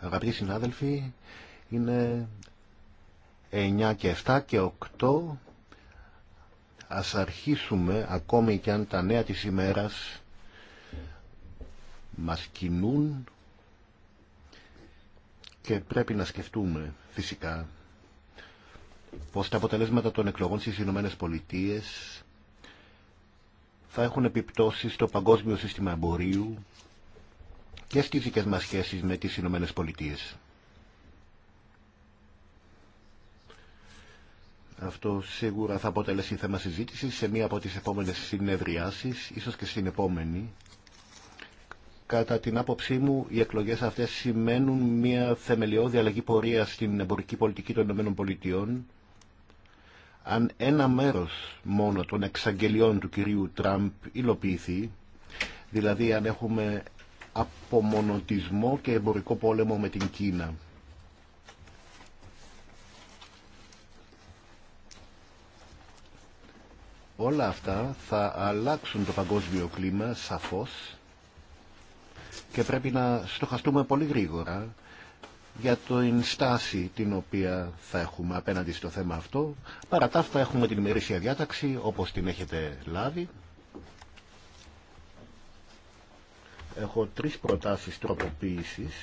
Αγαπητοί συνάδελφοι, είναι 9 και 7 και 8. Ας αρχίσουμε, ακόμη και αν τα νέα της ημέρας μας κινούν και πρέπει να σκεφτούμε φυσικά πως τα αποτελέσματα των εκλογών στις Ηνωμένες Πολιτείες θα έχουν επιπτώσεις στο παγκόσμιο σύστημα εμπορίου και στις δικές μας σχέσεις με τις Ηνωμένες Πολιτείες. Αυτό σίγουρα θα αποτελέσει θέμα συζήτησης σε μία από τις επόμενες συνεδριάσεις, ίσως και στην επόμενη. Κατά την άποψή μου, οι εκλογές αυτές σημαίνουν μία θεμελιώδη αλλαγή πορεία στην εμπορική πολιτική των ΗΠΑ αν ένα μέρος μόνο των εξαγγελιών του κυρίου Τραμπ υλοποιηθεί, δηλαδή αν έχουμε απομονωτισμό και εμπορικό πόλεμο με την Κίνα. Όλα αυτά θα αλλάξουν το παγκόσμιο κλίμα σαφώς και πρέπει να στοχαστούμε πολύ γρήγορα για την στάση την οποία θα έχουμε απέναντι στο θέμα αυτό. Παρά τα αυτά έχουμε την ημερήσια διάταξη όπως την έχετε λάβει. Έχω τρεις προτάσεις τροποποίησης.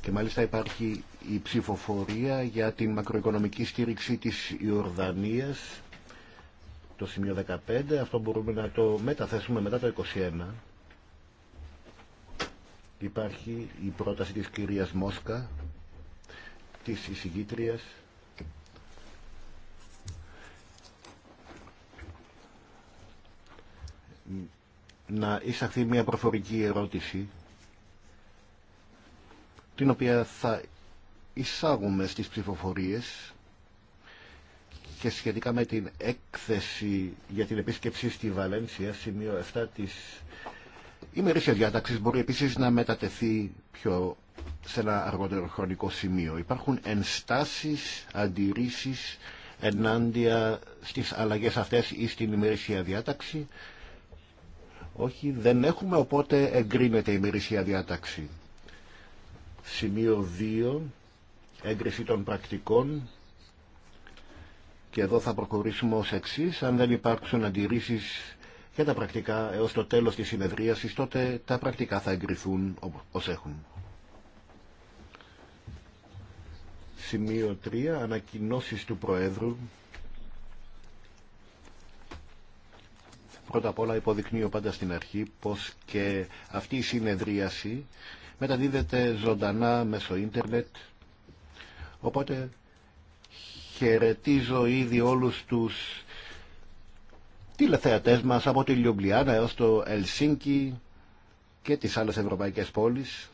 Και μάλιστα υπάρχει η ψηφοφορία για την μακροοικονομική στήριξη της Ιορδανίας το σημείο 15, αυτό μπορούμε να το μεταθέσουμε μετά το 21. Υπάρχει η πρόταση της κυρίας Μόσκα, της εισηγήτριας, να εισαχθεί μια προφορική ερώτηση την οποία θα εισάγουμε στις ψηφοφορίες και σχετικά με την έκθεση για την επίσκεψη στη Βαλένσια, σημείο 7 της ημερήσιας διάταξης, μπορεί επίσης να μετατεθεί πιο σε ένα αργότερο χρονικό σημείο. Υπάρχουν ενστάσεις, αντιρρήσεις ενάντια στις αλλαγές αυτές ή στην ημερήσια διάταξη. Όχι, δεν έχουμε, οπότε εγκρίνεται η ημερήσια διάταξη. Σημείο 2, έγκριση των πρακτικών και εδώ θα προχωρήσουμε ως εξής. Αν δεν υπάρξουν αντιρρήσεις για τα πρακτικά έως το τέλος της συνεδρίασης, τότε τα πρακτικά θα εγκριθούν ως έχουν. Σημείο 3. Ανακοινώσεις του Προέδρου. Πρώτα απ' όλα υποδεικνύω πάντα στην αρχή πως και αυτή η συνεδρίαση μεταδίδεται ζωντανά μέσω ίντερνετ, οπότε χαιρετίζω ήδη όλους τους τηλεθεατές μας από τη Λιουμπλιάνα έως το Ελσίνκι και τις άλλες ευρωπαϊκές πόλεις.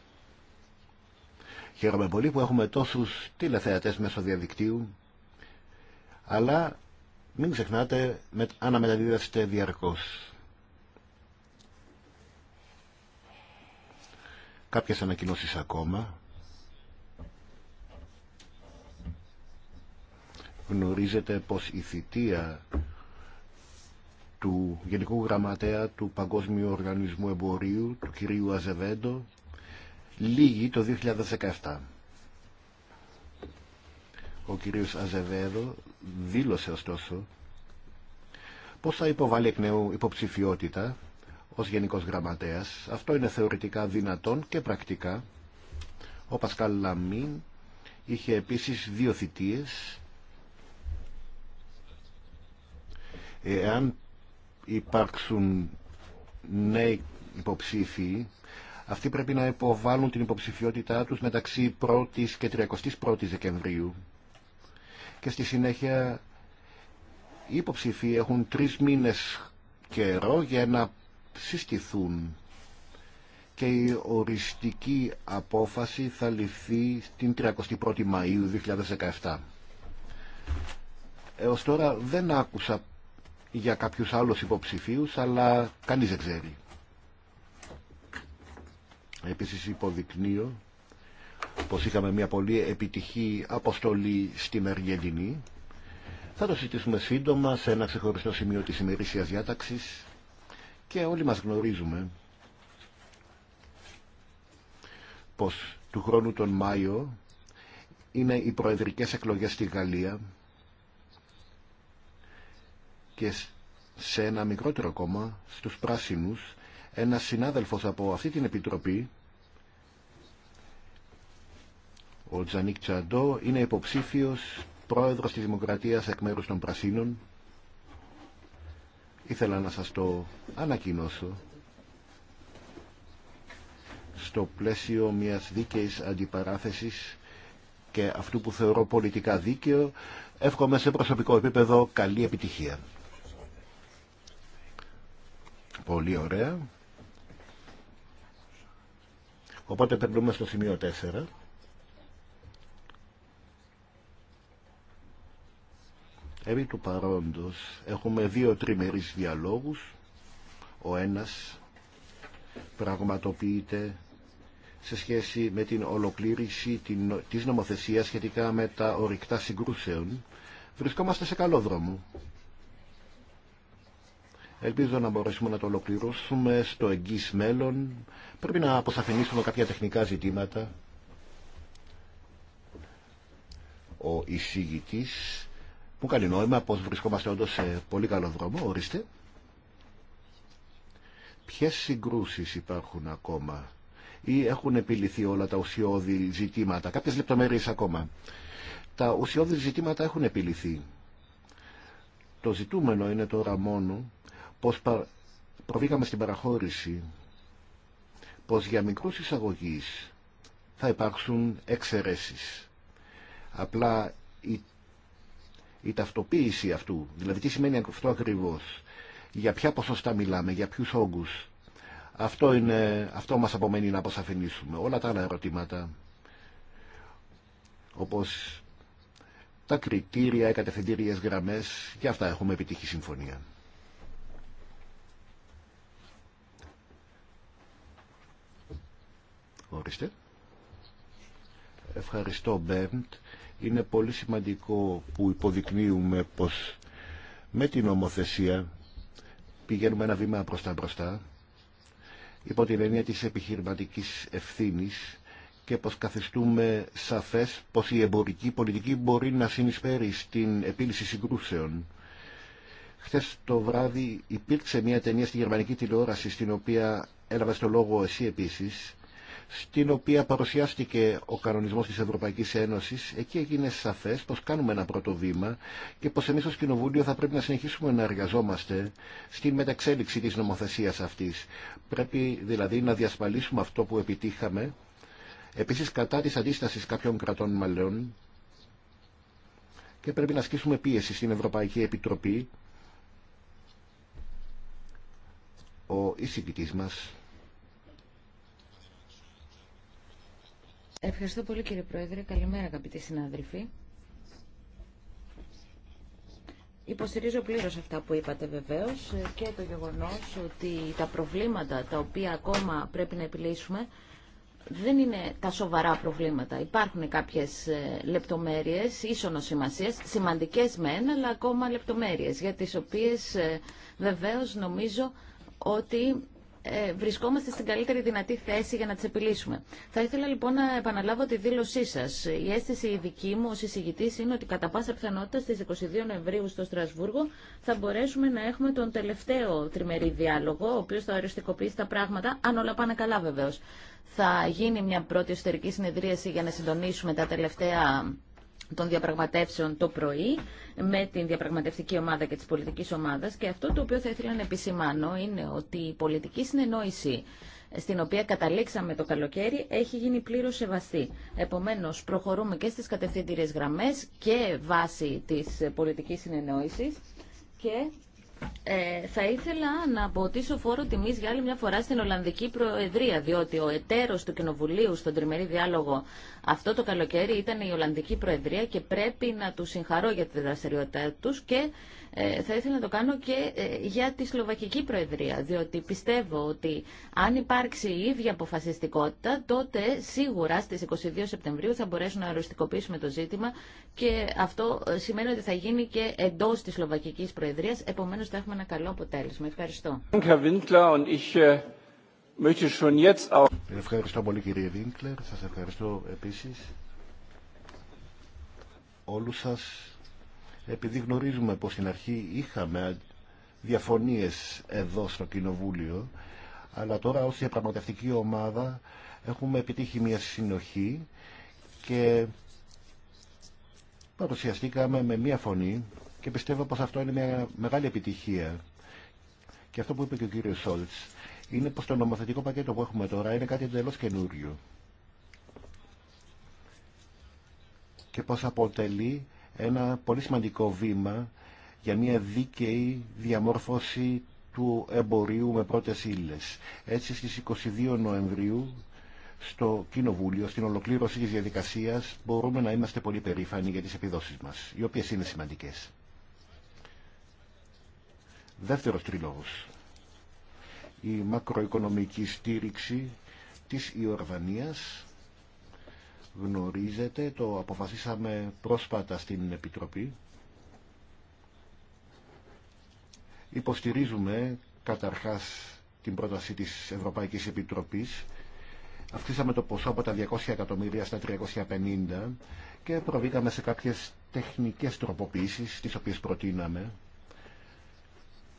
Χαίρομαι πολύ που έχουμε τόσους τηλεθεατές μέσω διαδικτύου, αλλά μην ξεχνάτε αναμεταδίδεστε διαρκώς. Κάποιες ανακοινώσεις ακόμα. γνωρίζετε πως η θητεία του Γενικού Γραμματέα του Παγκόσμιου Οργανισμού Εμπορίου, του κυρίου Αζεβέντο, λύγει το 2017. Ο κύριος Αζεβέδο δήλωσε ωστόσο πως θα υποβάλει εκ νέου υποψηφιότητα ως Γενικός Γραμματέας. Αυτό είναι θεωρητικά δυνατόν και πρακτικά. Ο Πασκάλ Λαμίν είχε επίσης δύο θητείες Εάν υπάρξουν νέοι υποψήφοι, αυτοί πρέπει να υποβάλουν την υποψηφιότητά τους μεταξύ 1ης και 31ης Δεκεμβρίου και στη συνέχεια οι υποψηφοί έχουν τρεις μήνες καιρό για να συστηθούν και η οριστική απόφαση θα ληφθεί την 31η Μαΐου 2017. Έως τώρα δεν άκουσα για κάποιους άλλους υποψηφίους, αλλά κανείς δεν ξέρει. Επίσης υποδεικνύω πως είχαμε μια πολύ επιτυχή αποστολή στη Αργεντινή. Θα το συζητήσουμε σύντομα σε ένα ξεχωριστό σημείο της ημερήσιας διάταξης και όλοι μας γνωρίζουμε πως του χρόνου τον Μάιο είναι οι προεδρικές εκλογές στη Γαλλία και σε ένα μικρότερο κόμμα, στους πράσινους, ένας συνάδελφος από αυτή την επιτροπή, ο Τζανίκ Τσαντό, είναι υποψήφιος πρόεδρος της Δημοκρατίας εκ μέρους των Πρασίνων. Ήθελα να σας το ανακοινώσω στο πλαίσιο μιας δίκαιης αντιπαράθεσης και αυτού που θεωρώ πολιτικά δίκαιο. Εύχομαι σε προσωπικό επίπεδο καλή επιτυχία. Πολύ ωραία. Οπότε περνούμε στο σημείο 4. Επί του παρόντος έχουμε δύο τριμερείς διαλόγους. Ο ένας πραγματοποιείται σε σχέση με την ολοκλήρηση της νομοθεσίας σχετικά με τα ορυκτά συγκρούσεων. Βρισκόμαστε σε καλό δρόμο. Ελπίζω να μπορέσουμε να το ολοκληρώσουμε στο εγγύς μέλλον. Πρέπει να αποσαφηνίσουμε κάποια τεχνικά ζητήματα. Ο εισηγητής μου κάνει νόημα πως βρισκόμαστε όντω σε πολύ καλό δρόμο. Ορίστε. Ποιες συγκρούσεις υπάρχουν ακόμα ή έχουν επιληθεί όλα τα ουσιώδη ζητήματα. Κάποιες λεπτομέρειες ακόμα. Τα ουσιώδη ζητήματα έχουν επιληθεί. Το ζητούμενο είναι τώρα μόνο πως προβήκαμε στην παραχώρηση πως για μικρούς εισαγωγείς θα υπάρξουν εξαιρέσεις. Απλά η, η ταυτοποίηση αυτού, δηλαδή τι σημαίνει αυτό ακριβώς, για ποια ποσοστά μιλάμε, για ποιους όγκους, αυτό, είναι, αυτό μας απομένει να αποσαφηνίσουμε. Όλα τα άλλα ερωτήματα, όπως τα κριτήρια, οι κατευθυντήριες γραμμές, για αυτά έχουμε επιτύχει συμφωνία. Ευχαριστώ Μπέρντ. Είναι πολύ σημαντικό που υποδεικνύουμε πως με την ομοθεσία πηγαίνουμε ένα βήμα προς τα μπροστά υπό την έννοια της επιχειρηματικής ευθύνης και πως καθιστούμε σαφές πως η εμπορική πολιτική μπορεί να συνεισφέρει στην επίλυση συγκρούσεων. Χθες το βράδυ υπήρξε μια ταινία στη γερμανική τηλεόραση στην οποία έλαβε το λόγο εσύ επίσης στην οποία παρουσιάστηκε ο κανονισμός της Ευρωπαϊκής Ένωσης, εκεί έγινε σαφές πως κάνουμε ένα πρώτο βήμα και πως εμείς ως Κοινοβούλιο θα πρέπει να συνεχίσουμε να εργαζόμαστε στην μεταξέλιξη της νομοθεσίας αυτής. Πρέπει δηλαδή να διασφαλίσουμε αυτό που επιτύχαμε, επίσης κατά της αντίστασης κάποιων κρατών μαλλιών και πρέπει να ασκήσουμε πίεση στην Ευρωπαϊκή Επιτροπή ο εισηγητής μας Ευχαριστώ πολύ κύριε Πρόεδρε. Καλημέρα αγαπητοί συνάδελφοι. Υποστηρίζω πλήρως αυτά που είπατε βεβαίως και το γεγονός ότι τα προβλήματα τα οποία ακόμα πρέπει να επιλύσουμε δεν είναι τα σοβαρά προβλήματα. Υπάρχουν κάποιες ε, λεπτομέρειες ίσονος σημασίας, σημαντικές ένα, αλλά ακόμα λεπτομέρειες, για τις οποίες ε, βεβαίως νομίζω ότι ε, βρισκόμαστε στην καλύτερη δυνατή θέση για να τι επιλύσουμε. Θα ήθελα λοιπόν να επαναλάβω τη δήλωσή σα. Η αίσθηση δική μου ως εισηγητή είναι ότι κατά πάσα πιθανότητα στις 22 Νοεμβρίου στο Στρασβούργο θα μπορέσουμε να έχουμε τον τελευταίο τριμερή διάλογο, ο οποίο θα οριστικοποιήσει τα πράγματα, αν όλα πάνε καλά βεβαίω. Θα γίνει μια πρώτη εσωτερική συνεδρίαση για να συντονίσουμε τα τελευταία των διαπραγματεύσεων το πρωί με την διαπραγματευτική ομάδα και τις πολιτικές ομάδες και αυτό το οποίο θα ήθελα να επισημάνω είναι ότι η πολιτική συνεννόηση στην οποία καταλήξαμε το καλοκαίρι έχει γίνει πλήρως σεβαστή. Επομένως προχωρούμε και στις κατευθυντήριες γραμμές και βάση της πολιτικής συνεννόησης και ε, θα ήθελα να αποτίσω φόρο τιμής για άλλη μια φορά στην Ολλανδική Προεδρία, διότι ο εταίρος του Κοινοβουλίου στον τριμερή διάλογο αυτό το καλοκαίρι ήταν η Ολλανδική Προεδρία και πρέπει να του συγχαρώ για τη δραστηριότητά τους και ε, θα ήθελα να το κάνω και ε, για τη Σλοβακική Προεδρία, διότι πιστεύω ότι αν υπάρξει η ίδια αποφασιστικότητα, τότε σίγουρα στις 22 Σεπτεμβρίου θα μπορέσουν να οριστικοποιήσουμε το ζήτημα και αυτό ε, σημαίνει ότι θα γίνει και εντός της Σλοβακικής Προεδρίας, επομένως θα έχουμε ένα καλό αποτέλεσμα. Ευχαριστώ. Äh, ευχαριστώ πολύ κύριε Βίνκλερ, σας ευχαριστώ επίσης όλους σας επειδή γνωρίζουμε πως στην αρχή είχαμε διαφωνίες εδώ στο Κοινοβούλιο, αλλά τώρα ως διαπραγματευτική ομάδα έχουμε επιτύχει μια συνοχή και παρουσιαστήκαμε με μια φωνή και πιστεύω πως αυτό είναι μια μεγάλη επιτυχία. Και αυτό που είπε και ο κύριος Σόλτς είναι πως το νομοθετικό πακέτο που έχουμε τώρα είναι κάτι εντελώς καινούριο και πως αποτελεί ένα πολύ σημαντικό βήμα για μια δίκαιη διαμόρφωση του εμπορίου με πρώτες ύλες. Έτσι στις 22 Νοεμβρίου στο Κοινοβούλιο, στην ολοκλήρωση της διαδικασίας, μπορούμε να είμαστε πολύ περήφανοι για τις επιδόσεις μας, οι οποίες είναι σημαντικές. Δεύτερος τριλόγος. Η μακροοικονομική στήριξη της Ιορδανίας γνωρίζετε, το αποφασίσαμε πρόσφατα στην Επιτροπή. Υποστηρίζουμε καταρχάς την πρόταση της Ευρωπαϊκής Επιτροπής. Αυξήσαμε το ποσό από τα 200 εκατομμύρια στα 350 και προβήκαμε σε κάποιες τεχνικές τροποποιήσεις τις οποίες προτείναμε.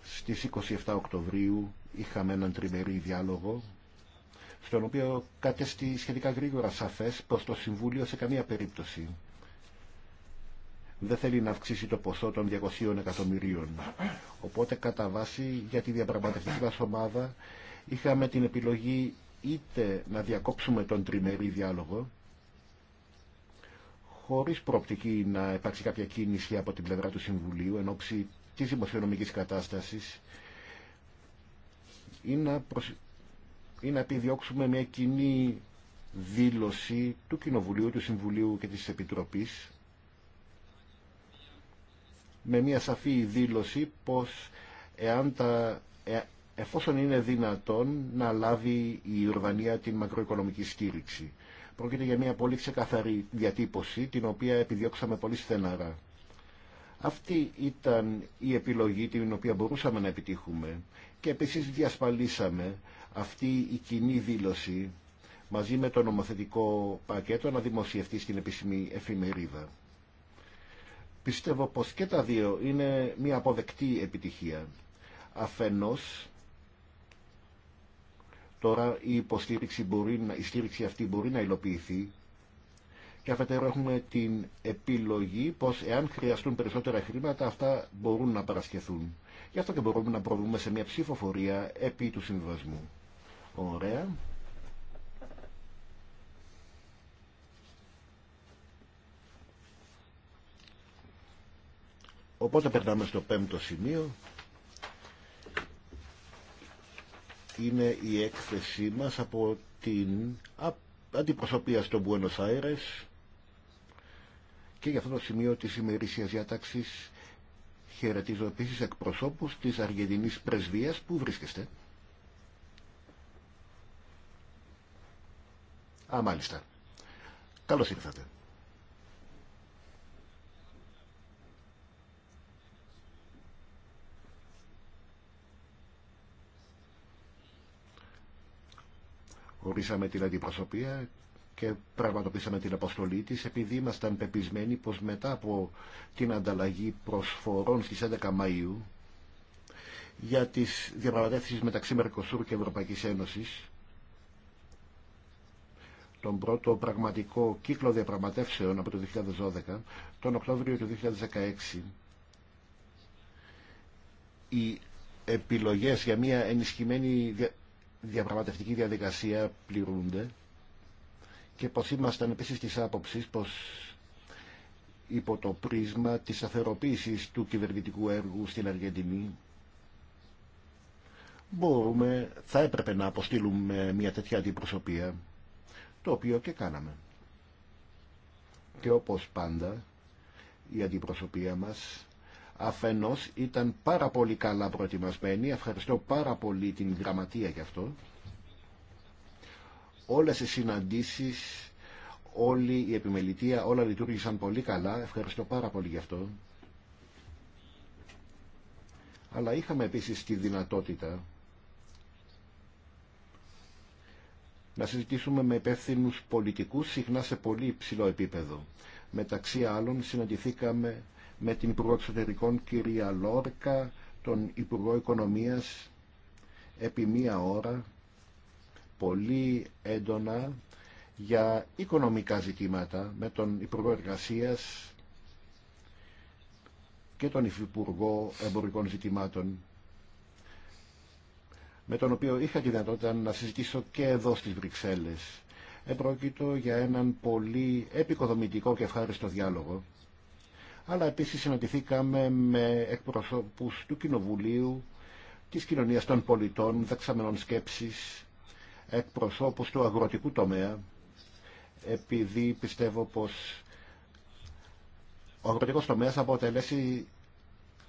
Στις 27 Οκτωβρίου είχαμε έναν τριμερή διάλογο στον οποίο κατέστη σχετικά γρήγορα σαφές πως το Συμβούλιο σε καμία περίπτωση δεν θέλει να αυξήσει το ποσό των 200 εκατομμυρίων. Οπότε κατά βάση για τη διαπραγματευτική μας ομάδα είχαμε την επιλογή είτε να διακόψουμε τον τριμερή διάλογο χωρίς προοπτική να υπάρξει κάποια κίνηση από την πλευρά του Συμβουλίου εν ώψη της δημοσιονομικής κατάστασης ή να, ή να επιδιώξουμε μια κοινή δήλωση του Κοινοβουλίου, του Συμβουλίου και της Επιτροπής με μια σαφή δήλωση πως εάν τα, ε, εφόσον είναι δυνατόν να λάβει η Ιορδανία την μακροοικονομική στήριξη. Πρόκειται για μια πολύ ξεκαθαρή διατύπωση την οποία επιδιώξαμε πολύ στεναρά. Αυτή ήταν η επιλογή την οποία μπορούσαμε να επιτύχουμε και επίσης διασφαλίσαμε αυτή η κοινή δήλωση μαζί με το νομοθετικό πακέτο να δημοσιευτεί στην επίσημη εφημερίδα. Πιστεύω πως και τα δύο είναι μια αποδεκτή επιτυχία. Αφενός, τώρα η υποστήριξη μπορεί, η στήριξη αυτή μπορεί να υλοποιηθεί και αφετέρου έχουμε την επιλογή πως εάν χρειαστούν περισσότερα χρήματα αυτά μπορούν να παρασκεθούν. Γι' αυτό και μπορούμε να προβούμε σε μια ψηφοφορία επί του συμβιβασμού. Ωραία. Οπότε περνάμε στο πέμπτο σημείο. Είναι η έκθεσή μας από την αντιπροσωπεία στο Buenos Aires και για αυτό το σημείο της ημερήσιας διάταξης χαιρετίζω επίσης εκπροσώπους της Αργεντινής Πρεσβείας που βρίσκεστε. Α, μάλιστα. Καλώς ήρθατε. Ορίσαμε την αντιπροσωπεία και πραγματοποιήσαμε την αποστολή της επειδή ήμασταν πεπισμένοι πως μετά από την ανταλλαγή προσφορών στις 11 Μαΐου για τις διαπραγματεύσεις μεταξύ Μερκοσούρ και Ευρωπαϊκής Ένωσης τον πρώτο πραγματικό κύκλο διαπραγματεύσεων από το 2012, τον Οκτώβριο του 2016, οι επιλογές για μια ενισχυμένη διαπραγματευτική διαδικασία πληρούνται και πως ήμασταν επίσης της άποψης πως υπό το πρίσμα της αθεροποίησης του κυβερνητικού έργου στην Αργεντινή μπορούμε, θα έπρεπε να αποστείλουμε μια τέτοια αντιπροσωπεία το οποίο και κάναμε. Και όπως πάντα η αντιπροσωπεία μας αφενός ήταν πάρα πολύ καλά προετοιμασμένη, ευχαριστώ πάρα πολύ την γραμματεία γι' αυτό. Όλες οι συναντήσεις, όλη η επιμελητεία, όλα λειτουργήσαν πολύ καλά, ευχαριστώ πάρα πολύ γι' αυτό. Αλλά είχαμε επίσης τη δυνατότητα να συζητήσουμε με υπεύθυνου πολιτικούς συχνά σε πολύ υψηλό επίπεδο. Μεταξύ άλλων συναντηθήκαμε με την Υπουργό Εξωτερικών κυρία Λόρκα, τον Υπουργό Οικονομίας επί μία ώρα πολύ έντονα για οικονομικά ζητήματα με τον Υπουργό Εργασίας και τον Υφυπουργό Εμπορικών Ζητημάτων με τον οποίο είχα τη δυνατότητα να συζητήσω και εδώ στις Βρυξέλλες. Επρόκειτο για έναν πολύ επικοδομητικό και ευχάριστο διάλογο, αλλά επίσης συναντηθήκαμε με εκπροσώπους του Κοινοβουλίου, της κοινωνίας των πολιτών, δεξαμενών σκέψης, εκπροσώπους του αγροτικού τομέα, επειδή πιστεύω πως ο αγροτικός τομέας αποτελέσει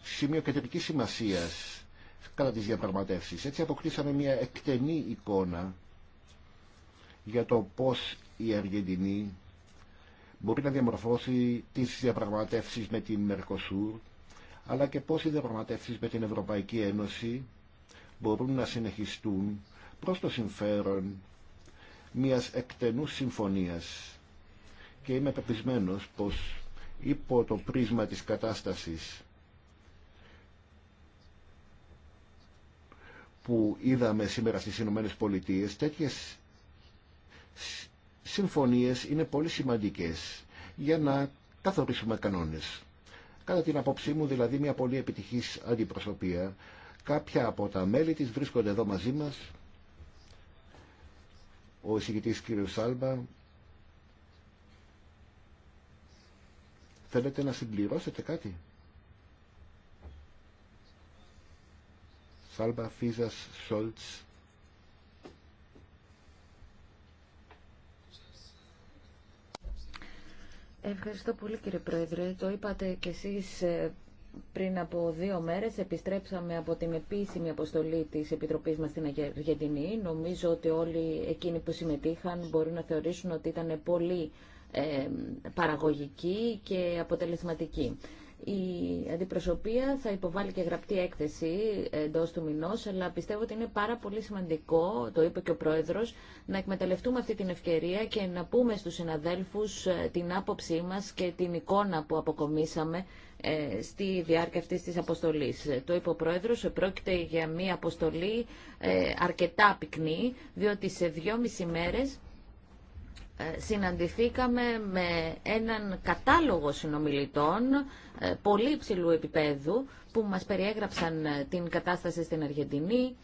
σημείο κεντρικής σημασίας κατά τις διαπραγματεύσεις. Έτσι αποκτήσαμε μια εκτενή εικόνα για το πώς η Αργεντινή μπορεί να διαμορφώσει τις διαπραγματεύσεις με την Μερκοσούρ αλλά και πώς οι διαπραγματεύσεις με την Ευρωπαϊκή Ένωση μπορούν να συνεχιστούν προς το συμφέρον μιας εκτενούς συμφωνίας και είμαι πεπισμένος πως υπό το πρίσμα της κατάστασης που είδαμε σήμερα στις Ηνωμένες Πολιτείες, τέτοιες συμφωνίες είναι πολύ σημαντικές για να καθορίσουμε κανόνες. Κατά την απόψή μου, δηλαδή μια πολύ επιτυχής αντιπροσωπεία, κάποια από τα μέλη της βρίσκονται εδώ μαζί μας, ο εισηγητής κ. Σάλμπα. Θέλετε να συμπληρώσετε κάτι. Ευχαριστώ πολύ κύριε Πρόεδρε. Το είπατε κι εσείς ε, πριν από δύο μέρες επιστρέψαμε από την επίσημη αποστολή της Επιτροπής μας στην Αργεντινή. Νομίζω ότι όλοι εκείνοι που συμμετείχαν μπορούν να θεωρήσουν ότι ήταν πολύ ε, παραγωγική και αποτελεσματική. Η αντιπροσωπεία θα υποβάλει και γραπτή έκθεση εντό του μηνό, αλλά πιστεύω ότι είναι πάρα πολύ σημαντικό, το είπε και ο Πρόεδρο, να εκμεταλλευτούμε αυτή την ευκαιρία και να πούμε στου συναδέλφου ε, την άποψή μα και την εικόνα που αποκομίσαμε ε, στη διάρκεια αυτή τη αποστολή. Το είπε ο Πρόεδρο, πρόκειται για μια αποστολή ε, αρκετά πυκνή, διότι σε δυόμιση μέρε ε, συναντηθήκαμε με έναν κατάλογο συνομιλητών ε, πολύ υψηλού επίπεδου που μας περιέγραψαν ε, την κατάσταση στην Αργεντινή,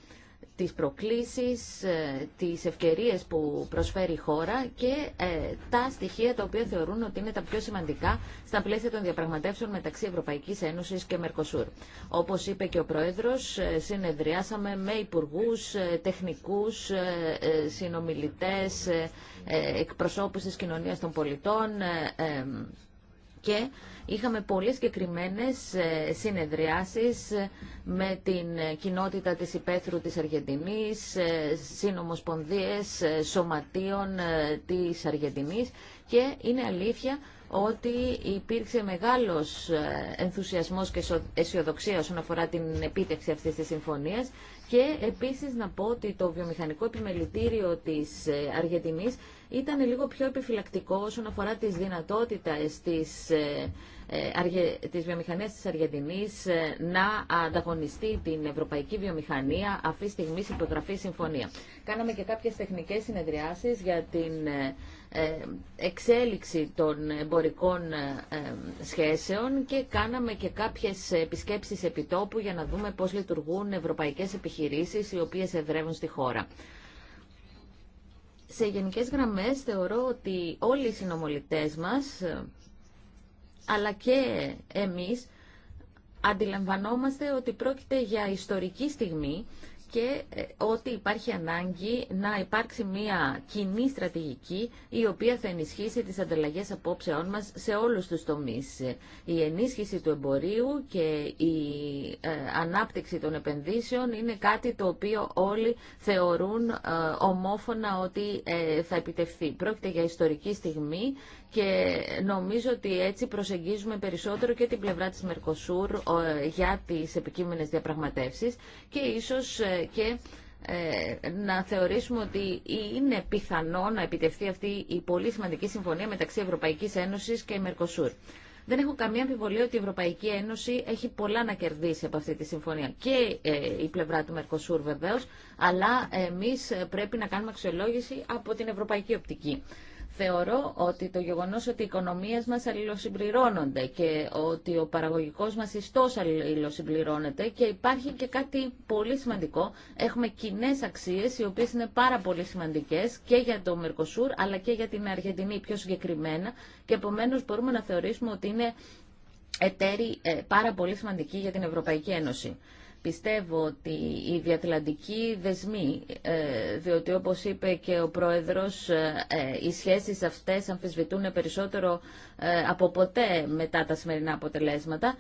τις προκλήσεις, ε, τις ευκαιρίες που προσφέρει η χώρα και ε, τα στοιχεία τα οποία θεωρούν ότι είναι τα πιο σημαντικά στα πλαίσια των διαπραγματεύσεων μεταξύ Ευρωπαϊκής Ένωσης και Μερκοσούρ. Όπως είπε και ο Πρόεδρος, ε, συνεδριάσαμε με υπουργούς, τεχνικούς, συνομιλητές, εκπροσώπους της κοινωνίας των πολιτών, και είχαμε πολύ συγκεκριμένε ε, συνεδριάσεις ε, με την κοινότητα της υπαίθρου της Αργεντινής, ε, συνομοσπονδίες σωματείων της Αργεντινής και είναι αλήθεια ότι υπήρξε μεγάλος ενθουσιασμός και αισιοδοξία όσον αφορά την επίτευξη αυτής της συμφωνίας και επίσης να πω ότι το βιομηχανικό επιμελητήριο της ε, Αργεντινής ήταν λίγο πιο επιφυλακτικό όσον αφορά τις δυνατότητες της, ε, ε, της βιομηχανίας της Αργεντινής να ανταγωνιστεί την ευρωπαϊκή βιομηχανία αυτή τη στιγμή υπογραφή συμφωνία. Κάναμε και κάποιες τεχνικές συνεδριάσεις για την ε, εξέλιξη των εμπορικών ε, ε, σχέσεων και κάναμε και κάποιες επισκέψεις επιτόπου για να δούμε πώς λειτουργούν ευρωπαϊκές επιχειρήσεις οι οποίες εδρεύουν στη χώρα. Σε γενικές γραμμές θεωρώ ότι όλοι οι συνομολητές μας, αλλά και εμείς, αντιλαμβανόμαστε ότι πρόκειται για ιστορική στιγμή και ε, ότι υπάρχει ανάγκη να υπάρξει μια κοινή στρατηγική η οποία θα ενισχύσει τις ανταλλαγές απόψεών μας σε όλους τους τομείς. Η ενίσχυση του εμπορίου και η ε, ανάπτυξη των επενδύσεων είναι κάτι το οποίο όλοι θεωρούν ε, ομόφωνα ότι θα επιτευχθεί. Πρόκειται για ιστορική στιγμή και νομίζω ότι έτσι προσεγγίζουμε περισσότερο και την πλευρά της Μερκοσούρ για τις επικείμενες διαπραγματεύσεις και ίσως ε, και ε, να θεωρήσουμε ότι είναι πιθανό να επιτευχθεί αυτή η πολύ σημαντική συμφωνία μεταξύ Ευρωπαϊκής Ένωσης και Μερκοσούρ. Δεν έχω καμία αμφιβολία ότι η Ευρωπαϊκή Ένωση έχει πολλά να κερδίσει από αυτή τη συμφωνία. Και ε, η πλευρά του Μερκοσούρ βεβαίως, αλλά εμείς πρέπει να κάνουμε αξιολόγηση από την ευρωπαϊκή οπτική. Θεωρώ ότι το γεγονός ότι οι οικονομίες μας αλληλοσυμπληρώνονται και ότι ο παραγωγικός μας ιστός αλληλοσυμπληρώνεται και υπάρχει και κάτι πολύ σημαντικό. Έχουμε κοινέ αξίες οι οποίες είναι πάρα πολύ σημαντικές και για το Μερκοσούρ αλλά και για την Αργεντινή πιο συγκεκριμένα και επομένω μπορούμε να θεωρήσουμε ότι είναι εταίροι ε, πάρα πολύ σημαντικοί για την Ευρωπαϊκή Ένωση. Πιστεύω ότι οι διατλαντικοί δεσμοί, ε, διότι όπως είπε και ο Πρόεδρος, ε, οι σχέσεις αυτές αμφισβητούν περισσότερο ε, από ποτέ μετά τα σημερινά αποτελέσματα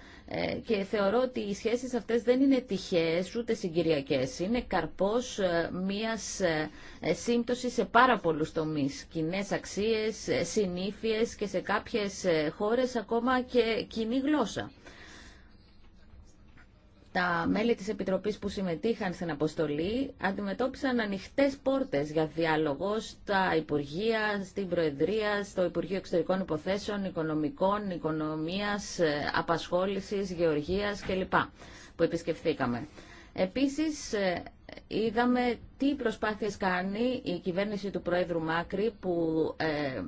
και θεωρώ ότι οι σχέσεις αυτές δεν είναι τυχαίες ούτε συγκυριακές. Είναι καρπός μιας σύμπτωσης σε πάρα πολλούς τομείς. Κοινέ αξίες, συνήθειες και σε κάποιες χώρες ακόμα και κοινή γλώσσα τα μέλη της Επιτροπής που συμμετείχαν στην αποστολή αντιμετώπισαν ανοιχτές πόρτες για διάλογο στα Υπουργεία, στην Προεδρία, στο Υπουργείο Εξωτερικών Υποθέσεων, Οικονομικών, Οικονομίας, ε, Απασχόλησης, Γεωργίας κλπ. που επισκεφθήκαμε. Επίσης, ε, είδαμε τι προσπάθειες κάνει η κυβέρνηση του Πρόεδρου Μάκρη που ε,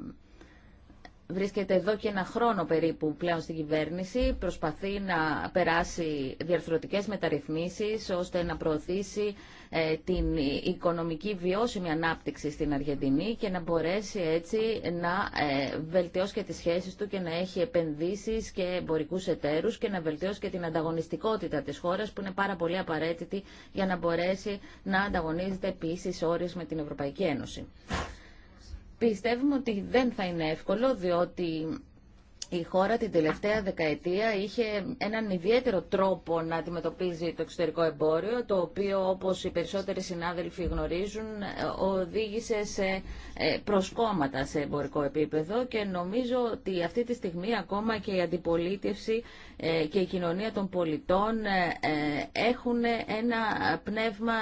βρίσκεται εδώ και ένα χρόνο περίπου πλέον στην κυβέρνηση, προσπαθεί να περάσει διαρθρωτικές μεταρρυθμίσεις ώστε να προωθήσει ε, την οικονομική βιώσιμη ανάπτυξη στην Αργεντινή και να μπορέσει έτσι να ε, βελτιώσει και τις σχέσεις του και να έχει επενδύσεις και εμπορικούς εταίρους και να βελτιώσει και την ανταγωνιστικότητα της χώρας που είναι πάρα πολύ απαραίτητη για να μπορέσει να ανταγωνίζεται επίσης όρες με την Ευρωπαϊκή Ένωση. Πιστεύουμε ότι δεν θα είναι εύκολο, διότι η χώρα την τελευταία δεκαετία είχε έναν ιδιαίτερο τρόπο να αντιμετωπίζει το εξωτερικό εμπόριο, το οποίο όπως οι περισσότεροι συνάδελφοι γνωρίζουν οδήγησε σε ε, προσκόμματα σε εμπορικό επίπεδο και νομίζω ότι αυτή τη στιγμή ακόμα και η αντιπολίτευση ε, και η κοινωνία των πολιτών ε, έχουν ένα πνεύμα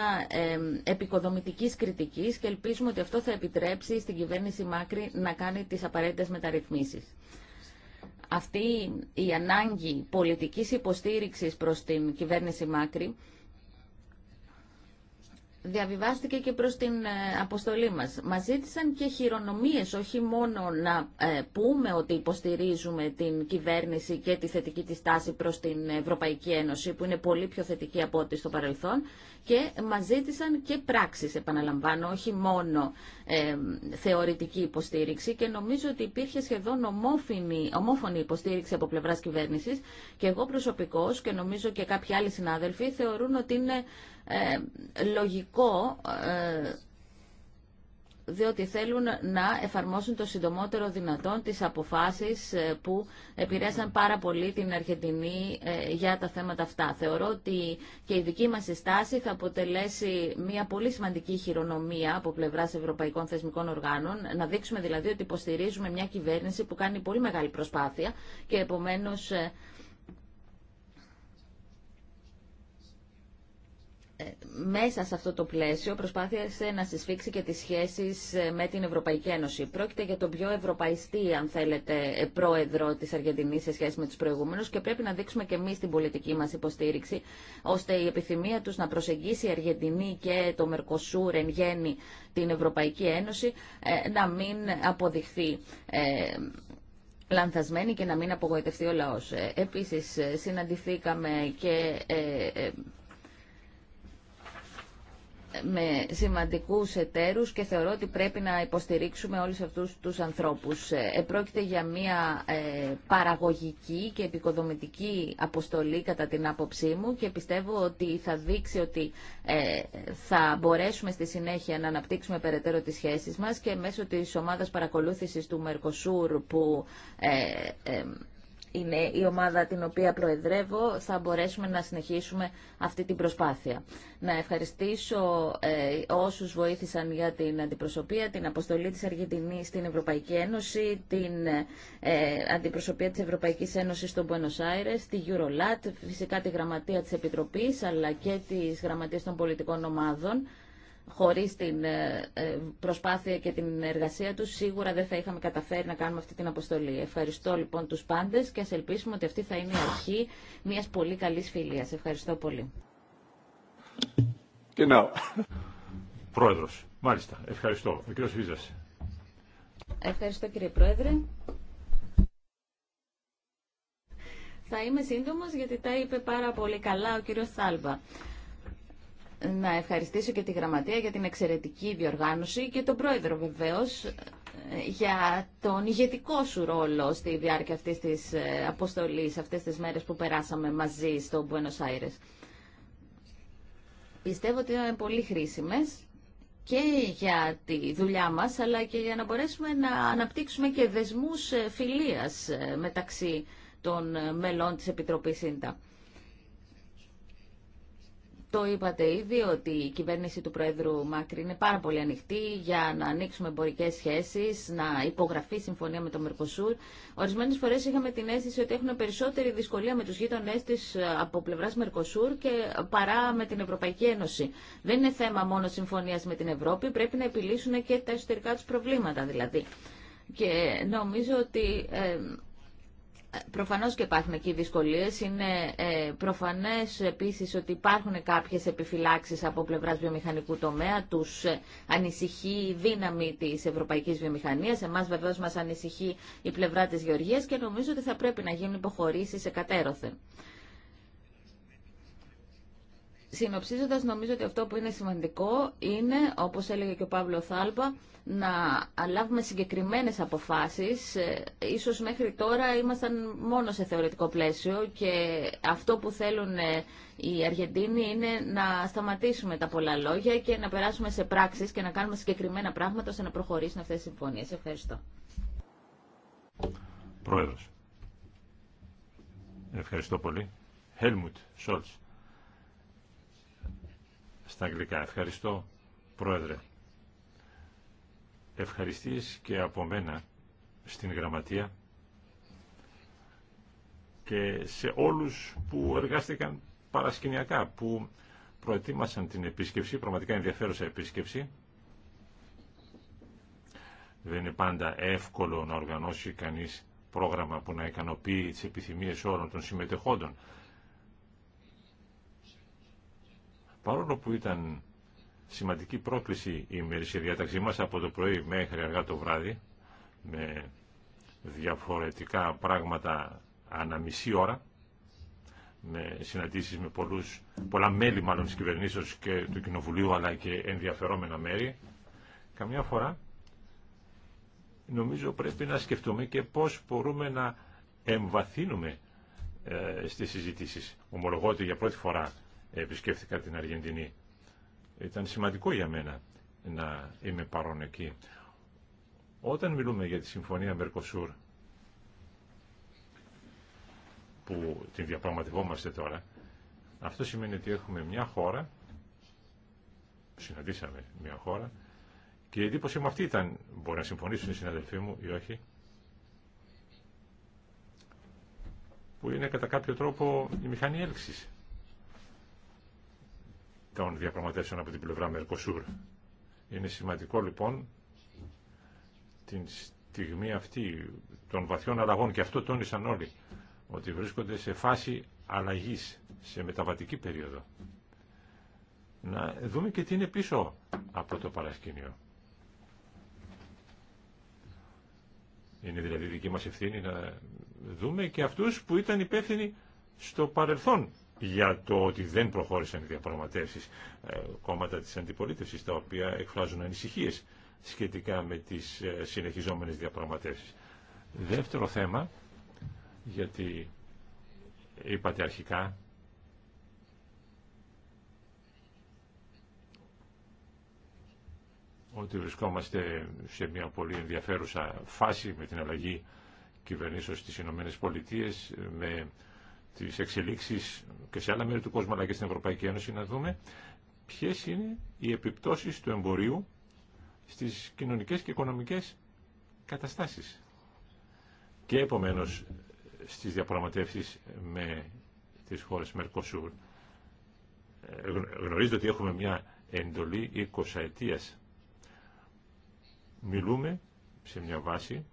επικοδομητικής κριτικής και ελπίζουμε ότι αυτό θα επιτρέψει στην κυβέρνηση Μάκρη να κάνει τις απαραίτητες μεταρρυθμίσεις αυτή η ανάγκη πολιτικής υποστήριξης προς την κυβέρνηση Μάκρη διαβιβάστηκε και προς την ε, αποστολή μας. Μας ζήτησαν και χειρονομίες, όχι μόνο να ε, πούμε ότι υποστηρίζουμε την κυβέρνηση και τη θετική της τάση προς την Ευρωπαϊκή Ένωση, που είναι πολύ πιο θετική από ό,τι στο παρελθόν, και μας ζήτησαν και πράξεις, επαναλαμβάνω, όχι μόνο ε, θεωρητική υποστήριξη και νομίζω ότι υπήρχε σχεδόν ομόφωνη, ομόφωνη υποστήριξη από πλευράς κυβέρνησης και εγώ προσωπικώς και νομίζω και κάποιοι άλλοι συνάδελφοι θεωρούν ότι είναι ε, λογικό ε, διότι θέλουν να εφαρμόσουν το συντομότερο δυνατόν τις αποφάσεις ε, που επηρέασαν πάρα πολύ την Αργεντινή για τα θέματα αυτά. Θεωρώ ότι και η δική μας στάση θα αποτελέσει μια πολύ σημαντική χειρονομία από πλευράς ευρωπαϊκών θεσμικών οργάνων, να δείξουμε δηλαδή ότι υποστηρίζουμε μια κυβέρνηση που κάνει πολύ μεγάλη προσπάθεια και επομένως μέσα σε αυτό το πλαίσιο προσπάθησε να συσφίξει και τις σχέσεις ε, με την Ευρωπαϊκή Ένωση. Πρόκειται για τον πιο ευρωπαϊστή, αν θέλετε, ε, πρόεδρο της Αργεντινής σε σχέση με τους προηγούμενους και πρέπει να δείξουμε και εμείς την πολιτική μας υποστήριξη, ώστε η επιθυμία τους να προσεγγίσει η Αργεντινή και το Μερκοσούρ εν γέννη την Ευρωπαϊκή Ένωση ε, να μην αποδειχθεί λανθασμένη και να μην απογοητευτεί ο λαός. Επίσης, συναντηθήκαμε και με σημαντικούς εταίρους και θεωρώ ότι πρέπει να υποστηρίξουμε όλους αυτούς τους ανθρώπους. Ε, επρόκειται για μια ε, παραγωγική και επικοδομητική αποστολή κατά την άποψή μου και πιστεύω ότι θα δείξει ότι ε, θα μπορέσουμε στη συνέχεια να αναπτύξουμε περαιτέρω τις σχέσεις μας και μέσω της ομάδας παρακολούθησης του Μερκοσούρ που είναι η ομάδα την οποία προεδρεύω, θα μπορέσουμε να συνεχίσουμε αυτή την προσπάθεια. Να ευχαριστήσω ε, όσους βοήθησαν για την αντιπροσωπεία, την αποστολή της Αργεντινής στην Ευρωπαϊκή Ένωση, την ε, αντιπροσωπεία της Ευρωπαϊκής Ένωσης στον Buenos Aires, τη Eurolat, φυσικά τη γραμματεία της Επιτροπής, αλλά και τις γραμματείες των πολιτικών ομάδων χωρίς την ε, ε, προσπάθεια και την εργασία τους σίγουρα δεν θα είχαμε καταφέρει να κάνουμε αυτή την αποστολή. Ευχαριστώ λοιπόν τους πάντες και ας ελπίσουμε ότι αυτή θα είναι η αρχή μιας πολύ καλής φιλίας. Ευχαριστώ πολύ. να. Πρόεδρος. Μάλιστα. Ευχαριστώ. Ο κύριος Βίζας. Ευχαριστώ κύριε Πρόεδρε. Θα είμαι σύντομος γιατί τα είπε πάρα πολύ καλά ο κύριος Σάλβα να ευχαριστήσω και τη Γραμματεία για την εξαιρετική διοργάνωση και τον Πρόεδρο βεβαίως για τον ηγετικό σου ρόλο στη διάρκεια αυτής της ε, αποστολής, αυτές τις μέρες που περάσαμε μαζί στο Buenos Aires. Πιστεύω ότι είναι πολύ χρήσιμες και για τη δουλειά μας, αλλά και για να μπορέσουμε να αναπτύξουμε και δεσμούς ε, φιλίας ε, μεταξύ των μελών της Επιτροπής ΣΥΝΤΑ. Το είπατε ήδη ότι η κυβέρνηση του Πρόεδρου Μάκρη είναι πάρα πολύ ανοιχτή για να ανοίξουμε εμπορικέ σχέσει, να υπογραφεί συμφωνία με το Μερκοσούρ. Ορισμένε φορέ είχαμε την αίσθηση ότι έχουν περισσότερη δυσκολία με του γείτονέ τη ε, από πλευρά Μερκοσούρ και παρά με την Ευρωπαϊκή Ένωση. Δεν είναι θέμα μόνο συμφωνία με την Ευρώπη, πρέπει να επιλύσουν και τα εσωτερικά του προβλήματα δηλαδή. Και νομίζω ότι ε, Προφανώς και υπάρχουν εκεί δυσκολίες. Είναι ε, προφανές επίσης ότι υπάρχουν κάποιες επιφυλάξεις από πλευράς βιομηχανικού τομέα. Τους ε, ανησυχεί η δύναμη της ευρωπαϊκής βιομηχανίας. Εμάς βεβαίως μας ανησυχεί η πλευρά της γεωργίας και νομίζω ότι θα πρέπει να γίνουν υποχωρήσεις κατέρωθεν. Συνοψίζοντας, νομίζω ότι αυτό που είναι σημαντικό είναι, όπως έλεγε και ο Παύλο Θάλπα, να λάβουμε συγκεκριμένες αποφάσεις. Ε, ίσως μέχρι τώρα ήμασταν μόνο σε θεωρητικό πλαίσιο και αυτό που θέλουν ε, οι Αργεντίνοι είναι να σταματήσουμε τα πολλά λόγια και να περάσουμε σε πράξεις και να κάνουμε συγκεκριμένα πράγματα ώστε να προχωρήσουν αυτές οι συμφωνίες. Ευχαριστώ. Πρόεδρος. Ευχαριστώ πολύ. Helmut Scholz στα αγγλικά. Ευχαριστώ, Πρόεδρε. Ευχαριστήσεις και από μένα στην Γραμματεία και σε όλους που εργάστηκαν παρασκηνιακά, που προετοίμασαν την επίσκεψη, πραγματικά ενδιαφέρουσα επίσκεψη. Δεν είναι πάντα εύκολο να οργανώσει κανείς πρόγραμμα που να ικανοποιεί τις επιθυμίες όλων των συμμετεχόντων. Παρόλο που ήταν σημαντική πρόκληση η ημερήσια διάταξή μας από το πρωί μέχρι αργά το βράδυ, με διαφορετικά πράγματα ανά μισή ώρα, με συναντήσεις με πολλούς, πολλά μέλη μάλλον της κυβερνήσεως και του Κοινοβουλίου αλλά και ενδιαφερόμενα μέρη, καμιά φορά νομίζω πρέπει να σκεφτούμε και πώς μπορούμε να εμβαθύνουμε ε, στις συζητήσεις. Ομολογώ ότι για πρώτη φορά επισκέφθηκα την Αργεντινή. Ήταν σημαντικό για μένα να είμαι παρόν εκεί. Όταν μιλούμε για τη συμφωνία Μερκοσούρ, που την διαπραγματευόμαστε τώρα, αυτό σημαίνει ότι έχουμε μια χώρα, συναντήσαμε μια χώρα, και η εντύπωση μου αυτή ήταν, μπορεί να συμφωνήσουν οι συναδελφοί μου ή όχι, που είναι κατά κάποιο τρόπο η μηχανή έλξης των διαπραγματεύσεων από την πλευρά Μερκοσούρ. Είναι σημαντικό λοιπόν την στιγμή αυτή των βαθιών αλλαγών και αυτό τόνισαν όλοι ότι βρίσκονται σε φάση αλλαγής, σε μεταβατική περίοδο. Να δούμε και τι είναι πίσω από το παρασκήνιο. Είναι δηλαδή δική μας ευθύνη να δούμε και αυτούς που ήταν υπεύθυνοι στο παρελθόν για το ότι δεν προχώρησαν οι διαπραγματεύσεις ε, κόμματα της αντιπολίτευσης τα οποία εκφράζουν ανησυχίες σχετικά με τις ε, συνεχιζόμενες διαπραγματεύσεις. Δεύτερο θέμα, γιατί είπατε αρχικά, ότι βρισκόμαστε σε μια πολύ ενδιαφέρουσα φάση με την αλλαγή κυβερνήσεως στις Ηνωμένες Πολιτείες, με τι εξελίξει και σε άλλα μέρη του κόσμου αλλά και στην Ευρωπαϊκή Ένωση να δούμε ποιε είναι οι επιπτώσει του εμπορίου στι κοινωνικέ και οικονομικέ καταστάσει. Και επομένω στι διαπραγματεύσει με τι χώρε Μερκοσούρ. Ε, γνωρίζετε ότι έχουμε μια εντολή 20 ετία. Μιλούμε σε μια βάση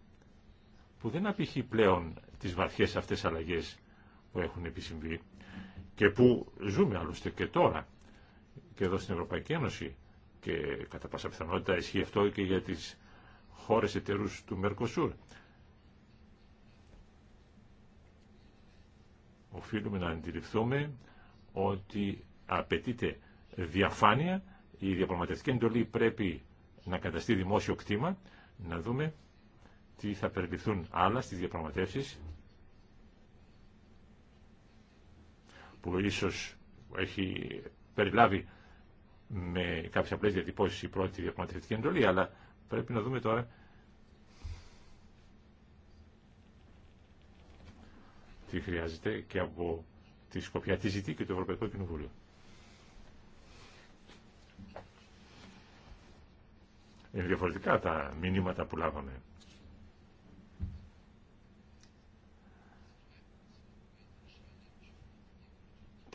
που δεν απηχεί πλέον τις βαθιές αυτές αλλαγές που έχουν επισυμβεί και που ζούμε άλλωστε και τώρα και εδώ στην Ευρωπαϊκή Ένωση και κατά πάσα πιθανότητα ισχύει αυτό και για τις χώρες εταιρού του Μερκοσούρ. Οφείλουμε να αντιληφθούμε ότι απαιτείται διαφάνεια, η διαπραγματευτική εντολή πρέπει να καταστεί δημόσιο κτήμα, να δούμε τι θα περιληφθούν άλλα στις διαπραγματεύσεις που ίσως έχει περιλάβει με κάποιες απλές διατυπώσεις η πρώτη διαπραγματευτική εντολή, αλλά πρέπει να δούμε τώρα τι χρειάζεται και από τη Σκοπιά, τη ζητεί και το Ευρωπαϊκό Κοινοβούλιο. Είναι διαφορετικά τα μηνύματα που λάβαμε.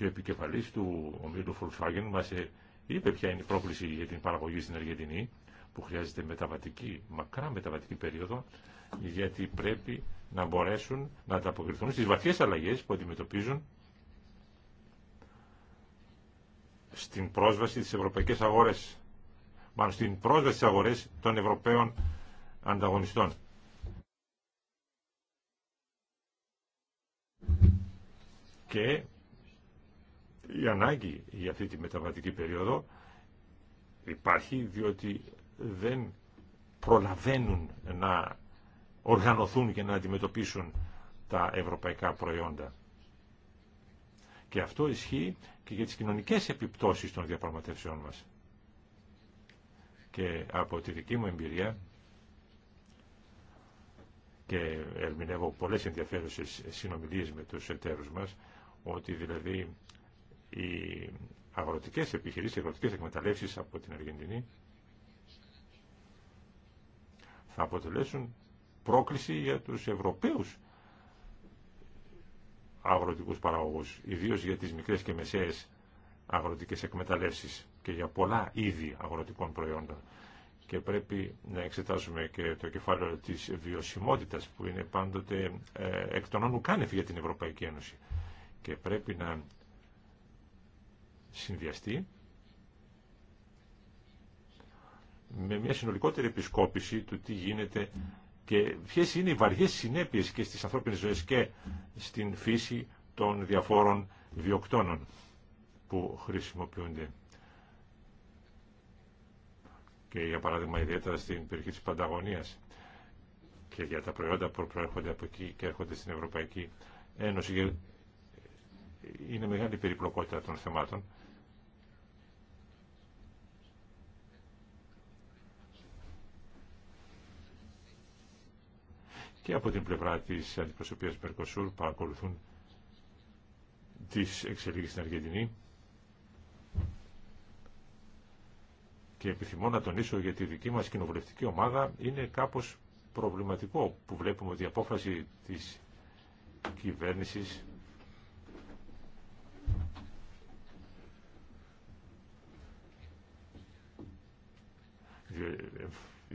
και ο επικεφαλής του ομίλου Volkswagen μας ε, είπε ποια είναι η πρόκληση για την παραγωγή στην Αργεντινή που χρειάζεται μεταβατική, μακρά μεταβατική περίοδο γιατί πρέπει να μπορέσουν να ανταποκριθούν στις βαθιές αλλαγές που αντιμετωπίζουν στην πρόσβαση στις ευρωπαϊκές αγορές μάλλον στην πρόσβαση στις αγορές των ευρωπαίων ανταγωνιστών. Και η ανάγκη για αυτή τη μεταβατική περίοδο υπάρχει διότι δεν προλαβαίνουν να οργανωθούν και να αντιμετωπίσουν τα ευρωπαϊκά προϊόντα. Και αυτό ισχύει και για τις κοινωνικές επιπτώσεις των διαπραγματεύσεών μας. Και από τη δική μου εμπειρία και ερμηνεύω πολλές ενδιαφέρουσες συνομιλίες με τους εταίρους μας, ότι δηλαδή οι αγροτικές επιχειρήσεις, οι αγροτικές εκμεταλλεύσεις από την Αργεντινή θα αποτελέσουν πρόκληση για τους Ευρωπαίους αγροτικούς παραγωγούς, ιδίως για τις μικρές και μεσαίες αγροτικές εκμεταλλεύσεις και για πολλά είδη αγροτικών προϊόντων. Και πρέπει να εξετάσουμε και το κεφάλαιο της βιωσιμότητας που είναι πάντοτε ε, εκ των όνου για την Ευρωπαϊκή Ένωση. Και πρέπει να συνδυαστεί με μια συνολικότερη επισκόπηση του τι γίνεται και ποιε είναι οι βαριές συνέπειες και στις ανθρώπινες ζωές και στην φύση των διαφόρων βιοκτώνων που χρησιμοποιούνται. Και για παράδειγμα ιδιαίτερα στην περιοχή της Πανταγωνίας και για τα προϊόντα που προέρχονται από εκεί και έρχονται στην Ευρωπαϊκή Ένωση. Είναι μεγάλη περιπλοκότητα των θεμάτων και από την πλευρά της αντιπροσωπείας Μερκοσούρ παρακολουθούν τις εξελίξεις στην Αργεντινή και επιθυμώ να τονίσω γιατί η δική μας κοινοβουλευτική ομάδα είναι κάπως προβληματικό που βλέπουμε ότι η απόφαση της κυβέρνησης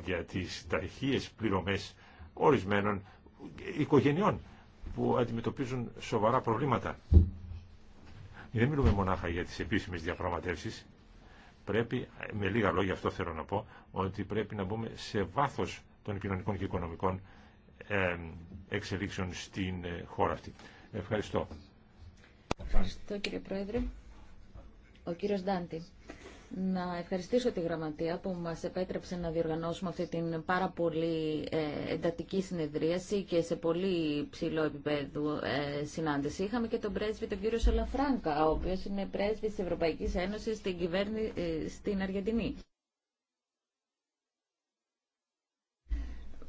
για τις ταχύες πληρωμές ορισμένων οικογενειών που αντιμετωπίζουν σοβαρά προβλήματα. Δεν μιλούμε μονάχα για τις επίσημες διαπραγματεύσεις. Πρέπει, με λίγα λόγια αυτό θέλω να πω, ότι πρέπει να μπούμε σε βάθος των κοινωνικών και οικονομικών εξελίξεων στην ε, χώρα αυτή. Ευχαριστώ. Ευχαριστώ κύριε Πρόεδρε. Ο κύριος Ντάντη να ευχαριστήσω τη Γραμματεία που μας επέτρεψε να διοργανώσουμε αυτή την πάρα πολύ ε, εντατική συνεδρίαση και σε πολύ ψηλό επίπεδο ε, συνάντηση. Είχαμε και τον πρέσβη τον κύριο Σαλαφράγκα, ο οποίος είναι πρέσβης της Ευρωπαϊκής Ένωσης στην, κυβέρνη, ε, στην Αργεντινή.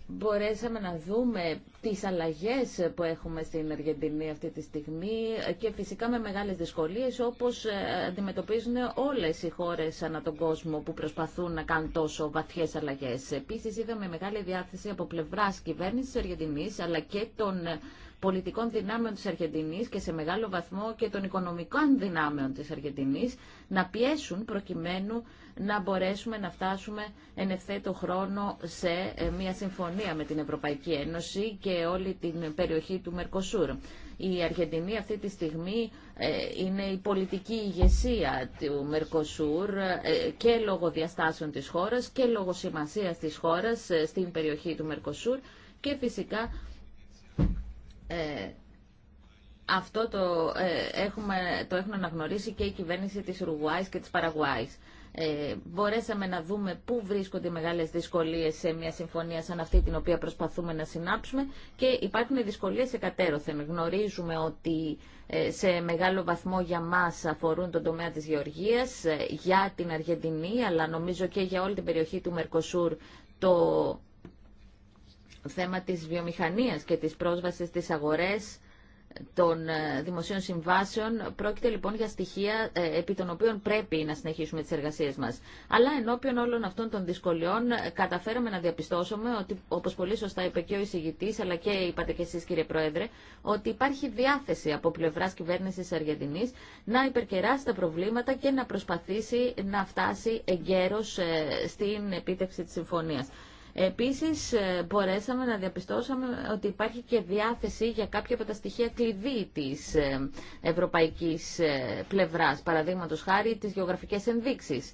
μπορέσαμε να δούμε τις αλλαγές που έχουμε στην Αργεντινή αυτή τη στιγμή και φυσικά με μεγάλες δυσκολίες όπως ε, αντιμετωπίζουν όλες οι χώρες ανά τον κόσμο που προσπαθούν να κάνουν τόσο βαθιές αλλαγές. Επίσης είδαμε μεγάλη διάθεση από πλευράς κυβέρνησης της Αργεντινής αλλά και των ε, πολιτικών δυνάμεων της Αργεντινής και σε μεγάλο βαθμό και των οικονομικών δυνάμεων της Αργεντινής να πιέσουν προκειμένου να μπορέσουμε να φτάσουμε εν ευθέτω χρόνο σε ε, μια συμφωνία με την Ευρωπαϊκή Ένωση και όλη την περιοχή του Μερκοσούρ. Η Αργεντινή αυτή τη στιγμή ε, είναι η πολιτική ηγεσία του Μερκοσούρ ε, και λόγω διαστάσεων της χώρας και λόγω σημασίας της χώρας στην περιοχή του Μερκοσούρ και φυσικά αυτό το, έχουμε, το έχουν αναγνωρίσει και η κυβέρνηση της Ρουγουάης και της Παραγουάης ε, μπορέσαμε να δούμε πού βρίσκονται οι μεγάλες δυσκολίες σε μια συμφωνία σαν αυτή την οποία προσπαθούμε να συνάψουμε και υπάρχουν δυσκολίες εκατέρωθεν. Γνωρίζουμε ότι ε, σε μεγάλο βαθμό για μας αφορούν τον τομέα της γεωργίας, ε, για την Αργεντινή, αλλά νομίζω και για όλη την περιοχή του Μερκοσούρ το θέμα της βιομηχανίας και της πρόσβασης στις αγορές των ε, δημοσίων συμβάσεων πρόκειται λοιπόν για στοιχεία ε, επί των οποίων πρέπει να συνεχίσουμε τις εργασίες μας. Αλλά ενώπιον όλων αυτών των δυσκολιών ε, καταφέραμε να διαπιστώσουμε ότι όπως πολύ σωστά είπε και ο εισηγητής αλλά και είπατε και εσείς κύριε Πρόεδρε ότι υπάρχει διάθεση από πλευράς κυβέρνησης Αργεντινής να υπερκεράσει τα προβλήματα και να προσπαθήσει να φτάσει εγκαίρως στην επίτευξη της συμφωνίας. Επίσης, ε, μπορέσαμε να διαπιστώσαμε ότι υπάρχει και διάθεση για κάποια από τα στοιχεία κλειδί της ε, ευρωπαϊκής ε, πλευράς, παραδείγματος χάρη τις γεωγραφικές ενδείξεις.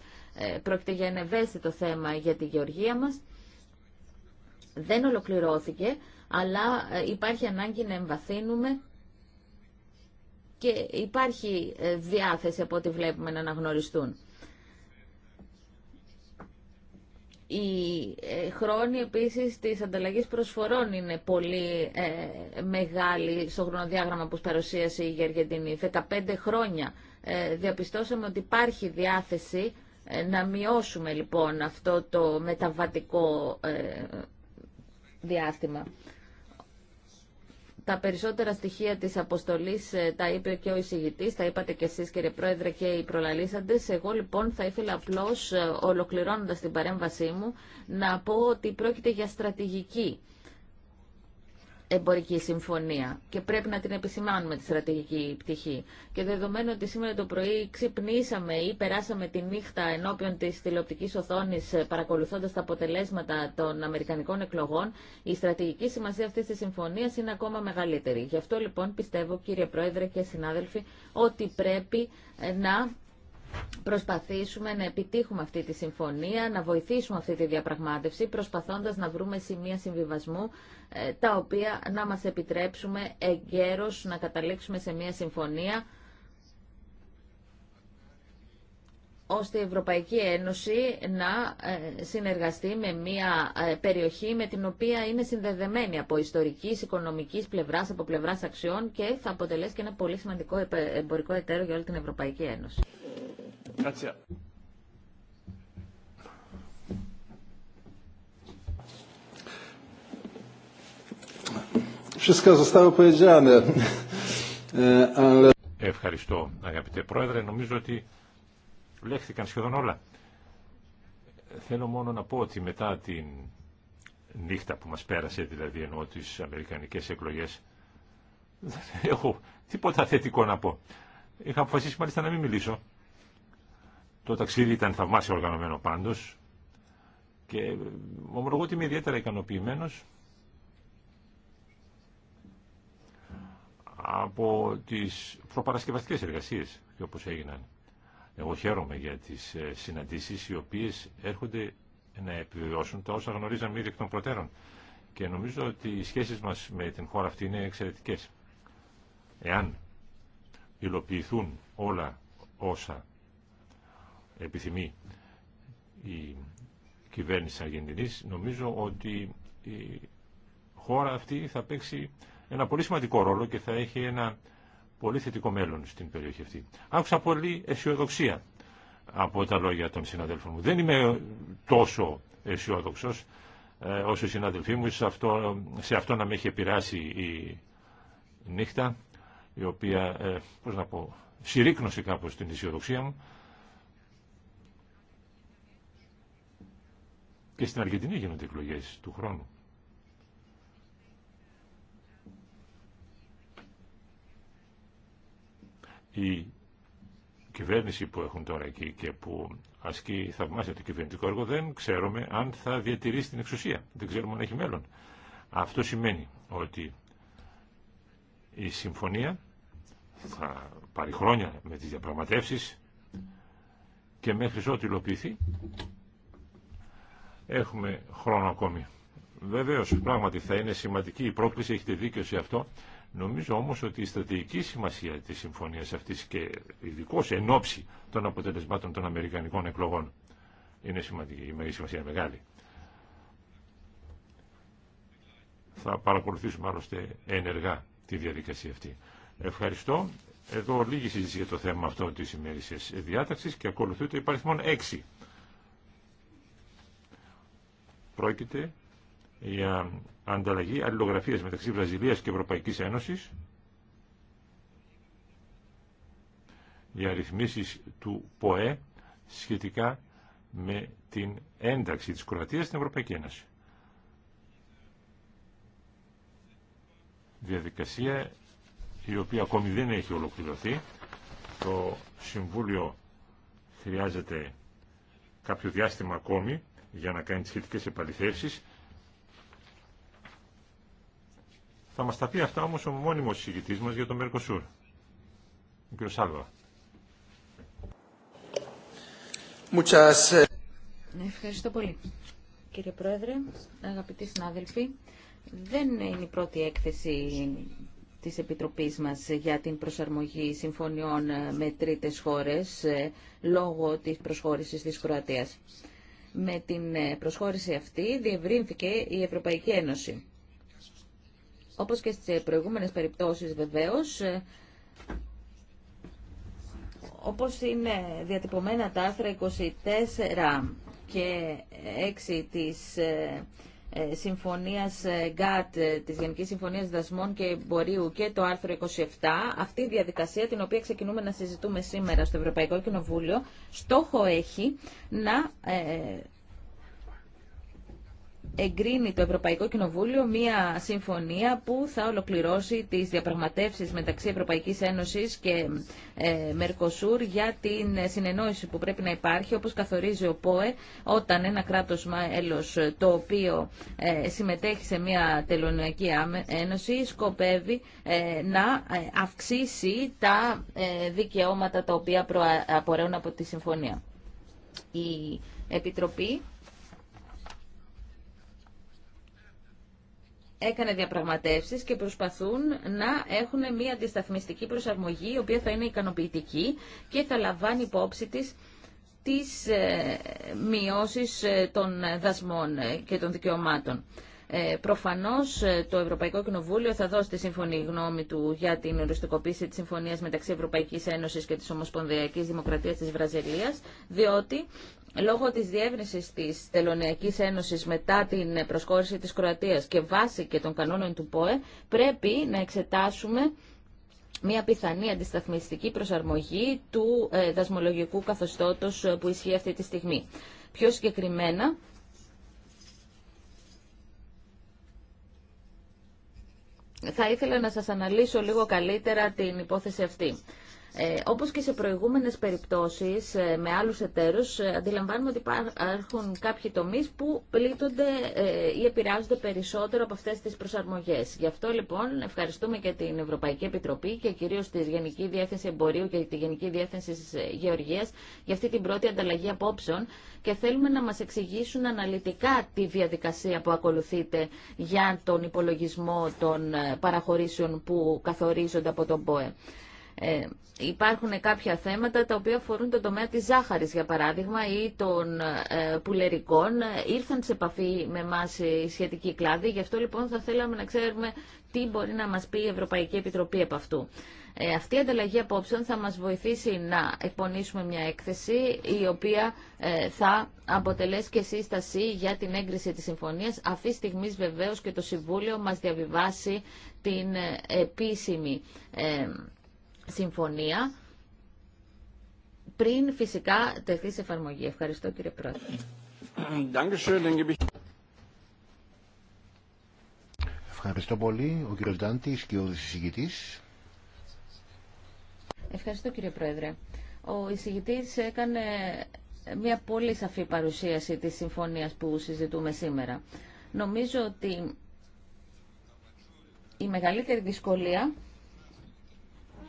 Πρόκειται για ένα θέμα για τη γεωργία μας. Δεν ολοκληρώθηκε, αλλά υπάρχει ανάγκη να εμβαθύνουμε και υπάρχει διάθεση από ό,τι βλέπουμε να αναγνωριστούν. Οι ε, χρόνοι επίσης της ανταλλαγής προσφορών είναι πολύ ε, μεγάλη στο χρονοδιάγραμμα που παρουσίασε η Γεργεντινή. 15 χρόνια ε, διαπιστώσαμε ότι υπάρχει διάθεση ε, να μειώσουμε λοιπόν αυτό το μεταβατικό διάστημα. Τα περισσότερα στοιχεία της αποστολής ε, τα είπε και ο εισηγητής, τα είπατε και εσείς κύριε Πρόεδρε και οι προλαλήσαντες. Εγώ λοιπόν θα ήθελα απλώς, ε, ολοκληρώνοντας την παρέμβασή μου, να πω ότι πρόκειται για στρατηγική εμπορική συμφωνία και πρέπει να την επισημάνουμε τη στρατηγική πτυχή. Και δεδομένου ότι σήμερα το πρωί ξυπνήσαμε ή περάσαμε τη νύχτα ενώπιον της τηλεοπτικής οθόνης ε, παρακολουθώντας τα αποτελέσματα των Αμερικανικών εκλογών, η στρατηγική σημασία αυτής της συμφωνίας είναι ακόμα μεγαλύτερη. Γι' αυτό λοιπόν πιστεύω κύριε Πρόεδρε και συνάδελφοι ότι πρέπει ε, να προσπαθήσουμε να επιτύχουμε αυτή τη συμφωνία, να βοηθήσουμε αυτή τη διαπραγμάτευση, προσπαθώντας να βρούμε σημεία συμβιβασμού, ε, τα οποία να μας επιτρέψουμε εγκαίρως να καταλήξουμε σε μια συμφωνία, ώστε η Ευρωπαϊκή Ένωση να ε, συνεργαστεί με μια ε, περιοχή με την οποία είναι συνδεδεμένη από ιστορικής, οικονομικής πλευράς, από πλευράς αξιών και θα αποτελέσει και ένα πολύ σημαντικό εμπορικό εταίρο για όλη την Ευρωπαϊκή Ένωση. E, Ευχαριστώ αγαπητέ Πρόεδρε. Νομίζω ότι λέχθηκαν σχεδόν όλα. Θέλω μόνο να πω ότι μετά την νύχτα που μας πέρασε, δηλαδή ενώ τις αμερικανικές εκλογές, δεν έχω τίποτα θετικό να πω. Είχα αποφασίσει μάλιστα να μην μιλήσω. Το ταξίδι ήταν θαυμάσιο οργανωμένο πάντω και ομολογώ ότι είμαι ιδιαίτερα ικανοποιημένος από τις προπαρασκευαστικές εργασίες και όπως έγιναν. Εγώ χαίρομαι για τις ε, συναντήσεις οι οποίες έρχονται να επιβεβαιώσουν τα όσα γνωρίζαμε ήδη εκ των προτέρων και νομίζω ότι οι σχέσεις μας με την χώρα αυτή είναι εξαιρετικέ. Εάν υλοποιηθούν όλα όσα επιθυμεί η κυβέρνηση Αργεντινής, νομίζω ότι η χώρα αυτή θα παίξει ένα πολύ σημαντικό ρόλο και θα έχει ένα πολύ θετικό μέλλον στην περιοχή αυτή. Άκουσα πολύ αισιοδοξία από τα λόγια των συναδέλφων μου. Δεν είμαι τόσο αισιόδοξο ε, όσο οι συναδελφοί μου, σε αυτό, αυτό να με έχει επηρεάσει η νύχτα, η οποία, ε, πώς να πω, συρρήκνωσε κάπως την αισιοδοξία μου. Και στην Αργεντινή γίνονται εκλογέ του χρόνου. Η κυβέρνηση που έχουν τώρα εκεί και που ασκεί θαυμάσια το κυβερνητικό έργο δεν ξέρουμε αν θα διατηρήσει την εξουσία. Δεν ξέρουμε αν έχει μέλλον. Αυτό σημαίνει ότι η συμφωνία θα πάρει χρόνια με τις διαπραγματεύσεις και μέχρι ό,τι υλοποιηθεί Έχουμε χρόνο ακόμη. Βεβαίως, πράγματι θα είναι σημαντική η πρόκληση, έχετε δίκιο σε αυτό. Νομίζω όμως ότι η στρατηγική σημασία της συμφωνίας αυτής και ειδικώ εν ώψη των αποτελεσμάτων των Αμερικανικών εκλογών είναι σημαντική, η σημασία είναι μεγάλη. Θα παρακολουθήσουμε άλλωστε ενεργά τη διαδικασία αυτή. Ευχαριστώ. Εδώ λίγη συζήτηση για το θέμα αυτό της ημερησίας διάταξης και το υπαριθμόν 6. Πρόκειται για ανταλλαγή αλληλογραφίας μεταξύ Βραζιλίας και Ευρωπαϊκής Ένωσης για ρυθμίσεις του ΠΟΕ σχετικά με την ένταξη της Κροατίας στην Ευρωπαϊκή Ένωση. Διαδικασία η οποία ακόμη δεν έχει ολοκληρωθεί. Το Συμβούλιο χρειάζεται κάποιο διάστημα ακόμη για να κάνει τις σχετικές επαληθεύσεις. Θα μας τα πει αυτά όμως ο μόνιμος συγκητής μας για το Μερκοσούρ, ο κ. Σάλβα. Ε, Ευχαριστώ πολύ. Κύριε Πρόεδρε, αγαπητοί συνάδελφοι, δεν είναι η πρώτη έκθεση της Επιτροπής μας για την προσαρμογή συμφωνιών με τρίτες χώρες ε, λόγω της προσχώρησης της Κροατίας. Με την ε, προσχώρηση αυτή διευρύνθηκε η Ευρωπαϊκή Ένωση. Όπως και στις ε, προηγούμενες περιπτώσεις βεβαίως, ε, όπως είναι διατυπωμένα τα άρθρα 24 και 6 της ε, συμφωνίας ε, ΓΚΑΤ, ε, της Γενικής Συμφωνίας Δασμών και Εμπορίου και το άρθρο 27, αυτή η διαδικασία την οποία ξεκινούμε να συζητούμε σήμερα στο Ευρωπαϊκό Κοινοβούλιο, στόχο έχει να εγκρίνει το Ευρωπαϊκό Κοινοβούλιο μία συμφωνία που θα ολοκληρώσει τις διαπραγματεύσεις μεταξύ Ευρωπαϊκής Ένωσης και ε, Μερκοσούρ για την συνεννόηση που πρέπει να υπάρχει όπως καθορίζει ο ΠΟΕ όταν ένα κράτος μέλος το οποίο ε, συμμετέχει σε μία τελωνιακή ένωση σκοπεύει ε, να αυξήσει τα δικαιώματα τα οποία απορρέουν από τη συμφωνία. Η Επιτροπή έκανε διαπραγματεύσεις και προσπαθούν να έχουν μια αντισταθμιστική προσαρμογή η οποία θα είναι ικανοποιητική και θα λαμβάνει υπόψη της τις ε, μειώσεις ε, των δασμών ε, και των δικαιωμάτων. Ε, προφανώς το Ευρωπαϊκό Κοινοβούλιο θα δώσει τη σύμφωνη γνώμη του για την οριστικοποίηση τη συμφωνίας μεταξύ Ευρωπαϊκή Ένωση και τη Ομοσπονδιακή Δημοκρατία τη Βραζιλία, διότι λόγω της διεύρυνσης της Τελωνιακής Ένωσης μετά την προσχώρηση της Κροατίας και βάσει και των κανόνων του ΠΟΕ, πρέπει να εξετάσουμε μια πιθανή αντισταθμιστική προσαρμογή του ε, δασμολογικού καθεστώτος που ισχύει αυτή τη στιγμή. Πιο συγκεκριμένα, θα ήθελα να σας αναλύσω λίγο καλύτερα την υπόθεση αυτή. Ε, όπως και σε προηγούμενες περιπτώσεις ε, με άλλους εταίρους, ε, αντιλαμβάνουμε ότι υπάρχουν κάποιοι τομείς που πλήττονται ε, ή επηρεάζονται περισσότερο από αυτές τις προσαρμογές. Γι' αυτό λοιπόν ευχαριστούμε και την Ευρωπαϊκή Επιτροπή και κυρίως τη Γενική Διεύθυνση Εμπορίου και τη Γενική Διεύθυνση Γεωργίας για αυτή την πρώτη ανταλλαγή απόψεων και θέλουμε να μας εξηγήσουν αναλυτικά τη διαδικασία που ακολουθείτε για τον υπολογισμό των παραχωρήσεων που καθορίζονται από τον ΠΟΕ. Ε, υπάρχουν κάποια θέματα τα οποία αφορούν το τομέα της ζάχαρης, για παράδειγμα, ή των ε, πουλερικών. Ε, ήρθαν σε επαφή με εμά οι σχετικοί κλάδοι, γι' αυτό λοιπόν θα θέλαμε να ξέρουμε τι μπορεί να μας πει η Ευρωπαϊκή Επιτροπή από αυτού. Ε, αυτή η ανταλλαγή απόψεων θα μας βοηθήσει να εκπονήσουμε μια έκθεση η οποία θα αποτελέσει και σύσταση για την έγκριση της συμφωνίας. Αυτή τη στιγμή βεβαίως και το Συμβούλιο μας διαβιβάσει την επίσημη συμφωνία πριν φυσικά τεθεί σε εφαρμογή. Ευχαριστώ κύριε Πρόεδρε. Ευχαριστώ πολύ. Ο κύριος Ντάντης και ο συζητητής. Ευχαριστώ κύριε Πρόεδρε. Ο εισηγητής έκανε μια πολύ σαφή παρουσίαση της συμφωνίας που συζητούμε σήμερα. Νομίζω ότι η μεγαλύτερη δυσκολία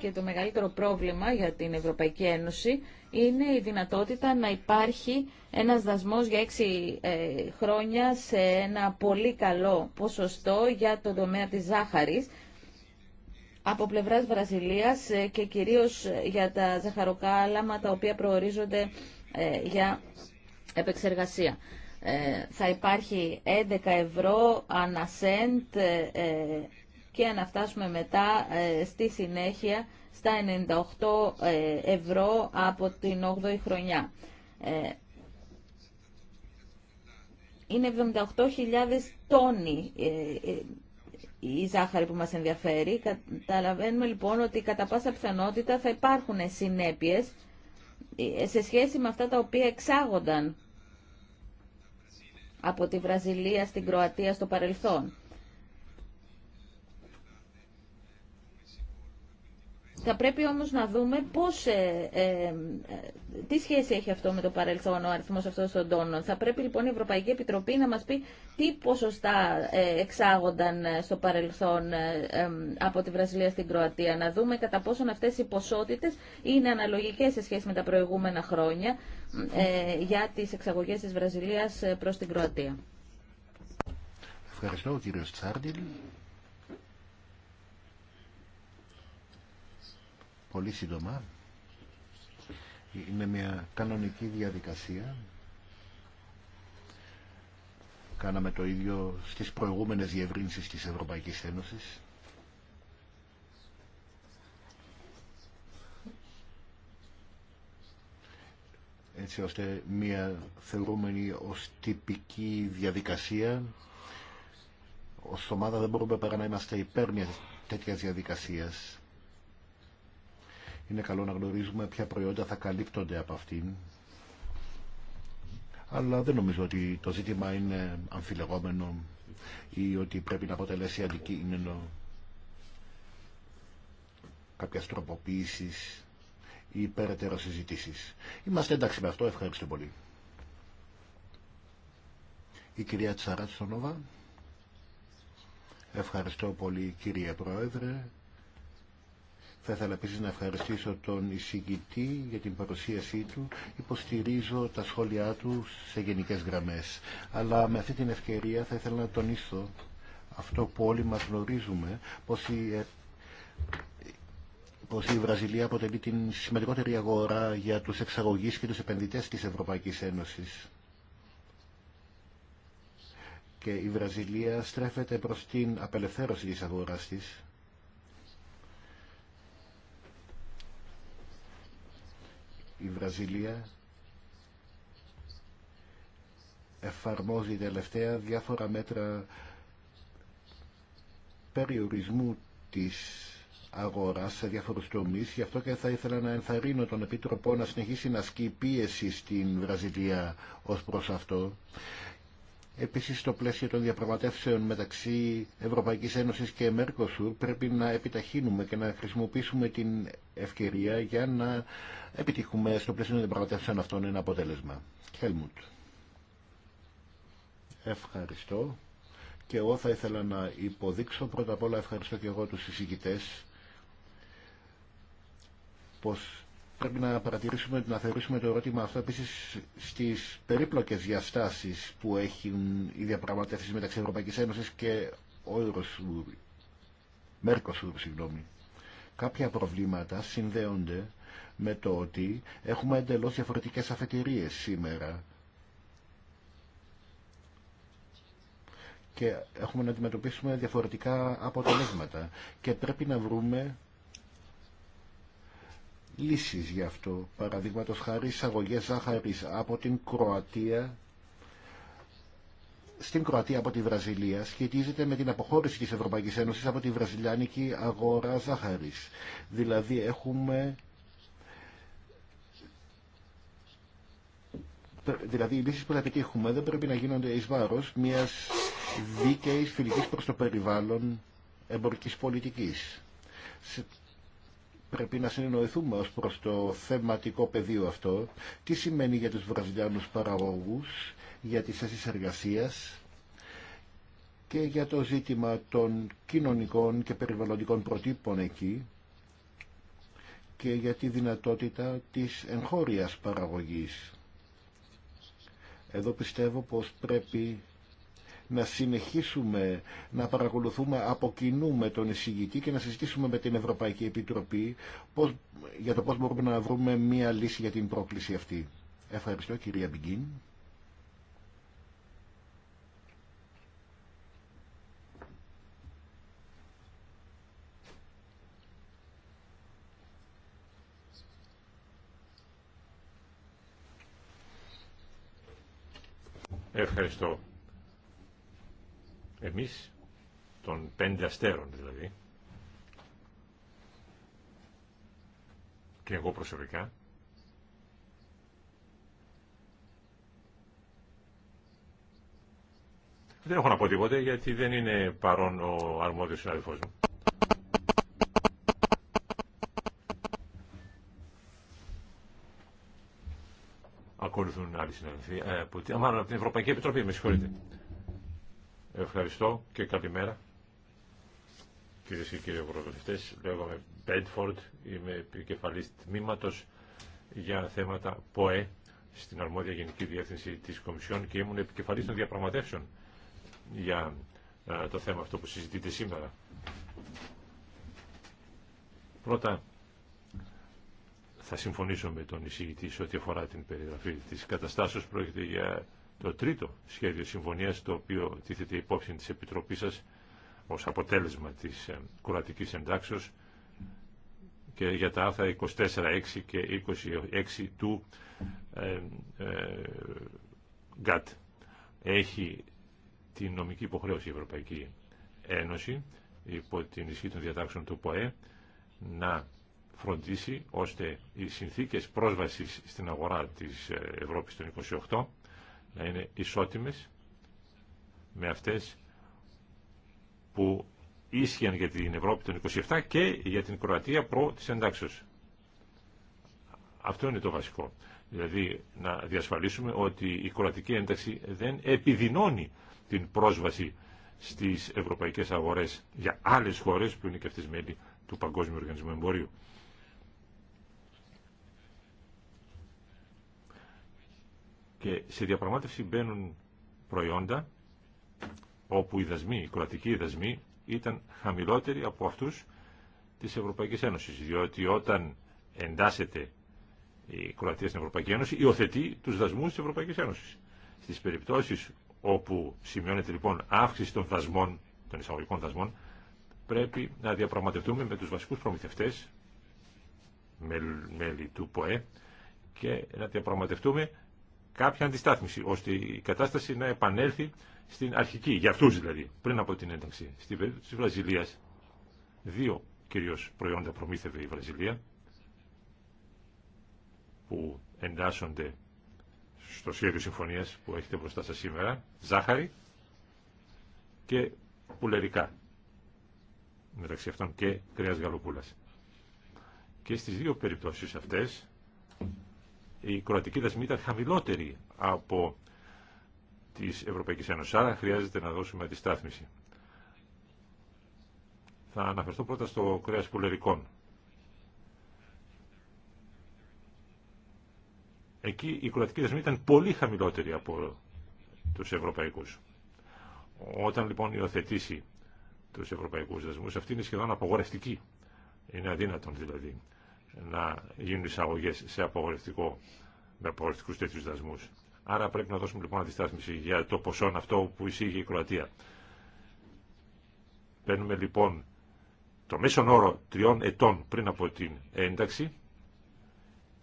και το μεγαλύτερο πρόβλημα για την Ευρωπαϊκή Ένωση είναι η δυνατότητα να υπάρχει ένας δασμός για έξι ε, χρόνια σε ένα πολύ καλό ποσοστό για το τομέα της ζάχαρης από πλευράς Βραζιλίας ε, και κυρίως ε, για τα ζαχαροκάλαμα τα οποία προορίζονται για επεξεργασία. Θα υπάρχει 11 ευρώ ανασέντ και να φτάσουμε μετά ε, στη συνέχεια στα 98 ε, ευρώ από την 8η χρονιά. Ε, είναι 78.000 τόνοι η ζάχαρη που μας ενδιαφέρει. Καταλαβαίνουμε λοιπόν ότι κατά πάσα πιθανότητα θα υπάρχουν συνέπειες σε σχέση με αυτά τα οποία εξάγονταν από τη Βραζιλία στην Κροατία στο παρελθόν. Θα πρέπει όμως να δούμε πώς, ε, ε, τι σχέση έχει αυτό με το παρελθόν ο αριθμός αυτός των τόνων. Θα πρέπει λοιπόν η Ευρωπαϊκή Επιτροπή να μας πει τι ποσοστά ε, εξάγονταν ε, στο παρελθόν από τη Βραζιλία στην Κροατία. Να δούμε κατά πόσον αυτές οι ποσότητες είναι αναλογικές σε σχέση με τα προηγούμενα χρόνια για τις εξαγωγές της Βραζιλίας προς την Κροατία. Ευχαριστώ κύριο Τσάρντιλ. πολύ σύντομα. Είναι μια κανονική διαδικασία. Κάναμε το ίδιο στις προηγούμενες διευρύνσεις της Ευρωπαϊκής Ένωσης. έτσι ώστε μια θεωρούμενη ως τυπική διαδικασία ως ομάδα δεν μπορούμε παρά να είμαστε υπέρ μιας τέτοιας διαδικασίας είναι καλό να γνωρίζουμε ποια προϊόντα θα καλύπτονται από αυτήν. Αλλά δεν νομίζω ότι το ζήτημα είναι αμφιλεγόμενο ή ότι πρέπει να αποτελέσει αντικείμενο κάποια τροποποίηση ή περαιτέρω συζητήσει. Είμαστε εντάξει με αυτό. Ευχαριστώ πολύ. Η κυρία Τσαράτσονοβα. Ευχαριστώ πολύ κύριε Πρόεδρε. Θα ήθελα επίση να ευχαριστήσω τον εισηγητή για την παρουσίασή του. Υποστηρίζω τα σχόλιά του σε γενικές γραμμές. Αλλά με αυτή την ευκαιρία θα ήθελα να τονίσω αυτό που όλοι μας γνωρίζουμε, πως η ε, πως η Βραζιλία αποτελεί την σημαντικότερη αγορά για τους εξαγωγείς και τους επενδυτές της Ευρωπαϊκής Ένωσης. Και η Βραζιλία στρέφεται προς την απελευθέρωση της αγοράς της η Βραζιλία εφαρμόζει τελευταία διάφορα μέτρα περιορισμού της αγοράς σε διάφορους τομείς. Γι' αυτό και θα ήθελα να ενθαρρύνω τον Επίτροπο να συνεχίσει να ασκεί πίεση στην Βραζιλία ως προς αυτό. Επίσης, στο πλαίσιο των διαπραγματεύσεων μεταξύ Ευρωπαϊκής Ένωσης και Μέρκοσου πρέπει να επιταχύνουμε και να χρησιμοποιήσουμε την ευκαιρία για να επιτύχουμε στο πλαίσιο των διαπραγματεύσεων αυτών ένα αποτέλεσμα. Χέλμουτ. Ευχαριστώ. Και εγώ θα ήθελα να υποδείξω πρώτα απ' όλα ευχαριστώ και εγώ τους συζητητές πως πρέπει να παρατηρήσουμε, να θεωρήσουμε το ερώτημα αυτό επίσης στις περίπλοκες διαστάσεις που έχουν οι διαπραγματεύσεις μεταξύ Ευρωπαϊκής Ένωσης και Eurosur, Mercosur, συγγνώμη. Κάποια προβλήματα συνδέονται με το ότι έχουμε εντελώς διαφορετικές αφετηρίες σήμερα και έχουμε να αντιμετωπίσουμε διαφορετικά αποτελέσματα και πρέπει να βρούμε λύσεις γι' αυτό. Παραδείγματος χάρη εισαγωγέ ζάχαρης από την Κροατία στην Κροατία από τη Βραζιλία σχετίζεται με την αποχώρηση της Ευρωπαϊκής Ένωσης από τη βραζιλιάνικη αγορά ζάχαρης. Δηλαδή έχουμε δηλαδή οι λύσεις που θα επιτύχουμε δεν πρέπει να γίνονται εις βάρος μιας δίκαιης φιλικής προς το περιβάλλον εμπορικής πολιτικής πρέπει να συνεννοηθούμε ως προς το θεματικό πεδίο αυτό. Τι σημαίνει για τους Βραζιλιάνους παραγωγούς, για τις θέσεις εργασίας και για το ζήτημα των κοινωνικών και περιβαλλοντικών προτύπων εκεί και για τη δυνατότητα της εγχώριας παραγωγής. Εδώ πιστεύω πως πρέπει να συνεχίσουμε να παρακολουθούμε από κοινού με τον εισηγητή και να συζητήσουμε με την Ευρωπαϊκή Επιτροπή πώς, για το πώς μπορούμε να βρούμε μία λύση για την πρόκληση αυτή. Ευχαριστώ κυρία Μπιγκίν. Ευχαριστώ. Εμείς, των πέντε αστέρων δηλαδή, και εγώ προσωπικά, Δεν έχω να πω τίποτε γιατί δεν είναι παρόν ο αρμόδιος συνάδελφός μου. Ακολουθούν άλλοι συναδελφοί. Ε, από την Ευρωπαϊκή Επιτροπή, με συγχωρείτε. Ευχαριστώ και καλημέρα. Κυρίε και κύριοι ευρωβουλευτέ, λέγομαι Μπέντφορντ, είμαι επικεφαλή τμήματο για θέματα ΠΟΕ στην αρμόδια Γενική Διεύθυνση τη Κομισιόν και ήμουν επικεφαλή των διαπραγματεύσεων για το θέμα αυτό που συζητείτε σήμερα. Πρώτα, θα συμφωνήσω με τον εισηγητή σε ό,τι αφορά την περιγραφή της καταστάσεως. Πρόκειται για το τρίτο σχέδιο συμφωνίας, το οποίο τίθεται υπόψη της Επιτροπής σας ως αποτέλεσμα της ε, κουρατικής εντάξεως και για τα άρθρα 24.6 και 26 του ε, ε, ΓΑΤ. Έχει την νομική υποχρέωση η Ευρωπαϊκή Ένωση υπό την ισχύ των διατάξεων του ΠΟΕ να φροντίσει ώστε οι συνθήκες πρόσβασης στην αγορά της ε, Ευρώπης των 28 να είναι ισότιμες με αυτές που ίσχυαν για την Ευρώπη των 27 και για την Κροατία προ της εντάξεως. Αυτό είναι το βασικό. Δηλαδή να διασφαλίσουμε ότι η κροατική ένταξη δεν επιδεινώνει την πρόσβαση στις ευρωπαϊκές αγορές για άλλες χώρες που είναι και αυτές μέλη του Παγκόσμιου Οργανισμού Εμπορίου. και σε διαπραγμάτευση μπαίνουν προϊόντα όπου οι δασμοί, οι κρατικοί δασμοί ήταν χαμηλότεροι από αυτούς της Ευρωπαϊκής Ένωσης, διότι όταν εντάσσεται η Κροατία στην Ευρωπαϊκή Ένωση, υιοθετεί τους δασμούς της Ευρωπαϊκής Ένωσης. Στις περιπτώσεις όπου σημειώνεται λοιπόν αύξηση των δασμών, των εισαγωγικών δασμών, πρέπει να διαπραγματευτούμε με τους βασικούς προμηθευτές, μέλη του ΠΟΕ, και να διαπραγματευτούμε κάποια αντιστάθμιση, ώστε η κατάσταση να επανέλθει στην αρχική, για αυτούς δηλαδή, πριν από την ένταξη. Στην περίπτωση τη Βραζιλίας, δύο κυρίω προϊόντα προμήθευε η Βραζιλία, που εντάσσονται στο σχέδιο συμφωνία που έχετε μπροστά σας σήμερα, ζάχαρη και πουλερικά, μεταξύ αυτών και κρέα γαλοπούλας. Και στι δύο περιπτώσει αυτέ η κροατική δασμή ήταν χαμηλότερη από τη Ευρωπαϊκή Ένωση. Άρα χρειάζεται να δώσουμε αντιστάθμιση. Θα αναφερθώ πρώτα στο κρέας πουλερικών. Εκεί η κροατική δασμή ήταν πολύ χαμηλότερη από τους ευρωπαϊκούς. Όταν λοιπόν υιοθετήσει τους ευρωπαϊκούς δασμούς, αυτή είναι σχεδόν απογορευτική. Είναι αδύνατον δηλαδή να γίνουν εισαγωγέ σε απογορευτικό, με απογορευτικού τέτοιου δασμού. Άρα πρέπει να δώσουμε λοιπόν αντιστάθμιση για το ποσό αυτό που εισήγει η Κροατία. Παίρνουμε λοιπόν το μέσο όρο τριών ετών πριν από την ένταξη,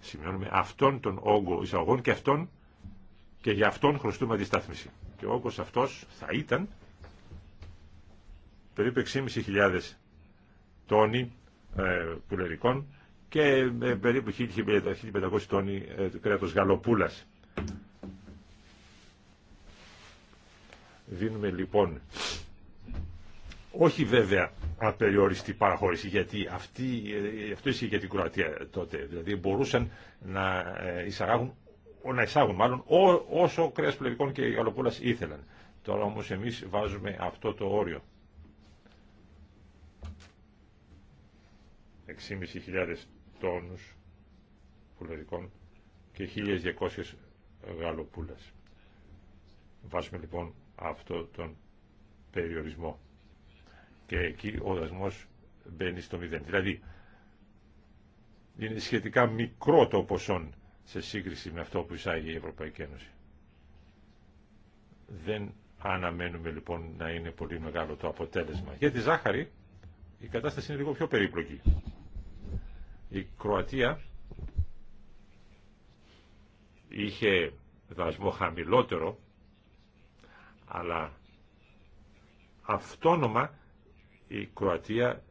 σημειώνουμε αυτόν τον όγκο εισαγωγών και αυτόν και για αυτόν χρωστούμε αντιστάθμιση. Και ο όγκος αυτός θα ήταν περίπου 6.500 τόνοι ε, πουλερικών και ε, περίπου 1.500 τόνοι ε, κρέατος γαλοπούλας. Δίνουμε λοιπόν όχι βέβαια απεριόριστη παραχώρηση, γιατί αυτή, ε, αυτό ισχύει για την Κροατία τότε. Δηλαδή μπορούσαν να εισάγουν, να εισάγουν μάλλον όσο κρέας πλευικών και γαλοπούλας ήθελαν. Τώρα όμως εμείς βάζουμε αυτό το όριο. 6.500 τόνους πουλερικών και 1.200 γαλοπούλες Βάζουμε λοιπόν αυτό τον περιορισμό. Και εκεί ο δασμός μπαίνει στο 0. Δηλαδή είναι σχετικά μικρό το ποσό σε σύγκριση με αυτό που εισάγει η Ευρωπαϊκή Ένωση. Δεν αναμένουμε λοιπόν να είναι πολύ μεγάλο το αποτέλεσμα. Για τη ζάχαρη η κατάσταση είναι λίγο πιο περίπλοκη. Η Κροατία είχε δασμό χαμηλότερο, αλλά αυτόνομα η Κροατία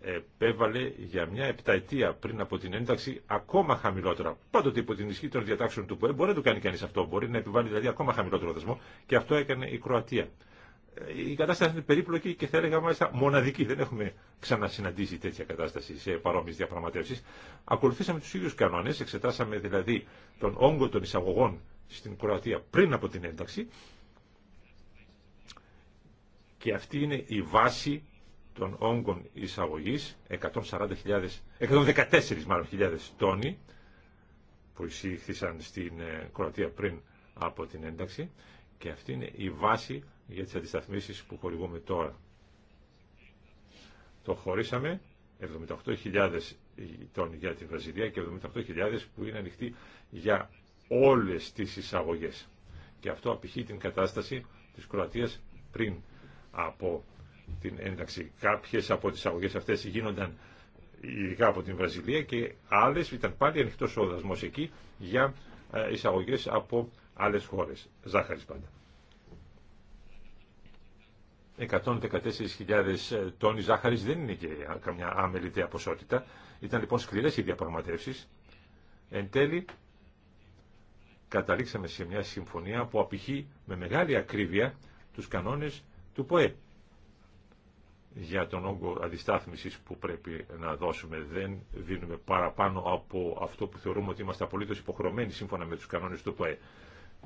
επέβαλε για μια επταετία πριν από την ένταξη ακόμα χαμηλότερα. Πάντοτε υπό την ισχύ των διατάξεων του ΠΟΕ μπορεί να το κάνει κανεί αυτό. Μπορεί να επιβάλλει δηλαδή ακόμα χαμηλότερο δασμό και αυτό έκανε η Κροατία η κατάσταση είναι περίπλοκη και θα έλεγα μάλιστα μοναδική. Δεν έχουμε ξανασυναντήσει τέτοια κατάσταση σε παρόμοιε διαπραγματεύσει. Ακολουθήσαμε του ίδιου κανόνε, εξετάσαμε δηλαδή τον όγκο των εισαγωγών στην Κροατία πριν από την ένταξη και αυτή είναι η βάση των όγκων εισαγωγή 114.000 τόνοι που εισήχθησαν στην ε, Κροατία πριν από την ένταξη και αυτή είναι η βάση για τις αντισταθμίσεις που χορηγούμε τώρα. Το χωρίσαμε 78.000 τον για τη Βραζιλία και 78.000 που είναι ανοιχτοί για όλες τις εισαγωγές. Και αυτό απηχεί την κατάσταση της Κροατίας πριν από την ένταξη. Κάποιες από τις εισαγωγές αυτές γίνονταν ειδικά από την Βραζιλία και άλλες ήταν πάλι ανοιχτός ο εκεί για ε, εισαγωγές από άλλες χώρες. Ζάχαρης πάντα. 114.000 τόνοι ζάχαρης δεν είναι και καμιά αμεληταία ποσότητα. Ήταν λοιπόν σκληρέ οι διαπραγματεύσει. Εν τέλει, καταλήξαμε σε μια συμφωνία που απηχεί με μεγάλη ακρίβεια τους κανόνες του ΠΟΕ για τον όγκο αντιστάθμισης που πρέπει να δώσουμε. Δεν δίνουμε παραπάνω από αυτό που θεωρούμε ότι είμαστε απολύτως υποχρεωμένοι σύμφωνα με τους κανόνες του ΠΟΕ.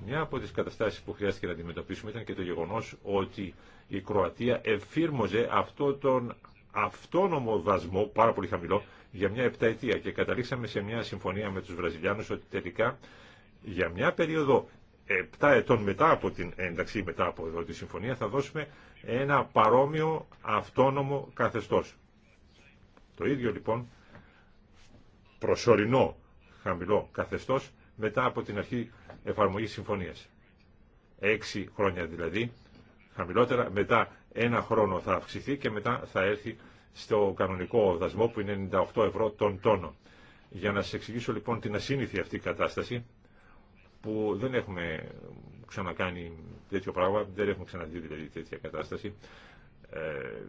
Μια από τις καταστάσεις που χρειάστηκε να αντιμετωπίσουμε ήταν και το γεγονός ότι η Κροατία εφήρμοζε αυτό τον αυτόνομο δασμό, πάρα πολύ χαμηλό, για μια επταετία και καταλήξαμε σε μια συμφωνία με τους Βραζιλιάνους ότι τελικά για μια περίοδο 7 ετών μετά από την ένταξη, μετά από εδώ τη συμφωνία, θα δώσουμε ένα παρόμοιο αυτόνομο καθεστώς. Το ίδιο λοιπόν προσωρινό χαμηλό καθεστώς μετά από την αρχή εφαρμογή συμφωνία. Έξι χρόνια δηλαδή, χαμηλότερα, μετά ένα χρόνο θα αυξηθεί και μετά θα έρθει στο κανονικό δασμό που είναι 98 ευρώ τον τόνο. Για να σας εξηγήσω λοιπόν την ασύνηθη αυτή κατάσταση που δεν έχουμε ξανακάνει τέτοιο πράγμα, δεν έχουμε ξαναδεί δηλαδή τέτοια κατάσταση ε,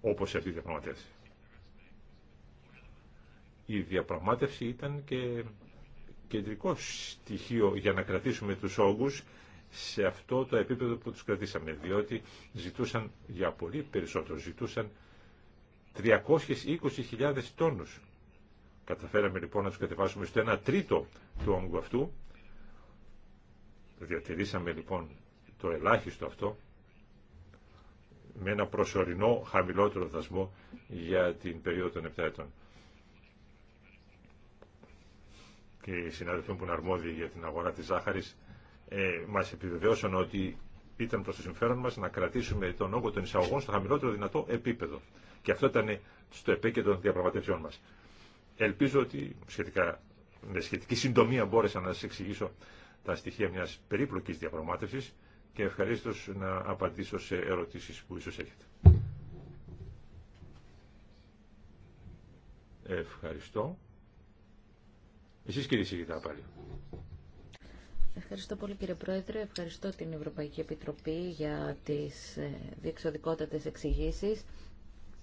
όπως αυτή τη διαπραγματεύση. Η διαπραγμάτευση ήταν και κεντρικό στοιχείο για να κρατήσουμε τους όγκους σε αυτό το επίπεδο που τους κρατήσαμε, διότι ζητούσαν για πολύ περισσότερο, ζητούσαν 320.000 τόνους. Καταφέραμε λοιπόν να τους κατεβάσουμε στο 1 τρίτο του όγκου αυτού, διατηρήσαμε λοιπόν το ελάχιστο αυτό, με ένα προσωρινό χαμηλότερο δασμό για την περίοδο των 7 ετών. και οι συναδελφοί που είναι αρμόδιοι για την αγορά της ζάχαρης ε, μας επιβεβαιώσαν ότι ήταν προς το συμφέρον μας να κρατήσουμε τον όγκο των εισαγωγών στο χαμηλότερο δυνατό επίπεδο. Και αυτό ήταν στο επέκεντρο των διαπραγματεύσεων μας. Ελπίζω ότι σχετικά, με σχετική συντομία μπόρεσα να σας εξηγήσω τα στοιχεία μιας περίπλοκης διαπραγμάτευσης και ευχαρίστω να απαντήσω σε ερωτήσεις που ίσως έχετε. Ευχαριστώ. Εσεί κύριε Σιγητά πάλι. Ευχαριστώ πολύ κύριε Πρόεδρε, ευχαριστώ την Ευρωπαϊκή Επιτροπή για τι ε, διεξοδικότατε εξηγήσει.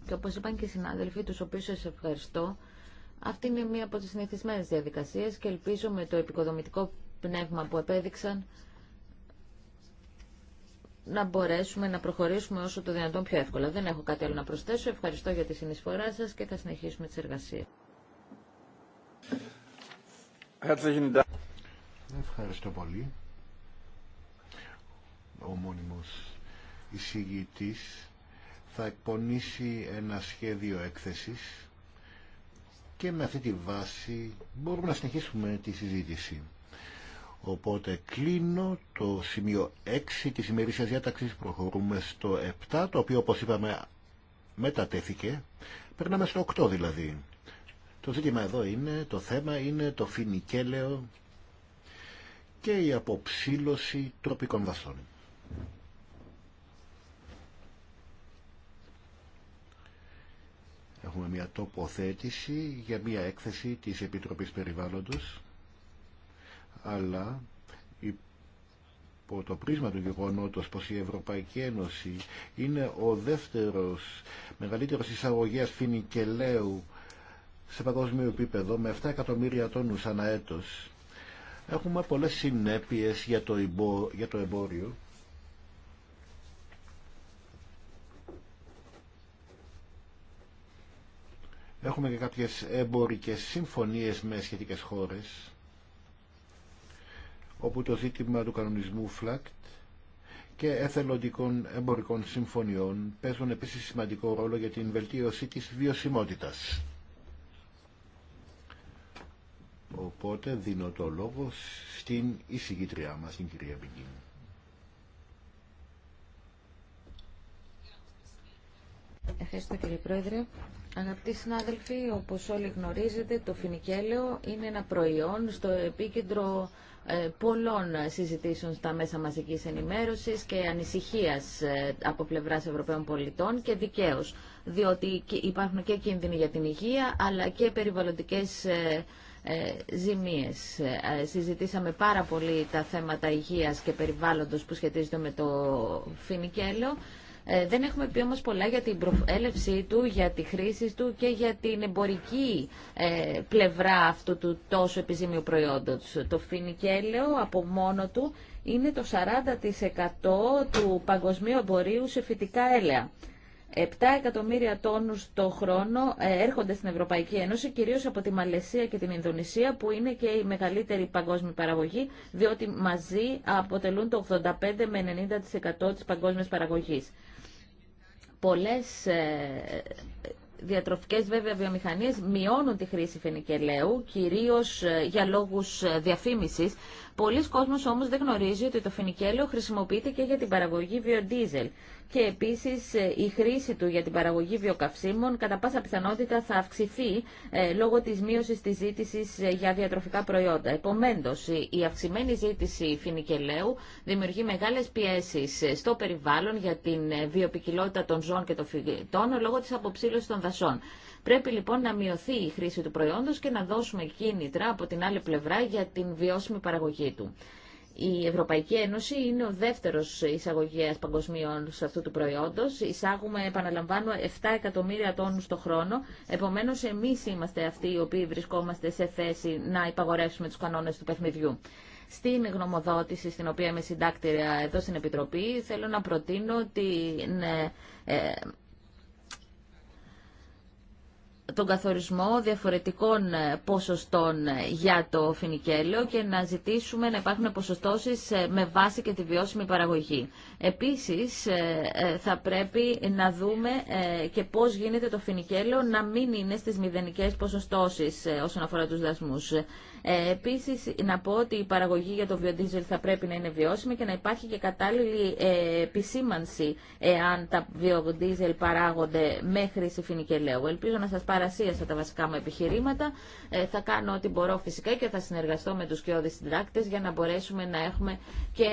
και όπω είπαν και οι συνάδελφοι, του οποίου σα ευχαριστώ, αυτή είναι μία από τι συνηθισμένε διαδικασίε και ελπίζω με το επικοδομητικό πνεύμα που επέδειξαν να μπορέσουμε να προχωρήσουμε όσο το δυνατόν πιο εύκολα. Δεν έχω κάτι άλλο να προσθέσω. Ευχαριστώ για τη συνεισφορά σας και θα συνεχίσουμε τις εργασίες. Ευχαριστώ πολύ. Ο μόνιμος εισηγητής θα εκπονήσει ένα σχέδιο έκθεσης και με αυτή τη βάση μπορούμε να συνεχίσουμε τη συζήτηση. Οπότε κλείνω το σημείο 6 της ημερήσιας διάταξης, προχωρούμε στο 7, το οποίο όπως είπαμε μετατέθηκε, περνάμε στο 8 δηλαδή. Το ζήτημα εδώ είναι, το θέμα είναι το φινικέλαιο και η αποψήλωση τροπικών βαστών. Έχουμε μια τοποθέτηση για μια έκθεση της Επιτροπής Περιβάλλοντος, αλλά υπό το πρίσμα του γεγονότος πως η Ευρωπαϊκή Ένωση είναι ο δεύτερος μεγαλύτερος εισαγωγέας φινικελαίου σε παγκόσμιο επίπεδο με 7 εκατομμύρια τόνους ανά έτος. Έχουμε πολλές συνέπειες για το, για το εμπόριο. Έχουμε και κάποιες εμπορικές συμφωνίες με σχετικές χώρες όπου το ζήτημα του κανονισμού Φλακτ και εθελοντικών εμπορικών συμφωνιών παίζουν επίσης σημαντικό ρόλο για την βελτίωση της βιωσιμότητας. Οπότε δίνω το λόγο στην εισηγήτριά μας, την κυρία Μπιγκίν. Ευχαριστώ κύριε Πρόεδρε. Αγαπητοί συνάδελφοι, όπως όλοι γνωρίζετε, το φινικέλαιο είναι ένα προϊόν στο επίκεντρο ε, πολλών συζητήσεων στα μέσα μαζικής ενημέρωσης και ανησυχίας ε, από πλευράς Ευρωπαίων πολιτών και δικαίως, διότι υπάρχουν και κίνδυνοι για την υγεία, αλλά και περιβαλλοντικές ε, ε, ζημίες. Ε, συζητήσαμε πάρα πολύ τα θέματα υγείας και περιβάλλοντος που σχετίζονται με το έλαιο. Ε, δεν έχουμε πει όμως πολλά για την προέλευσή του, για τη χρήση του και για την εμπορική πλευρά αυτού του τόσο επιζήμιου προϊόντος. Το φινικέλαιο από μόνο του είναι το 40% του παγκοσμίου εμπορίου σε φυτικά έλαια. 7 εκατομμύρια τόνους το χρόνο ε, έρχονται στην Ευρωπαϊκή Ένωση, κυρίως από τη Μαλαισία και την Ινδονησία, που είναι και η μεγαλύτερη παγκόσμια παραγωγή, διότι μαζί αποτελούν το 85 με 90% της παγκόσμιας παραγωγής. Πολλές ε, διατροφικές βέβαια βιομηχανίες μειώνουν τη χρήση φενικελαίου, κυρίως ε, για λόγους διαφήμισης. Πολλοί κόσμος όμως δεν γνωρίζει ότι το φενικέλαιο χρησιμοποιείται και για την παραγωγή βιοντίζελ και επίσης ε, η χρήση του για την παραγωγή βιοκαυσίμων κατά πάσα πιθανότητα θα αυξηθεί ε, λόγω της μείωσης της ζήτησης ε, για διατροφικά προϊόντα. Επομένως, η αυξημένη ζήτηση φινικελαίου δημιουργεί μεγάλες πιέσεις στο περιβάλλον για την βιοπικιλότητα των ζώων και των φυτών λόγω της αποψήλωσης των δασών. Πρέπει λοιπόν να μειωθεί η χρήση του προϊόντος και να δώσουμε κίνητρα από την άλλη πλευρά για την βιώσιμη παραγωγή του. Η Ευρωπαϊκή Ένωση είναι ο δεύτερος εισαγωγέα παγκοσμίων σε αυτού του προϊόντο. Εισάγουμε, επαναλαμβάνω, 7 εκατομμύρια τόνου το χρόνο. Επομένως, εμείς είμαστε αυτοί οι οποίοι βρισκόμαστε σε θέση να υπαγορεύσουμε τους κανόνες του παιχνιδιού. Στην γνωμοδότηση, στην οποία είμαι συντάκτηρια εδώ στην Επιτροπή, θέλω να προτείνω την ε, τον καθορισμό διαφορετικών ε, ποσοστών ε, για το φινικέλαιο και να ζητήσουμε να υπάρχουν ποσοστώσεις ε, με βάση και τη βιώσιμη παραγωγή. Επίσης, θα πρέπει να δούμε και πώς γίνεται το φινικέλαιο να μην είναι στις μηδενικές ποσοστώσεις όσον αφορά τους δασμούς. Ε, Επίση, να πω ότι η παραγωγή για το βιοδίζελ θα πρέπει να είναι βιώσιμη και να υπάρχει και κατάλληλη ε, επισήμανση εάν τα βιοδίζελ παράγονται με χρήση φινικελαίου. Ελπίζω να σας παρασίασα τα βασικά μου επιχειρήματα. Ε, θα κάνω ό,τι μπορώ φυσικά και θα συνεργαστώ με τους κοιόδη συντράκτε για να μπορέσουμε να έχουμε και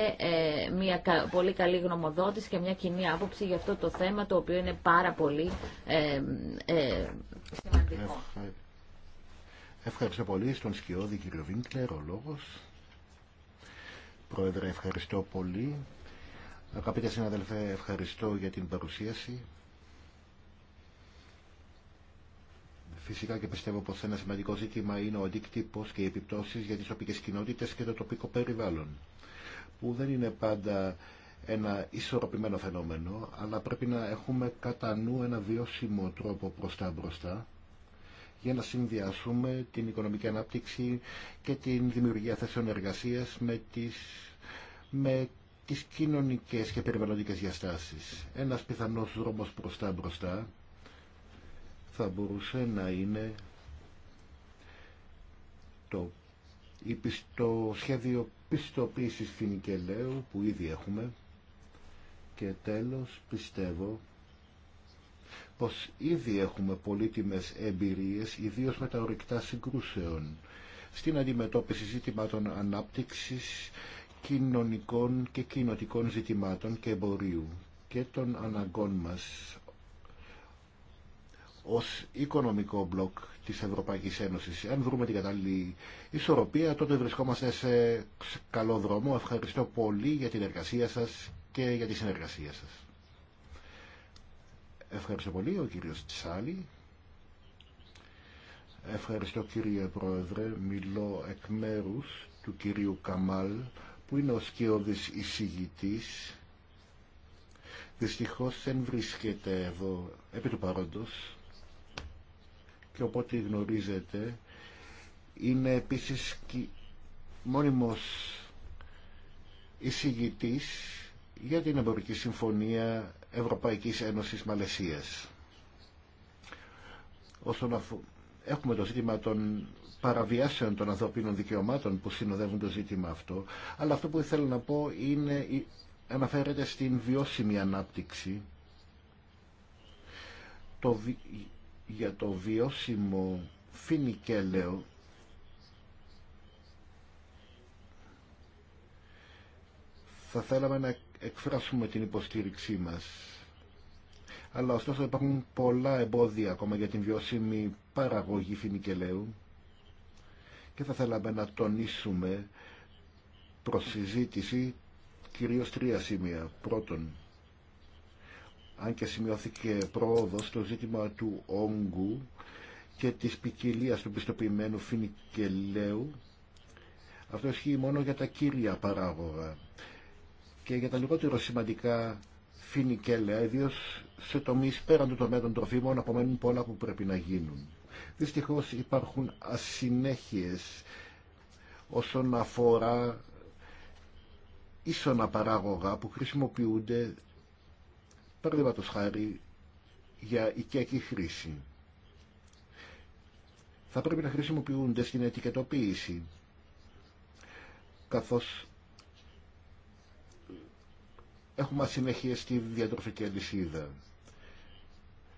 μια πολύ καλή γνωμοδότηση και μια κοινή άποψη για αυτό το θέμα το οποίο είναι πάρα πολύ ε, σημαντικό. Ευχαριστώ πολύ στον Σκιώδη κύριο Βίνκλερ, ο λόγος. Πρόεδρε, ευχαριστώ πολύ. Αγαπητέ συναδελφέ, ευχαριστώ για την παρουσίαση. Φυσικά και πιστεύω πως ένα σημαντικό ζήτημα είναι ο αντίκτυπος και οι επιπτώσεις για τις τοπικές κοινότητες και το τοπικό περιβάλλον, που δεν είναι πάντα ένα ισορροπημένο φαινόμενο, αλλά πρέπει να έχουμε κατά νου ένα βιώσιμο τρόπο προς τα μπροστά, για να συνδυασούμε την οικονομική ανάπτυξη και την δημιουργία θέσεων εργασίας με τις, με τις κοινωνικές και περιβαλλοντικές διαστάσεις. Ένας πιθανός δρόμος μπροστά μπροστά θα μπορούσε να είναι το, το σχέδιο πιστοποίησης φινικελαίου που ήδη έχουμε και τέλος πιστεύω πως ήδη έχουμε πολύτιμες εμπειρίες, ιδίως με τα ορυκτά συγκρούσεων, στην αντιμετώπιση ζητημάτων ανάπτυξης, κοινωνικών και κοινοτικών ζητημάτων και εμπορίου και των αναγκών μας ως οικονομικό μπλοκ της Ευρωπαϊκής Ένωσης. Αν βρούμε την κατάλληλη ισορροπία, τότε βρισκόμαστε σε καλό δρόμο. Ευχαριστώ πολύ για την εργασία σας και για τη συνεργασία σας. Ευχαριστώ πολύ, ο κύριος Τσάλη. Ευχαριστώ κύριε Πρόεδρε, μιλώ εκ μέρους του κυρίου Καμάλ που είναι ο σκιώδης εισηγητής. Δυστυχώς δεν βρίσκεται εδώ επί του παρόντος και οπότε γνωρίζετε είναι επίσης μόνιμος εισηγητής για την εμπορική συμφωνία Ευρωπαϊκής Ένωσης Μαλαισίας. Όσον αφού έχουμε το ζήτημα των παραβιάσεων των ανθρωπίνων δικαιωμάτων που συνοδεύουν το ζήτημα αυτό, αλλά αυτό που ήθελα να πω είναι, αναφέρεται στην βιώσιμη ανάπτυξη. Το, για το βιώσιμο φινικέλαιο θα θέλαμε να εκφράσουμε την υποστήριξή μας. Αλλά ωστόσο υπάρχουν πολλά εμπόδια ακόμα για την βιώσιμη παραγωγή φινικελαίου και θα θέλαμε να τονίσουμε προς συζήτηση κυρίως τρία σημεία. Πρώτον, αν και σημειώθηκε πρόοδος στο ζήτημα του όγκου και της ποικιλία του πιστοποιημένου φινικελαίου, αυτό ισχύει μόνο για τα κύρια παράγωγα και για τα λιγότερο σημαντικά φινικέλαια, ιδίω σε τομεί πέραν του τομέα των τροφίμων, απομένουν πολλά που πρέπει να γίνουν. Δυστυχώ υπάρχουν ασυνέχειε όσον αφορά ίσονα παράγωγα που χρησιμοποιούνται παραδείγματο χάρη για οικιακή χρήση. Θα πρέπει να χρησιμοποιούνται στην ετικετοποίηση καθώς έχουμε ασυνεχεία στη διατροφική αλυσίδα.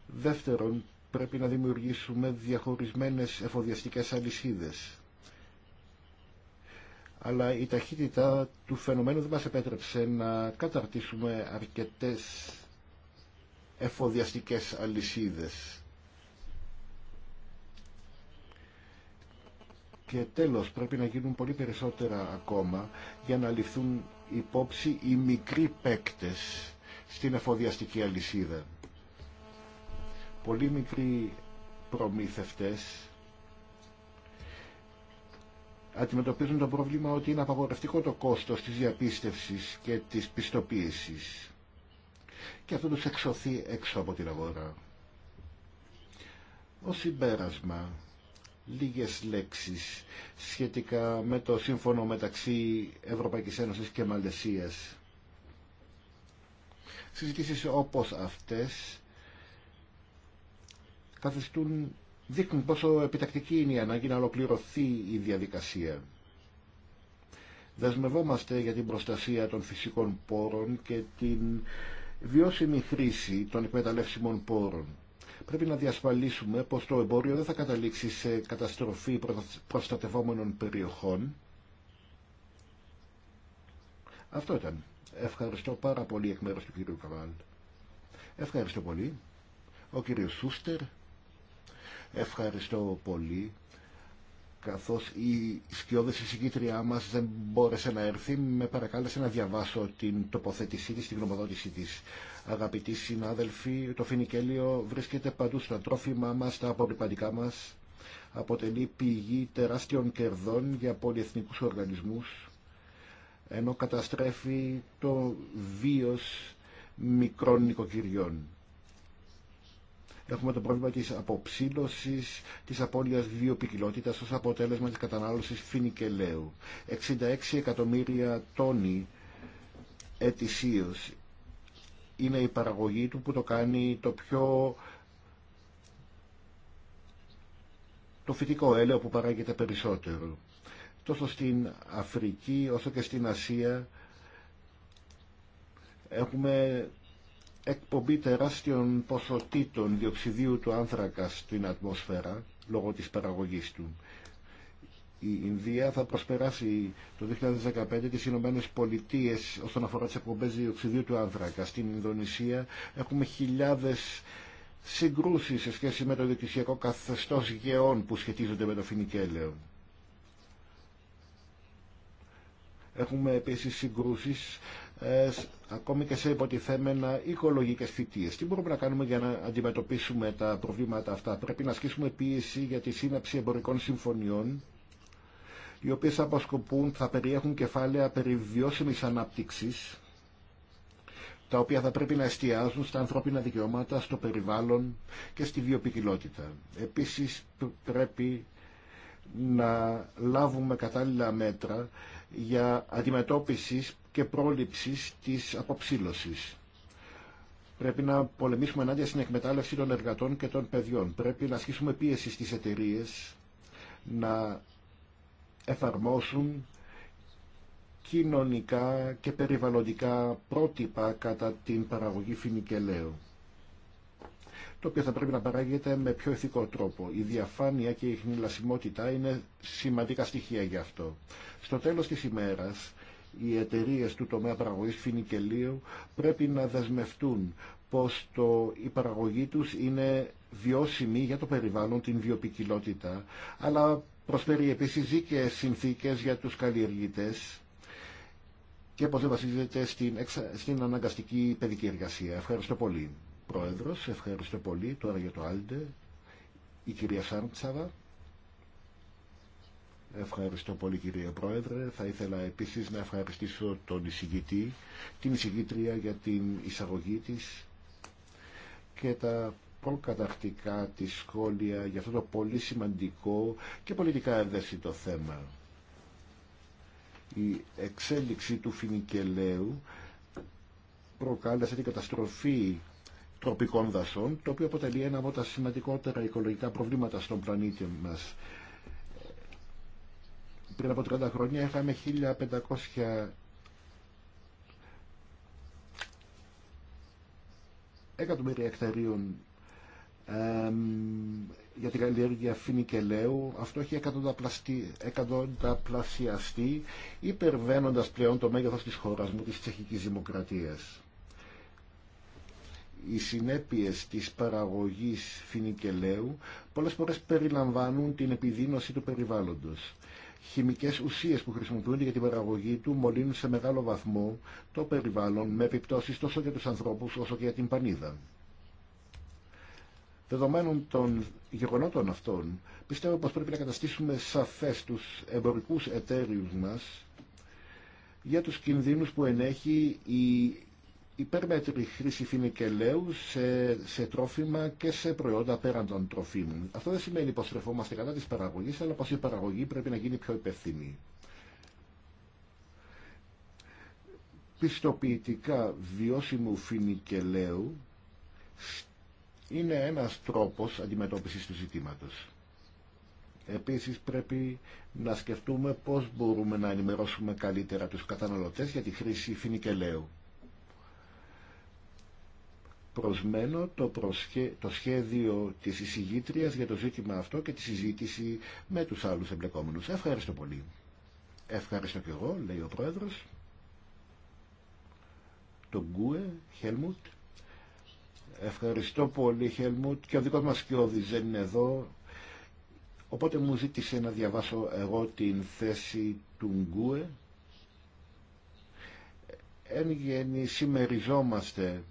Δεύτερον, πρέπει να δημιουργήσουμε διαχωρισμένες εφοδιαστικές αλυσίδες. Αλλά η ταχύτητα του φαινομένου δεν μας επέτρεψε να καταρτήσουμε αρκετές εφοδιαστικές αλυσίδες. Και τέλος πρέπει να γίνουν πολύ περισσότερα ακόμα για να ληφθούν υπόψη οι μικροί παίκτες στην εφοδιαστική αλυσίδα. Πολύ μικροί προμήθευτες αντιμετωπίζουν το πρόβλημα ότι είναι απαγορευτικό το κόστος της διαπίστευσης και της πιστοποίησης και αυτό τους εξωθεί έξω από την αγορά. Ως συμπέρασμα, λίγες λέξεις σχετικά με το σύμφωνο μεταξύ Ευρωπαϊκής Ένωσης και Μαλαισίας. Συζητήσεις όπως αυτές καθιστούν, δείχνουν πόσο επιτακτική είναι η ανάγκη να ολοκληρωθεί η διαδικασία. Δεσμευόμαστε για την προστασία των φυσικών πόρων και την βιώσιμη χρήση των εκμεταλλεύσιμων πόρων. Πρέπει να διασφαλίσουμε πως το εμπόριο δεν θα καταλήξει σε καταστροφή προστατευόμενων περιοχών. Αυτό ήταν. Ευχαριστώ πάρα πολύ εκ μέρους του κύριου Καβάλ. Ευχαριστώ πολύ. Ο κύριος Σούστερ. Ευχαριστώ πολύ καθώς η σκιώδης συγκίτριά μας δεν μπόρεσε να έρθει, με παρακάλεσε να διαβάσω την τοποθέτησή της, την γνωμοδότησή της. Αγαπητοί συνάδελφοι, το φινικέλιο βρίσκεται παντού στα τρόφιμά μας, στα απορριπαντικά μας, αποτελεί πηγή τεράστιων κερδών για πολυεθνικούς οργανισμούς, ενώ καταστρέφει το βίος μικρών νοικοκυριών. Έχουμε το πρόβλημα της αποψήλωσης της απώλειας βιοπικιλότητας ως αποτέλεσμα της κατανάλωσης φινικελαίου. 66 εκατομμύρια τόνοι ετησίως είναι η παραγωγή του που το κάνει το πιο το φυτικό έλαιο που παράγεται περισσότερο. Τόσο στην Αφρική όσο και στην Ασία έχουμε εκπομπή τεράστιων ποσοτήτων διοξιδίου του άνθρακα στην ατμόσφαιρα λόγω της παραγωγής του. Η Ινδία θα προσπεράσει το 2015 τις Ηνωμένε Πολιτείε όσον αφορά τις εκπομπές διοξιδίου του άνθρακα. Στην Ινδονησία έχουμε χιλιάδες συγκρούσεις σε σχέση με το διοικησιακό καθεστώς γεών που σχετίζονται με το φινικέλαιο. Έχουμε επίσης συγκρούσεις ε, ακόμη και σε υποτιθέμενα οικολογικές θητείες. Τι μπορούμε να κάνουμε για να αντιμετωπίσουμε τα προβλήματα αυτά. Πρέπει να ασκήσουμε πίεση για τη σύναψη εμπορικών συμφωνιών οι οποίες θα θα περιέχουν κεφάλαια περί βιώσιμης ανάπτυξης τα οποία θα πρέπει να εστιάζουν στα ανθρώπινα δικαιώματα, στο περιβάλλον και στη βιοπικιλότητα. Επίσης πρέπει να λάβουμε κατάλληλα μέτρα για αντιμετώπιση και πρόληψης της αποψήλωσης. Πρέπει να πολεμήσουμε ενάντια στην εκμετάλλευση των εργατών και των παιδιών. Πρέπει να ασχίσουμε πίεση στις εταιρείε να εφαρμόσουν κοινωνικά και περιβαλλοντικά πρότυπα κατά την παραγωγή φινικελαίου το οποίο θα πρέπει να παράγεται με πιο ηθικό τρόπο. Η διαφάνεια και η χνηλασιμότητα είναι σημαντικά στοιχεία γι' αυτό. Στο τέλος της ημέρας οι εταιρείε του τομέα παραγωγής φινικελίου πρέπει να δεσμευτούν πως το, η παραγωγή τους είναι βιώσιμη για το περιβάλλον, την βιοπικιλότητα, αλλά προσφέρει επίσης δίκαιες συνθήκες για τους καλλιεργητές και πως δεν βασίζεται στην, αναγκαστική παιδική εργασία. Ευχαριστώ πολύ, Πρόεδρος. Ευχαριστώ πολύ. Τώρα για το Άλντε, η κυρία Ευχαριστώ πολύ κύριε Πρόεδρε. Θα ήθελα επίσης να ευχαριστήσω τον εισηγητή, την εισηγήτρια για την εισαγωγή της και τα προκατακτικά της σχόλια για αυτό το πολύ σημαντικό και πολιτικά ευαίσθητο θέμα. Η εξέλιξη του φινικελαίου προκάλεσε την καταστροφή τροπικών δασών, το οποίο αποτελεί ένα από τα σημαντικότερα οικολογικά προβλήματα στον πλανήτη μας πριν από 30 χρόνια είχαμε 1500 εκατομμύρια εκταρίων ε, για την καλλιέργεια φινικελαίου. Αυτό έχει εκατονταπλασιαστεί υπερβαίνοντας πλέον το μέγεθος της χώρας μου, της τσεχικής δημοκρατίας. Οι συνέπειες της παραγωγής φινικελαίου πολλές φορές περιλαμβάνουν την επιδείνωση του περιβάλλοντος χημικές ουσίες που χρησιμοποιούνται για την παραγωγή του μολύνουν σε μεγάλο βαθμό το περιβάλλον με επιπτώσεις τόσο για τους ανθρώπους όσο και για την πανίδα. Δεδομένων των γεγονότων αυτών, πιστεύω πως πρέπει να καταστήσουμε σαφές τους εμπορικούς εταίριους μας για τους κινδύνους που ενέχει η υπερμέτρη χρήση φινικελαίου σε, σε τρόφιμα και σε προϊόντα πέραν των τροφίμων. Αυτό δεν σημαίνει πως στρεφόμαστε κατά της παραγωγής, αλλά πως η παραγωγή πρέπει να γίνει πιο υπευθυνή. Πιστοποιητικά βιώσιμου φινικελαίου είναι ένας τρόπος αντιμετώπισης του ζητήματος. Επίσης πρέπει να σκεφτούμε πώς μπορούμε να ενημερώσουμε καλύτερα τους καταναλωτές για τη χρήση φινικελαίου προσμένω το, το σχέδιο της εισηγήτριας για το ζήτημα αυτό και τη συζήτηση με τους άλλους εμπλεκόμενους. Ευχαριστώ πολύ. Ευχαριστώ και εγώ, λέει ο Πρόεδρος. Το Γκούε, Χέλμουτ. Ευχαριστώ πολύ, Χέλμουτ. Και ο δικός μας Κιώδης δεν είναι εδώ. Οπότε μου ζήτησε να διαβάσω εγώ την θέση του Γκούε. Εν γέννη, συμμεριζόμαστε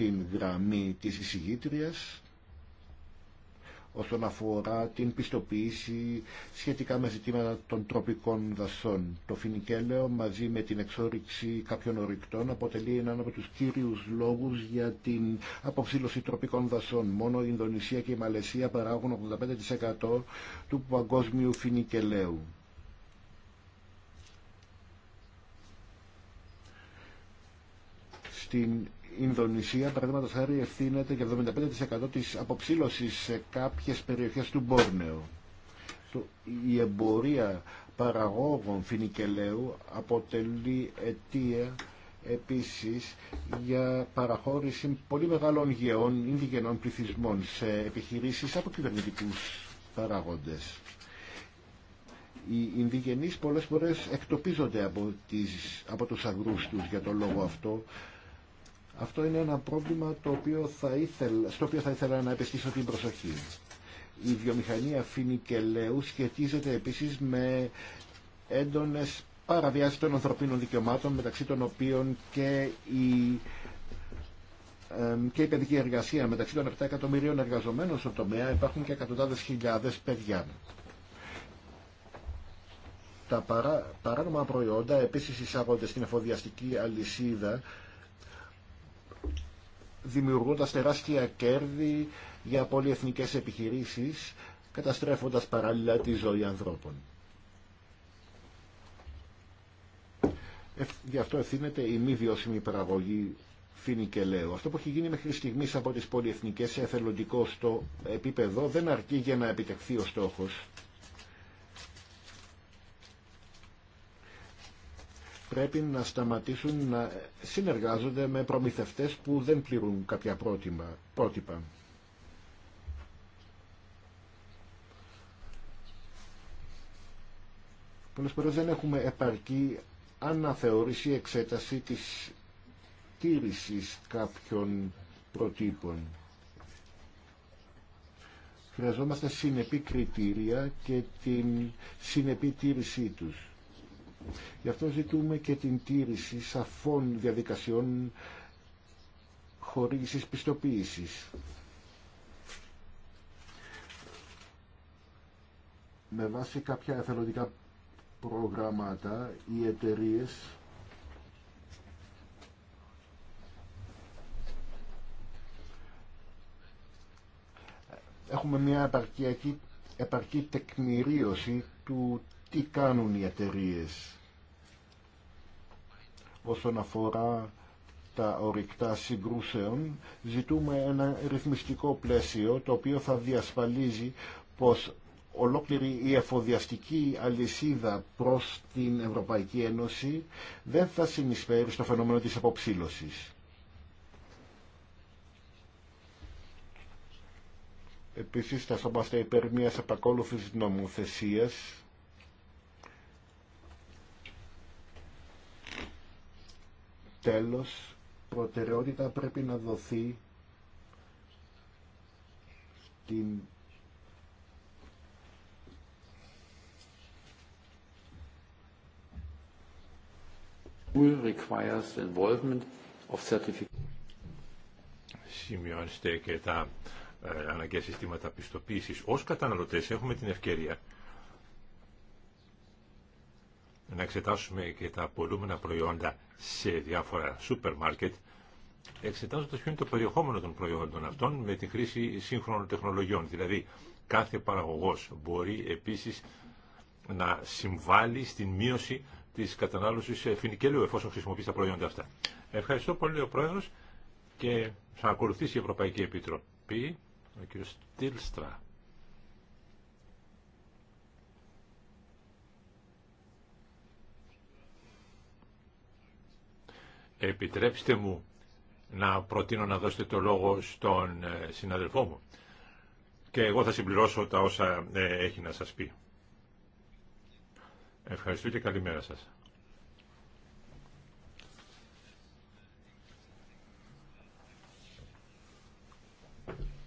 την γραμμή της εισηγήτριας όσον αφορά την πιστοποίηση σχετικά με ζητήματα των τροπικών δασών. Το φινικέλαιο μαζί με την εξόριξη κάποιων ορυκτών αποτελεί έναν από τους κύριους λόγους για την αποψήλωση τροπικών δασών. Μόνο η Ινδονησία και η Μαλαισία παράγουν 85% του παγκόσμιου φινικελαίου. Στην Ινδονησία, παραδείγματο χάρη, ευθύνεται για 75% τη αποψήλωση σε κάποιες περιοχές του Μπόρνεο. Η εμπορία παραγόγων φινικελαίου αποτελεί αιτία επίσης για παραχώρηση πολύ μεγάλων γεών ινδιγενών πληθυσμών σε επιχειρήσεις από κυβερνητικούς παράγοντες. Οι Ινδιγενείς πολλές φορές εκτοπίζονται από, τις, από τους αγρούς τους για τον λόγο αυτό αυτό είναι ένα πρόβλημα το οποίο θα στο οποίο θα ήθελα να επιστήσω την προσοχή. Η βιομηχανία φινικελαίου σχετίζεται επίσης με έντονες παραβιάσεις των ανθρωπίνων δικαιωμάτων μεταξύ των οποίων και η και η παιδική εργασία μεταξύ των 7 εκατομμυρίων εργαζομένων στον τομέα υπάρχουν και εκατοντάδες χιλιάδες παιδιά. Τα παρά, παράνομα προϊόντα επίσης εισάγονται στην εφοδιαστική αλυσίδα δημιουργώντας τεράστια κέρδη για πολυεθνικές επιχειρήσεις, καταστρέφοντας παράλληλα τη ζωή ανθρώπων. Ε, γι' αυτό ευθύνεται η μη βιώσιμη παραγωγή φινικελαίου. Αυτό που έχει γίνει μέχρι στιγμή από τις πολυεθνικές σε εθελοντικό στο επίπεδο δεν αρκεί για να επιτευχθεί ο στόχος πρέπει να σταματήσουν να συνεργάζονται με προμηθευτές που δεν πληρούν κάποια πρότυπα. Πολλές φορές δεν έχουμε επαρκή αναθεώρηση, εξέταση της τήρησης κάποιων προτύπων. Χρειαζόμαστε συνεπή κριτήρια και την συνεπή τήρησή τους. Γι' αυτό ζητούμε και την τήρηση σαφών διαδικασιών χορήγησης πιστοποίησης. Με βάση κάποια εθελοντικά προγράμματα οι εταιρείε έχουμε μια επαρκή τεκμηρίωση του τι κάνουν οι εταιρείε όσον αφορά τα ορυκτά συγκρούσεων. Ζητούμε ένα ρυθμιστικό πλαίσιο το οποίο θα διασφαλίζει πως ολόκληρη η εφοδιαστική αλυσίδα προς την Ευρωπαϊκή Ένωση δεν θα συνεισφέρει στο φαινόμενο της αποψήλωσης. Επίσης θα σώμαστε υπέρ μιας επακόλουθης νομοθεσίας Τέλος, προτεραιότητα πρέπει να δοθεί στην requires Σημειώνστε και τα ε, αναγκαία συστήματα πιστοποίησης. Ως καταναλωτές έχουμε την ευκαιρία να εξετάσουμε και τα πολλούμενα προϊόντα σε διάφορα σούπερ μάρκετ, εξετάζοντα ποιο είναι το περιεχόμενο των προϊόντων αυτών με τη χρήση σύγχρονων τεχνολογιών. Δηλαδή, κάθε παραγωγό μπορεί επίση να συμβάλλει στην μείωση τη κατανάλωση φινικέλου, εφόσον χρησιμοποιεί τα προϊόντα αυτά. Ευχαριστώ πολύ ο Πρόεδρο και θα ακολουθήσει η Ευρωπαϊκή Επιτροπή, ο κ. Τίλστρα. επιτρέψτε μου να προτείνω να δώσετε το λόγο στον ε, συναδελφό μου και εγώ θα συμπληρώσω τα όσα ε, έχει να σας πει. Ευχαριστώ και καλημέρα σας.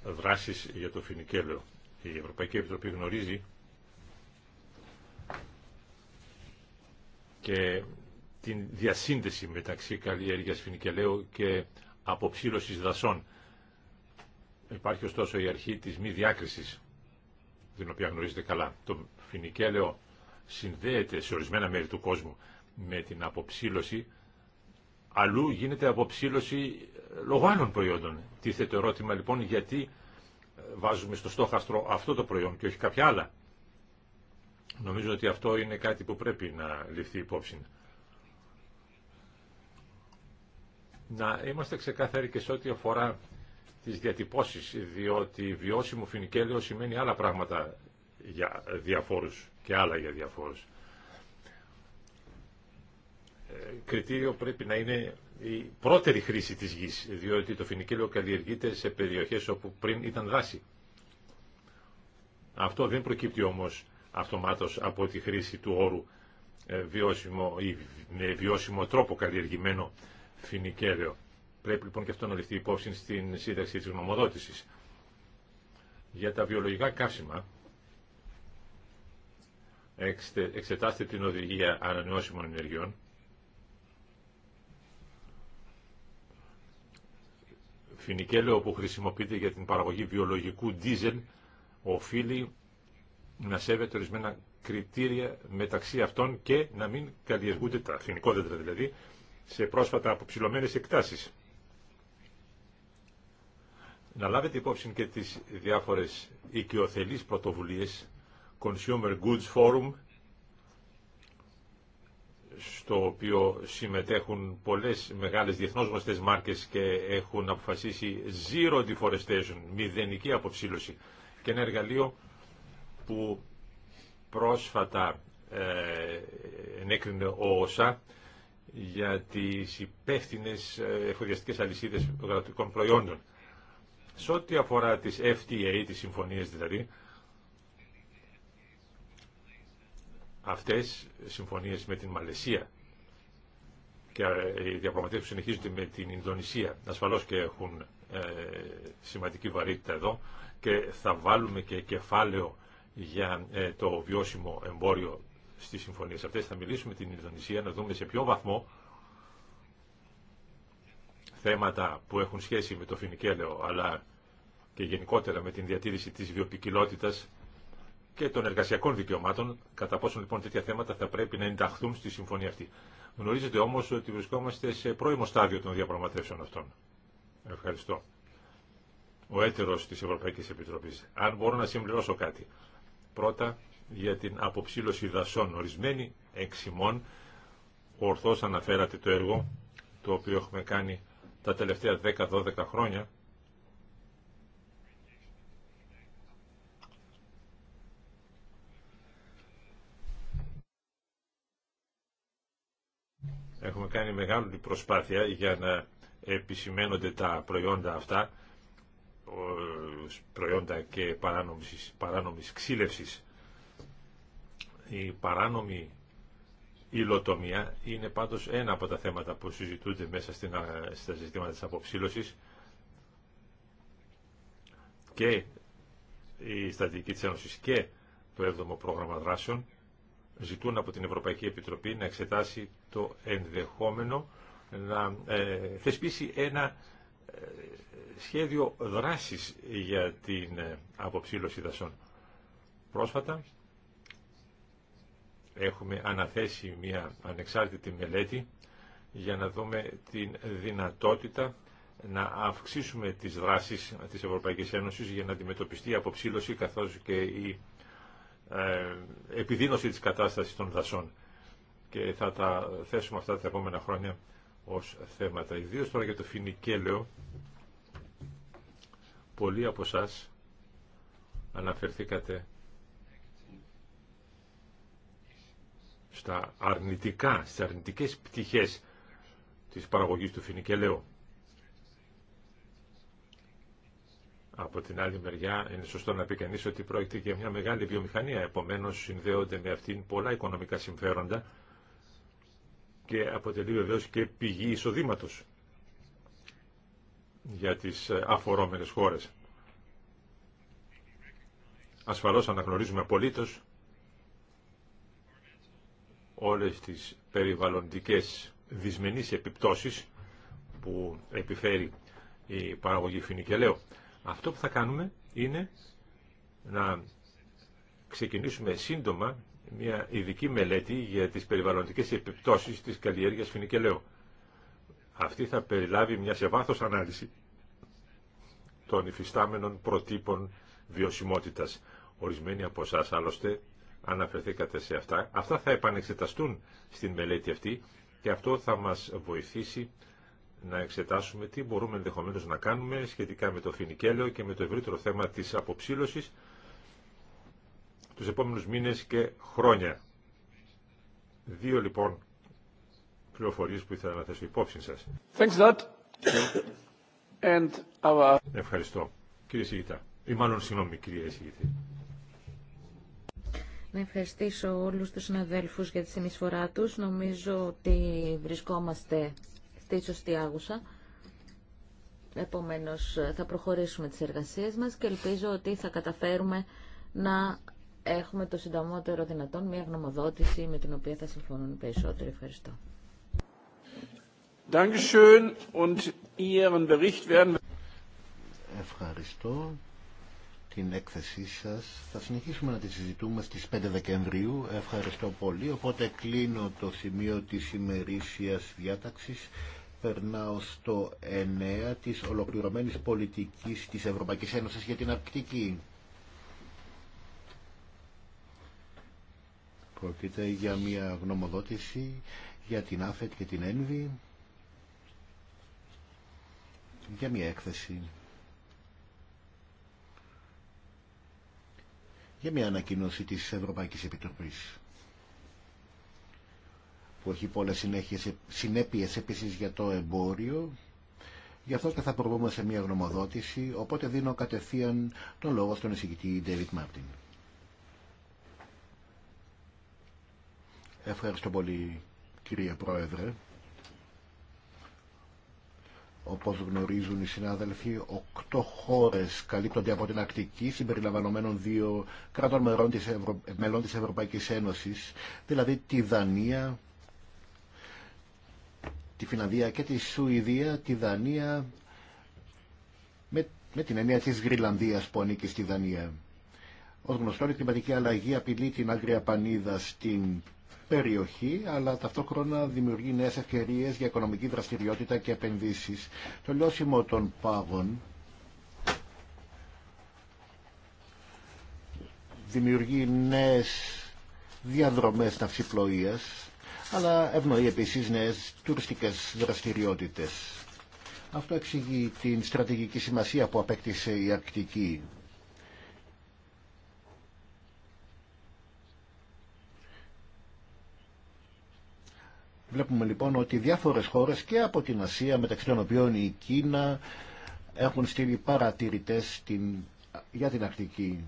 Δράσεις για το φινικέλαιο. Η Ευρωπαϊκή Επιτροπή γνωρίζει και την διασύνδεση μεταξύ καλλιέργειας φινικελαίου και αποψήλωσης δασών. Υπάρχει ωστόσο η αρχή της μη διάκρισης, την οποία γνωρίζετε καλά. Το φινικέλαιο συνδέεται σε ορισμένα μέρη του κόσμου με την αποψήλωση, αλλού γίνεται αποψήλωση ε, λόγω άλλων προϊόντων. Τίθεται ερώτημα λοιπόν γιατί ε, βάζουμε στο στόχαστρο αυτό το προϊόν και όχι κάποια άλλα. Νομίζω ότι αυτό είναι κάτι που πρέπει να ληφθεί υπόψη. να είμαστε ξεκάθαροι και σε ό,τι αφορά τις διατυπώσεις, διότι βιώσιμο φινικέλαιο σημαίνει άλλα πράγματα για διαφόρους και άλλα για διαφόρους. Ε, κριτήριο πρέπει να είναι η πρώτερη χρήση της γης, διότι το φινικέλαιο καλλιεργείται σε περιοχές όπου πριν ήταν δάση. Αυτό δεν προκύπτει όμως αυτομάτως από τη χρήση του όρου ε, βιώσιμο ή με βιώσιμο τρόπο καλλιεργημένο φινικέλαιο. Πρέπει λοιπόν και αυτό να ληφθεί υπόψη στην σύνταξη της γνωμοδότησης. Για τα βιολογικά καύσιμα, εξετάστε την οδηγία ανανεώσιμων ενεργειών. Φινικέλαιο που χρησιμοποιείται για την παραγωγή βιολογικού ντίζελ οφείλει να σέβεται ορισμένα κριτήρια μεταξύ αυτών και να μην καλλιεργούνται τα φινικόδεντρα δηλαδή σε πρόσφατα αποψηλωμένες εκτάσεις. Να λάβετε υπόψη και τις διάφορες οικειοθελείς πρωτοβουλίες Consumer Goods Forum στο οποίο συμμετέχουν πολλές μεγάλες διεθνώς γνωστές μάρκες και έχουν αποφασίσει zero deforestation, μηδενική αποψήλωση και ένα εργαλείο που πρόσφατα ε, ενέκρινε ο ΩΣΑ για τις υπεύθυνε ε, εφοδιαστικές αλυσίδες γραφτικών προϊόντων. Σε ό,τι αφορά τις FTA, τι συμφωνίες δηλαδή, αυτές συμφωνίες με την Μαλαισία και ε, οι διαπραγματεύσεις που συνεχίζονται με την Ινδονησία ασφαλώς και έχουν ε, σημαντική βαρύτητα εδώ και θα βάλουμε και κεφάλαιο για το βιώσιμο εμπόριο στις συμφωνίες αυτές. Θα μιλήσουμε την Ινδονησία να δούμε σε ποιο βαθμό θέματα που έχουν σχέση με το φινικέλαιο αλλά και γενικότερα με την διατήρηση της βιοπικιλότητας και των εργασιακών δικαιωμάτων, κατά πόσο λοιπόν τέτοια θέματα θα πρέπει να ενταχθούν στη συμφωνία αυτή. Γνωρίζετε όμως ότι βρισκόμαστε σε πρώιμο στάδιο των διαπραγματεύσεων αυτών. Ευχαριστώ. Ο έτερος της Ευρωπαϊκής Επιτροπή. Αν μπορώ να συμπληρώσω κάτι. Πρώτα, για την αποψήλωση δασών. ορισμένη εξ ημών ορθώς αναφέρατε το έργο, το οποίο έχουμε κάνει τα τελευταία 10-12 χρόνια, Έχουμε κάνει μεγάλη προσπάθεια για να επισημένονται τα προϊόντα αυτά, προϊόντα και παράνομης, παράνομης ξύλευσης. Η παράνομη υλοτομία είναι πάντως ένα από τα θέματα που συζητούνται μέσα στην, στα ζητήματα της αποψήλωσης και η Στατική της Ένωσης και το 7ο πρόγραμμα δράσεων ζητούν από την Ευρωπαϊκή Επιτροπή να εξετάσει το ενδεχόμενο να ε, θεσπίσει ένα ε, σχέδιο δράσης για την ε, αποψήλωση δασών. Πρόσφατα έχουμε αναθέσει μια ανεξάρτητη μελέτη για να δούμε την δυνατότητα να αυξήσουμε τις δράσεις της Ευρωπαϊκής Ένωσης για να αντιμετωπιστεί η αποψήλωση καθώς και η ε, επιδείνωση της κατάστασης των δασών. Και θα τα θέσουμε αυτά τα επόμενα χρόνια ως θέματα. Ιδίως τώρα για το φινικέλαιο, πολλοί από εσά αναφερθήκατε στα αρνητικά, στις αρνητικές πτυχές της παραγωγής του φινικελαίου. Από την άλλη μεριά είναι σωστό να πει κανείς ότι πρόκειται για μια μεγάλη βιομηχανία, επομένως συνδέονται με αυτήν πολλά οικονομικά συμφέροντα και αποτελεί βεβαίω και πηγή εισοδήματο για τις αφορόμενες χώρες. Ασφαλώς αναγνωρίζουμε απολύτως όλες τις περιβαλλοντικές δυσμενείς επιπτώσεις που επιφέρει η παραγωγή φινικελαίου. Αυτό που θα κάνουμε είναι να ξεκινήσουμε σύντομα μια ειδική μελέτη για τις περιβαλλοντικές επιπτώσεις της καλλιέργειας φινικελαίου. Αυτή θα περιλάβει μια σε βάθος ανάλυση των υφιστάμενων προτύπων βιωσιμότητας. Ορισμένοι από εσά άλλωστε αναφερθήκατε σε αυτά. Αυτά θα επανεξεταστούν στην μελέτη αυτή και αυτό θα μας βοηθήσει να εξετάσουμε τι μπορούμε ενδεχομένω να κάνουμε σχετικά με το φινικέλαιο και με το ευρύτερο θέμα της αποψήλωσης τους επόμενους μήνες και χρόνια. Δύο λοιπόν πληροφορίες που ήθελα να θέσω υπόψη σας. Thanks And Ευχαριστώ. Κύριε Σιγητά. Ή μάλλον συγγνώμη κύριε Σιγητή. Να ευχαριστήσω όλους τους συναδέλφους για τη συνεισφορά τους. Νομίζω ότι βρισκόμαστε στη σωστή άγουσα. Επομένως, θα προχωρήσουμε τις εργασίες μας και ελπίζω ότι θα καταφέρουμε να έχουμε το συντομότερο δυνατόν μια γνωμοδότηση με την οποία θα συμφωνούν περισσότερο. περισσότεροι. Ευχαριστώ. Ευχαριστώ την έκθεσή σας. Θα συνεχίσουμε να τη συζητούμε στις 5 Δεκεμβρίου. Ευχαριστώ πολύ. Οπότε κλείνω το σημείο της ημερήσιας διάταξης. Περνάω στο 9 της ολοκληρωμένης πολιτικής της Ευρωπαϊκής Ένωσης για την Αρκτική. Πρόκειται για μια γνωμοδότηση για την ΑΦΕΤ και την ΕΝΒΗ για μια έκθεση. για μια ανακοίνωση της Ευρωπαϊκής Επιτροπής που έχει πολλές συνέπειες επίσης για το εμπόριο γι' αυτό και θα προβούμε σε μια γνωμοδότηση οπότε δίνω κατευθείαν τον λόγο στον εισηγητή David Martin Ευχαριστώ πολύ κυρία Πρόεδρε όπως γνωρίζουν οι συνάδελφοι, οκτώ χώρες καλύπτονται από την Ακτική, συμπεριλαμβανομένων δύο κρατών μελών της, Ευρω... μελών της Ευρωπαϊκής Ένωσης, δηλαδή τη Δανία, τη Φινλανδία και τη Σουηδία, τη Δανία, με, με την έννοια της Γρυλανδίας που ανήκει στη Δανία. Ως γνωστό, η κλιματική αλλαγή απειλεί την άγρια πανίδα στην περιοχή, αλλά ταυτόχρονα δημιουργεί νέες ευκαιρίες για οικονομική δραστηριότητα και επενδύσεις. Το λιώσιμο των πάγων δημιουργεί νέες διαδρομές ταυσιπλοείας αλλά ευνοεί επίσης νέες τουριστικές δραστηριότητες. Αυτό εξηγεί την στρατηγική σημασία που απέκτησε η Αρκτική Βλέπουμε λοιπόν ότι διάφορες χώρες και από την Ασία, μεταξύ των οποίων η Κίνα, έχουν στείλει παρατηρητές στην... για την Αρκτική.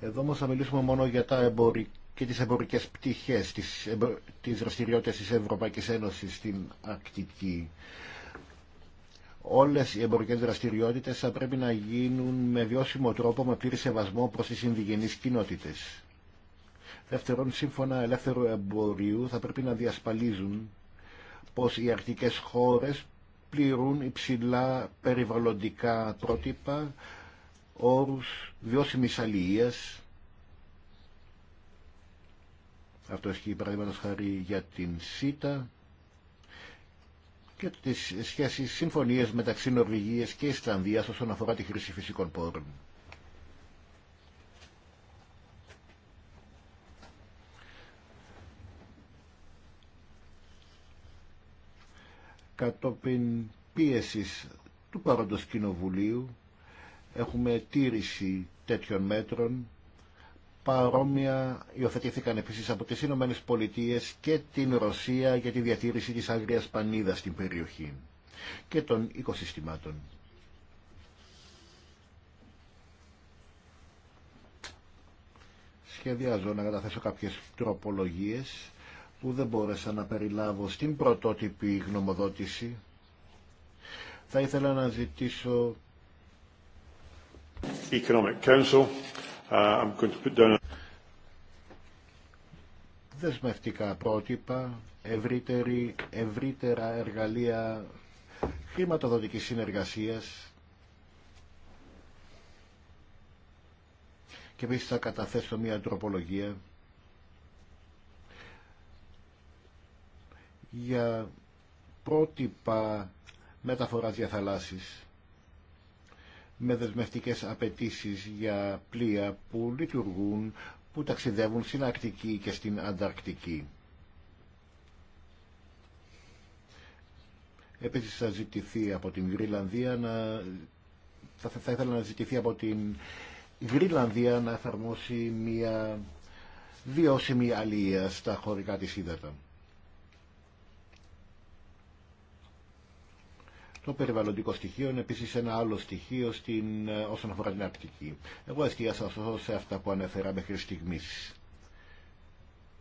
Εδώ όμως θα μιλήσουμε μόνο για τα εμπορικά και τις εμπορικές πτυχές της, εμπο... της της Ευρωπαϊκής Ένωσης στην Ακτική. Όλες οι εμπορικές δραστηριότητες θα πρέπει να γίνουν με βιώσιμο τρόπο, με πλήρη σεβασμό προς τις συνδυγενείς κοινότητες. Δεύτερον, σύμφωνα ελεύθερου εμπορίου θα πρέπει να διασπαλίζουν πως οι αρχικές χώρες πληρούν υψηλά περιβαλλοντικά πρότυπα, όρους βιώσιμης αλληλείας. Αυτό έχει παραδείγματο χάρη για την ΣΥΤΑ και τις σχέσεις συμφωνίες μεταξύ Νορβηγίας και Ισλανδίας όσον αφορά τη χρήση φυσικών πόρων. κατόπιν πίεσης του παρόντος κοινοβουλίου έχουμε τήρηση τέτοιων μέτρων παρόμοια υιοθετήθηκαν επίσης από τις Ηνωμένες Πολιτείες και την Ρωσία για τη διατήρηση της άγριας πανίδας στην περιοχή και των οικοσυστημάτων. Σχεδιάζω να καταθέσω κάποιες τροπολογίες που δεν μπόρεσα να περιλάβω στην πρωτότυπη γνωμοδότηση. Θα ήθελα να ζητήσω uh, δεσμευτικά πρότυπα, ευρύτερη, ευρύτερα εργαλεία χρηματοδοτικής συνεργασίας και επίσης θα καταθέσω μια τροπολογία για πρότυπα μεταφοράς διαθαλάσσης με δεσμευτικές απαιτήσεις για πλοία που λειτουργούν, που ταξιδεύουν στην Αρκτική και στην Ανταρκτική. Επίση θα ζητηθεί από την Γρυλανδία να... Θα, ήθελα να ζητηθεί από την Γρήλανδία να εφαρμόσει μια βιώσιμη αλληλεία στα χωρικά της ύδατα. Το περιβαλλοντικό στοιχείο είναι επίσης ένα άλλο στοιχείο στην, ε, όσον αφορά την Αρκτική. Εγώ εστίασα σε αυτά που ανέφερα μέχρι στιγμής.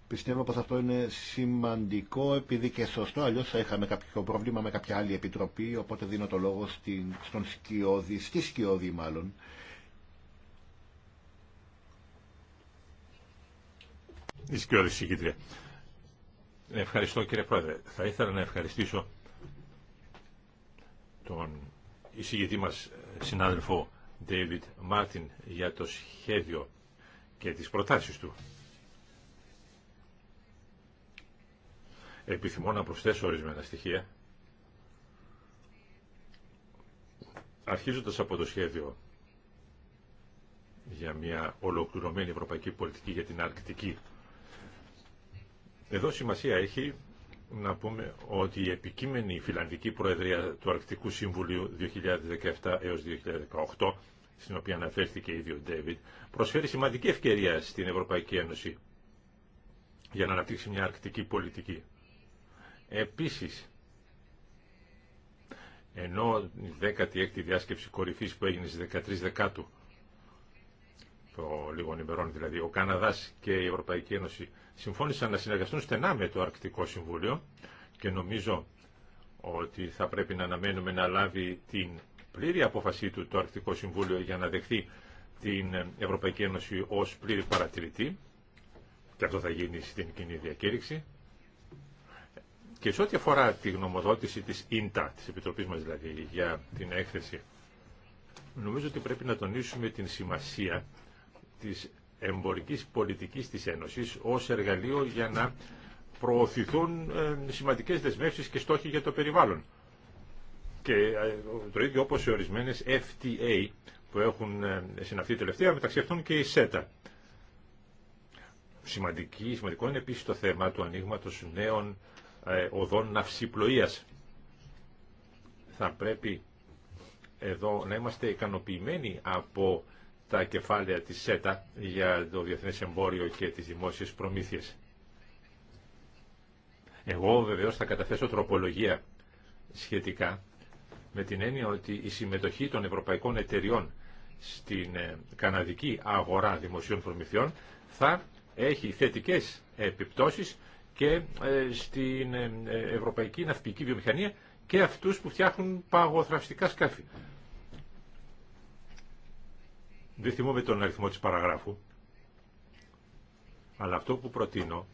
Πιστεύω πως αυτό είναι σημαντικό επειδή και σωστό, αλλιώς θα είχαμε κάποιο πρόβλημα με κάποια άλλη επιτροπή, οπότε δίνω το λόγο στην, στον σκιώδη, στη σκιώδη μάλλον. Η σκιώδη Ευχαριστώ κύριε Πρόεδρε. Θα ήθελα να ευχαριστήσω τον εισηγητή μας ε, συνάδελφο David Μάρτιν για το σχέδιο και τις προτάσεις του. Επιθυμώ να προσθέσω ορισμένα στοιχεία. Αρχίζοντας από το σχέδιο για μια ολοκληρωμένη ευρωπαϊκή πολιτική για την Αρκτική. Εδώ σημασία έχει να πούμε ότι η επικείμενη Φιλανδική Προεδρία του Αρκτικού Συμβουλίου 2017 έως 2018, στην οποία αναφέρθηκε ήδη ο Ντέβιτ, προσφέρει σημαντική ευκαιρία στην Ευρωπαϊκή Ένωση για να αναπτύξει μια αρκτική πολιτική. Επίσης, ενώ η 16η διάσκεψη κορυφής που έγινε στις 13 Δεκάτου το λίγων ημερών δηλαδή, ο Καναδά και η Ευρωπαϊκή Ένωση συμφώνησαν να συνεργαστούν στενά με το Αρκτικό Συμβούλιο και νομίζω ότι θα πρέπει να αναμένουμε να λάβει την πλήρη απόφασή του το Αρκτικό Συμβούλιο για να δεχθεί την Ευρωπαϊκή Ένωση ως πλήρη παρατηρητή και αυτό θα γίνει στην κοινή διακήρυξη. Και σε ό,τι αφορά τη γνωμοδότηση της ΙΝΤΑ, της Επιτροπής μας δηλαδή, για την έκθεση, νομίζω ότι πρέπει να τονίσουμε την σημασία της εμπορικής πολιτικής της Ένωσης ως εργαλείο για να προωθηθούν ε, σημαντικές δεσμεύσεις και στόχοι για το περιβάλλον. Και ε, το ίδιο όπως οι ορισμένες FTA που έχουν ε, συναυθεί τελευταία, μεταξύ αυτών και η ΣΕΤΑ. Σημαντική, σημαντικό είναι επίσης το θέμα του ανοίγματο νέων οδών ναυσιπλοείας. Θα πρέπει εδώ να είμαστε ικανοποιημένοι από τα κεφάλαια της ΣΕΤΑ για το διεθνές εμπόριο και τις δημόσιες προμήθειες. Εγώ βεβαίως θα καταθέσω τροπολογία σχετικά με την έννοια ότι η συμμετοχή των ευρωπαϊκών εταιριών στην ε, καναδική αγορά δημοσίων προμηθειών θα έχει θετικές επιπτώσεις και ε, στην ε, ευρωπαϊκή ναυπική βιομηχανία και αυτούς που φτιάχνουν παγοθραυστικά σκάφη. Δεν θυμόμαι τον αριθμό της παραγράφου, αλλά αυτό που προτείνω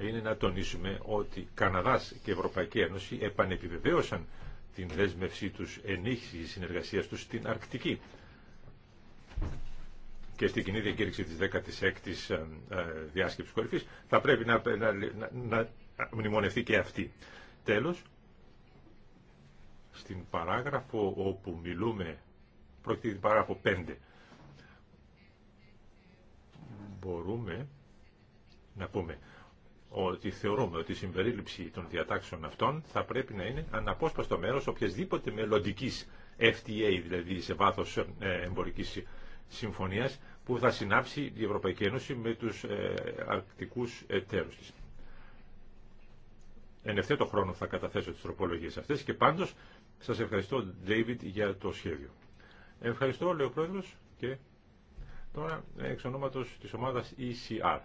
είναι να τονίσουμε ότι Καναδάς και Ευρωπαϊκή Ένωση επανεπιβεβαίωσαν την δέσμευσή τους ενίσχυση της συνεργασίας τους στην Αρκτική. Και στην κοινή διακήρυξη της 16ης ε, ε, διάσκεψης κορυφής θα πρέπει να, να, να, μνημονευτεί και αυτή. Τέλος, στην παράγραφο όπου μιλούμε, πρόκειται την παράγραφο 5, μπορούμε να πούμε ότι θεωρούμε ότι η συμπερίληψη των διατάξεων αυτών θα πρέπει να είναι αναπόσπαστο μέρος οποιασδήποτε μελλοντική FTA, δηλαδή σε βάθος ε, εμπορικής συμφωνίας, που θα συνάψει η Ευρωπαϊκή Ένωση με τους ε, αρκτικούς εταίρους της. Εν ευθέτω χρόνο θα καταθέσω τις τροπολογίες αυτές και πάντως σας ευχαριστώ, David, για το σχέδιο. Ευχαριστώ, λέει ο Πρόεδρος, και Τώρα εξ ονόματος της ομάδας ECR.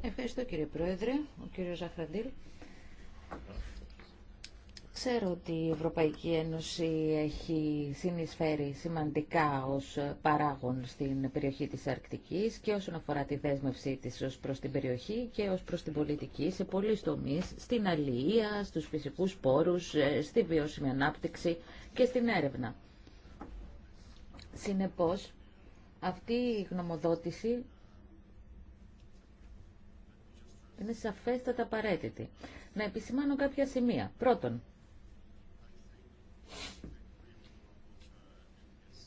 Ευχαριστώ κύριε Πρόεδρε, ο κύριος Ζαχραντήλ. Ξέρω ότι η Ευρωπαϊκή Ένωση έχει συνεισφέρει σημαντικά ως παράγον στην περιοχή της Αρκτικής και όσον αφορά τη δέσμευσή της ως προς την περιοχή και ως προς την πολιτική σε πολλοί τομεί στην αλληλεία, στους φυσικούς πόρους, ε, στη βιώσιμη ανάπτυξη και στην έρευνα. Συνεπώς, αυτή η γνωμοδότηση είναι σαφέστατα απαραίτητη. Να επισημάνω κάποια σημεία. Πρώτον,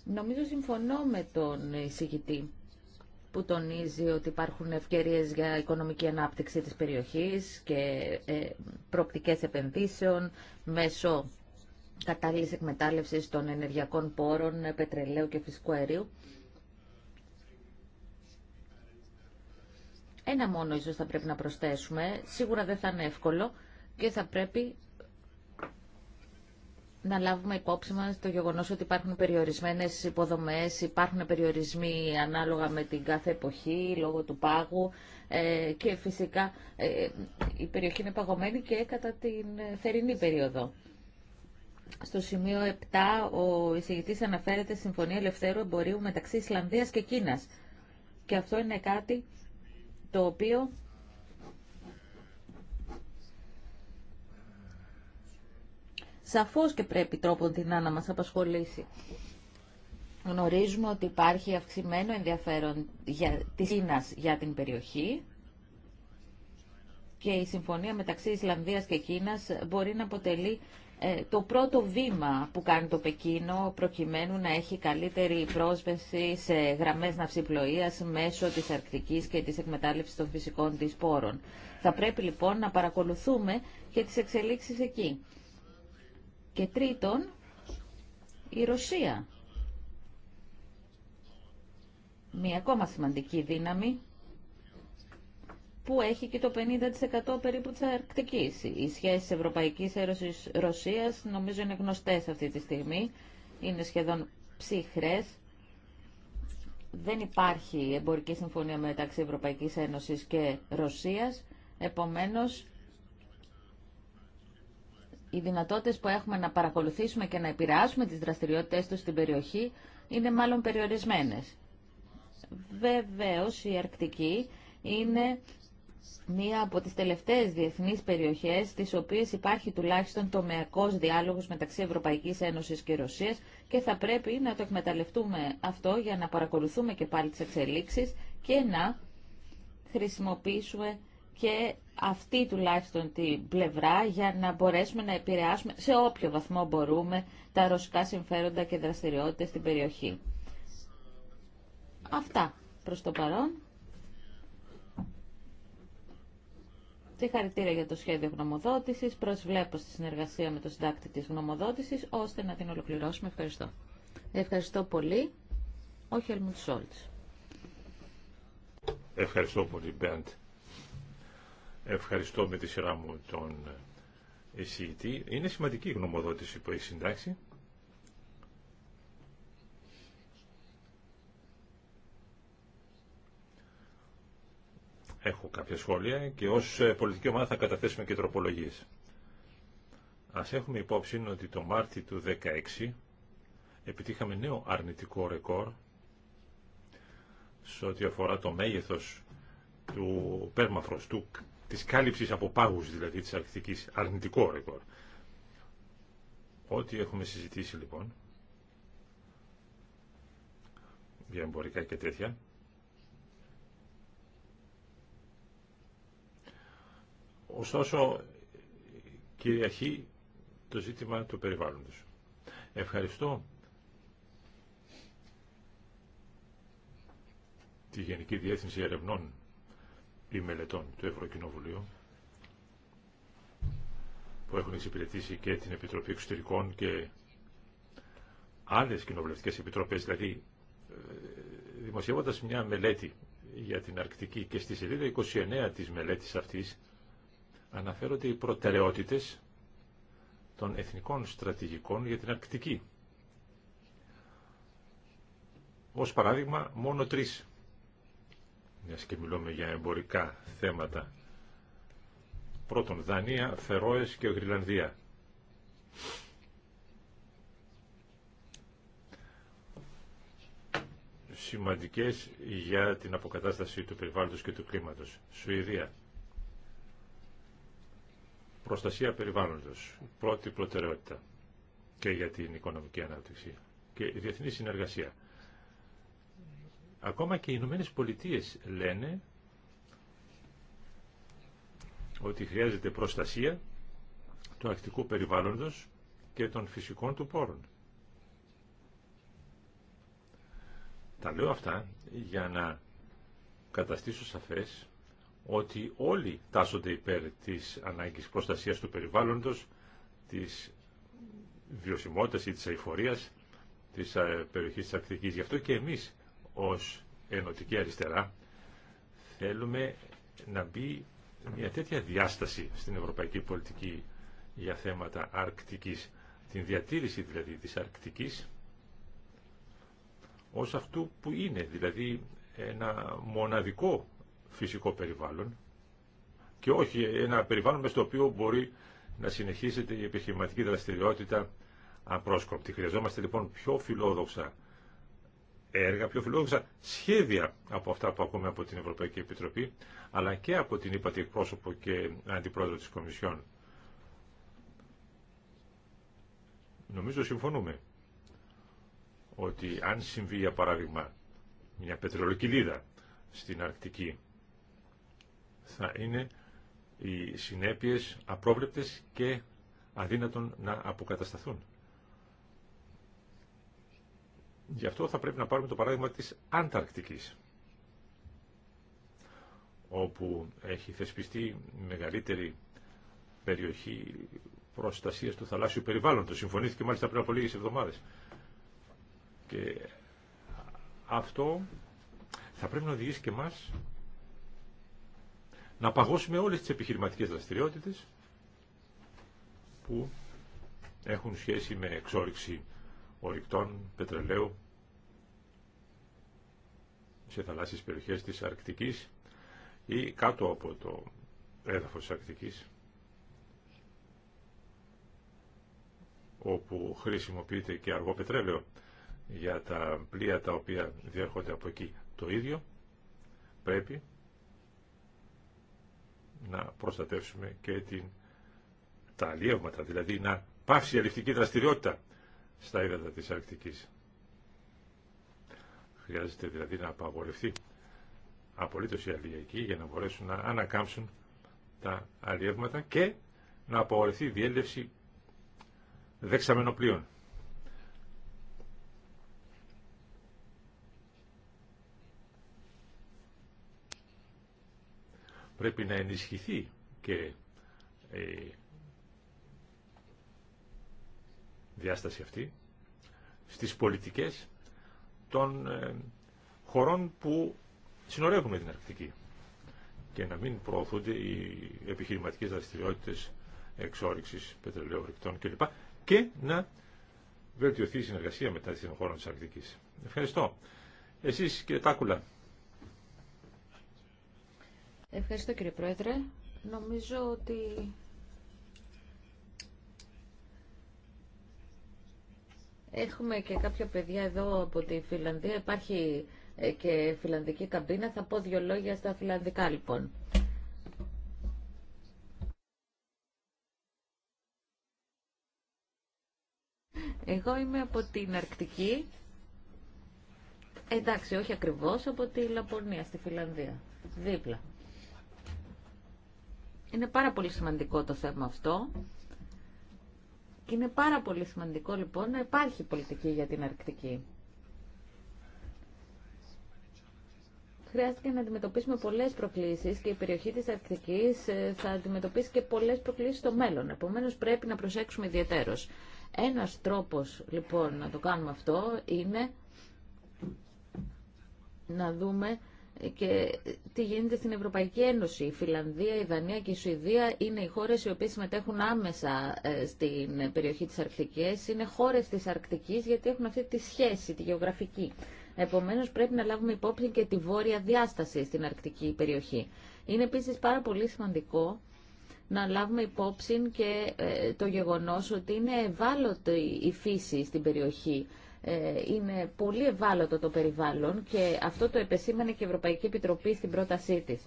νομίζω συμφωνώ με τον εισηγητή που τονίζει ότι υπάρχουν ευκαιρίες για οικονομική ανάπτυξη της περιοχής και ε, προπτικές επενδύσεων μέσω κατάλληλης εκμετάλλευσης των ενεργειακών πόρων, πετρελαίου και φυσικού αερίου. Ένα μόνο ίσως θα πρέπει να προσθέσουμε. Σίγουρα δεν θα είναι εύκολο και θα πρέπει να λάβουμε υπόψη μας το γεγονός ότι υπάρχουν περιορισμένες υποδομές, υπάρχουν περιορισμοί ανάλογα με την κάθε εποχή, λόγω του πάγου ε, και φυσικά ε, η περιοχή είναι παγωμένη και κατά την θερινή περίοδο. Στο σημείο 7 ο εισηγητή αναφέρεται Συμφωνία Ελευθέρου Εμπορίου μεταξύ Ισλανδίας και Κίνας. Και αυτό είναι κάτι το οποίο σαφώς και πρέπει τρόπο την να μας απασχολήσει. Γνωρίζουμε ότι υπάρχει αυξημένο ενδιαφέρον για, της Κίνας για την περιοχή και η συμφωνία μεταξύ Ισλανδίας και Κίνας μπορεί να αποτελεί ε, το πρώτο βήμα που κάνει το Πεκίνο προκειμένου να έχει καλύτερη πρόσβαση σε γραμμές ναυσιπλοείας μέσω της Αρκτικής και της εκμετάλλευσης των φυσικών της πόρων. Θα πρέπει λοιπόν να παρακολουθούμε και τις εξελίξεις εκεί. Και τρίτον, η Ρωσία. Μία ακόμα σημαντική δύναμη που έχει και το 50% περίπου της Αρκτικής. Οι σχέσεις Ευρωπαϊκής Ένωσης Ρωσίας νομίζω είναι γνωστές αυτή τη στιγμή. Είναι σχεδόν ψυχρές. Δεν υπάρχει εμπορική συμφωνία μεταξύ Ευρωπαϊκής Ένωσης και Ρωσίας. Επομένως, οι δυνατότητες που έχουμε να παρακολουθήσουμε και να επηρεάσουμε τις δραστηριότητες του στην περιοχή είναι μάλλον περιορισμένες. Βεβαίως, η Αρκτική είναι μία από τις τελευταίες διεθνείς περιοχές στις οποίες υπάρχει τουλάχιστον τομεακός διάλογος μεταξύ Ευρωπαϊκής Ένωσης και Ρωσίας και θα πρέπει να το εκμεταλλευτούμε αυτό για να παρακολουθούμε και πάλι τις εξελίξεις και να χρησιμοποιήσουμε και αυτή τουλάχιστον την πλευρά για να μπορέσουμε να επηρεάσουμε σε όποιο βαθμό μπορούμε τα ρωσικά συμφέροντα και δραστηριότητες στην περιοχή. Αυτά προς το παρόν. Συγχαρητήρια για το σχέδιο γνωμοδότηση. Προσβλέπω στη συνεργασία με το συντάκτη της γνωμοδότηση ώστε να την ολοκληρώσουμε. Ευχαριστώ. Ευχαριστώ πολύ. Ο Χέλμουντ Σόλτ. Ευχαριστώ πολύ, Μπέντ. Ευχαριστώ με τη σειρά μου τον εισηγητή. Είναι σημαντική η γνωμοδότηση που έχει συντάξει. έχω κάποια σχόλια και ως ε, πολιτική ομάδα θα καταθέσουμε και τροπολογίες. Ας έχουμε υπόψη ότι το Μάρτιο του 2016 επιτύχαμε νέο αρνητικό ρεκόρ σε ό,τι αφορά το μέγεθος του πέρμαφρος, του, της κάλυψης από πάγους δηλαδή της Αρκτικής, αρνητικό ρεκόρ. Ό,τι έχουμε συζητήσει λοιπόν για εμπορικά και τέτοια Ωστόσο, κυριαρχεί το ζήτημα του περιβάλλοντος. Ευχαριστώ τη Γενική Διεύθυνση Ερευνών ή Μελετών του Ευρωκοινοβουλίου που έχουν εξυπηρετήσει και την Επιτροπή Εξωτερικών και άλλες κοινοβουλευτικές επιτροπές, δηλαδή ε, δημοσιεύοντας μια μελέτη για την Αρκτική και στη σελίδα 29 της μελέτης αυτής αναφέρονται οι προτεραιότητες των εθνικών στρατηγικών για την Αρκτική. Ως παράδειγμα, μόνο τρεις. Μιας και μιλούμε για εμπορικά θέματα. Πρώτον, Δανία, Φερόες και Γρυλανδία. Σημαντικές για την αποκατάσταση του περιβάλλοντος και του κλίματος. Σουηδία, Προστασία περιβάλλοντος, πρώτη προτεραιότητα και για την οικονομική ανάπτυξη και διεθνή συνεργασία. Ακόμα και οι Ηνωμένε Πολιτείε λένε ότι χρειάζεται προστασία του ακτικού περιβάλλοντος και των φυσικών του πόρων. Τα λέω αυτά για να καταστήσω σαφές ότι όλοι τάσσονται υπέρ της ανάγκης προστασίας του περιβάλλοντος, της βιωσιμότητας ή της αηφορίας της ε, περιοχής της Αρκτικής. Γι' αυτό και εμείς ως ενωτική αριστερά θέλουμε να μπει μια τέτοια διάσταση στην ευρωπαϊκή πολιτική για θέματα αρκτικής, την διατήρηση δηλαδή της αρκτικής ως αυτού που είναι, δηλαδή ένα μοναδικό φυσικό περιβάλλον και όχι ένα περιβάλλον μες στο οποίο μπορεί να συνεχίσετε η επιχειρηματική δραστηριότητα απρόσκοπτη. Χρειαζόμαστε λοιπόν πιο φιλόδοξα έργα, πιο φιλόδοξα σχέδια από αυτά που ακούμε από την Ευρωπαϊκή Επιτροπή, αλλά και από την ΥΠΑΤΗ εκπρόσωπο και αντιπρόεδρο της Κομισιόν. Νομίζω συμφωνούμε ότι αν συμβεί για παράδειγμα μια πετρελοκυλίδα στην Αρκτική θα είναι οι συνέπειες απρόβλεπτες και αδύνατον να αποκατασταθούν. Γι' αυτό θα πρέπει να πάρουμε το παράδειγμα της Ανταρκτικής, όπου έχει θεσπιστεί μεγαλύτερη περιοχή προστασίας του θαλάσσιου περιβάλλοντος. Συμφωνήθηκε μάλιστα πριν από λίγες εβδομάδες. Και αυτό θα πρέπει να οδηγήσει και μας να παγώσουμε όλες τις επιχειρηματικές δραστηριότητες που έχουν σχέση με εξόρυξη ορυκτών, πετρελαίου σε θαλάσσιες περιοχές της Αρκτικής ή κάτω από το έδαφος της Αρκτικής όπου χρησιμοποιείται και αργό πετρέλαιο για τα πλοία τα οποία διέρχονται από εκεί το ίδιο πρέπει να προστατεύσουμε και την, τα αλλιεύματα, δηλαδή να πάυσει η αλληλευτική δραστηριότητα στα ύδατα της Αρκτικής. Χρειάζεται δηλαδή να απαγορευτεί απολύτως η αλληλευτική για να μπορέσουν να ανακάμψουν τα αλλιεύματα και να απαγορευτεί η διέλευση δεξαμενοπλοίων. Πρέπει να ενισχυθεί και η ε, διάσταση αυτή στις πολιτικές των ε, χωρών που συνορεύουν με την Αρκτική και να μην προωθούνται οι επιχειρηματικές δραστηριότητες εξόριξης ρηκτών κλπ. και να βελτιωθεί η συνεργασία μετά την χωρών της Αρκτικής. Ευχαριστώ. Εσείς κύριε Τάκουλα. Ευχαριστώ κύριε Πρόεδρε. Νομίζω ότι έχουμε και κάποια παιδιά εδώ από τη Φιλανδία. Υπάρχει ε, και φιλανδική καμπίνα. Θα πω δύο λόγια στα φιλανδικά λοιπόν. Εγώ είμαι από την Αρκτική. Εντάξει, όχι ακριβώς, από τη Λαπωνία, στη Φιλανδία. Δίπλα. Είναι πάρα πολύ σημαντικό το θέμα αυτό. Και είναι πάρα πολύ σημαντικό λοιπόν να υπάρχει πολιτική για την Αρκτική. Χρειάστηκε να αντιμετωπίσουμε πολλές προκλήσεις και η περιοχή της Αρκτικής ε, θα αντιμετωπίσει και πολλές προκλήσεις στο μέλλον. Επομένως πρέπει να προσέξουμε ιδιαίτερως. Ένας τρόπος λοιπόν να το κάνουμε αυτό είναι να δούμε και τι γίνεται στην Ευρωπαϊκή Ένωση. Η Φιλανδία, η Δανία και η Σουηδία είναι οι χώρες οι οποίες συμμετέχουν άμεσα ε, στην περιοχή της Αρκτικής. Είναι χώρες της Αρκτικής γιατί έχουν αυτή τη σχέση, τη γεωγραφική. Επομένως πρέπει να λάβουμε υπόψη και τη βόρεια διάσταση στην Αρκτική περιοχή. Είναι επίσης πάρα πολύ σημαντικό να λάβουμε υπόψη και ε, το γεγονός ότι είναι ευάλωτη η φύση στην περιοχή ε, είναι πολύ ευάλωτο το περιβάλλον και αυτό το επεσήμανε και η Ευρωπαϊκή Επιτροπή στην πρότασή της.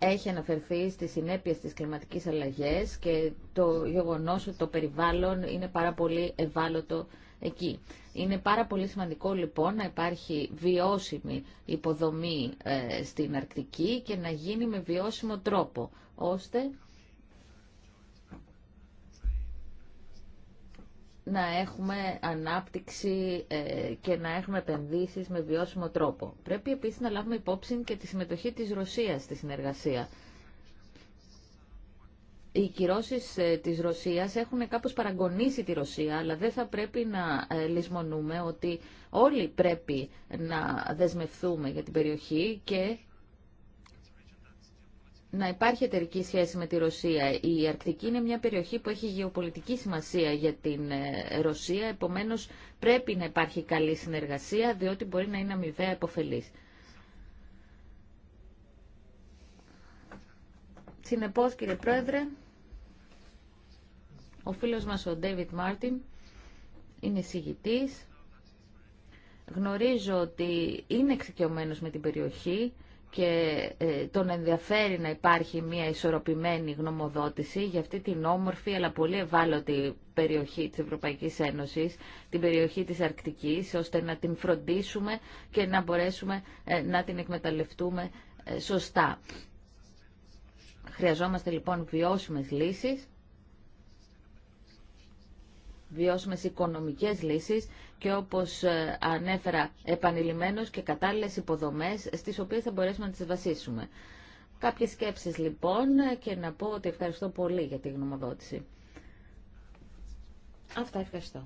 Ε, έχει αναφερθεί στις συνέπειες της κλιματικής αλλαγής και το γεγονός ότι το περιβάλλον είναι πάρα πολύ ευάλωτο εκεί. Είναι πάρα πολύ σημαντικό λοιπόν να υπάρχει βιώσιμη υποδομή ε, στην Αρκτική και να γίνει με βιώσιμο τρόπο, ώστε να έχουμε ανάπτυξη ε, και να έχουμε επενδύσεις με βιώσιμο τρόπο. Πρέπει επίσης να λάβουμε υπόψη και τη συμμετοχή της Ρωσίας στη συνεργασία. Οι κυρώσει ε, της Ρωσίας έχουν κάπως παραγωνίσει τη Ρωσία, αλλά δεν θα πρέπει να ε, λησμονούμε ότι όλοι πρέπει να δεσμευθούμε για την περιοχή και να υπάρχει εταιρική σχέση με τη Ρωσία. Η Αρκτική είναι μια περιοχή που έχει γεωπολιτική σημασία για την ε, Ρωσία, επομένως πρέπει να υπάρχει καλή συνεργασία, διότι μπορεί να είναι αμοιβαία επωφελής. Συνεπώς, κύριε Πρόεδρε, ο φίλος μας ο Ντέιβιτ Μάρτιν είναι συγητής. Γνωρίζω ότι είναι εξοικειωμένος με την περιοχή και ε, τον ενδιαφέρει να υπάρχει μια ισορροπημένη γνωμοδότηση για αυτή την όμορφη αλλά πολύ ευάλωτη περιοχή της Ευρωπαϊκής Ένωσης, την περιοχή της Αρκτικής, ώστε να την φροντίσουμε και να μπορέσουμε ε, να την εκμεταλλευτούμε ε, σωστά. Χρειαζόμαστε λοιπόν βιώσιμες λύσεις βιώσιμες οικονομικές λύσεις και όπως ε, ανέφερα επανειλημμένως και κατάλληλες υποδομές στις οποίες θα μπορέσουμε να τις βασίσουμε. Κάποιες σκέψεις λοιπόν και να πω ότι ευχαριστώ πολύ για τη γνωμοδότηση. Αυτά ευχαριστώ.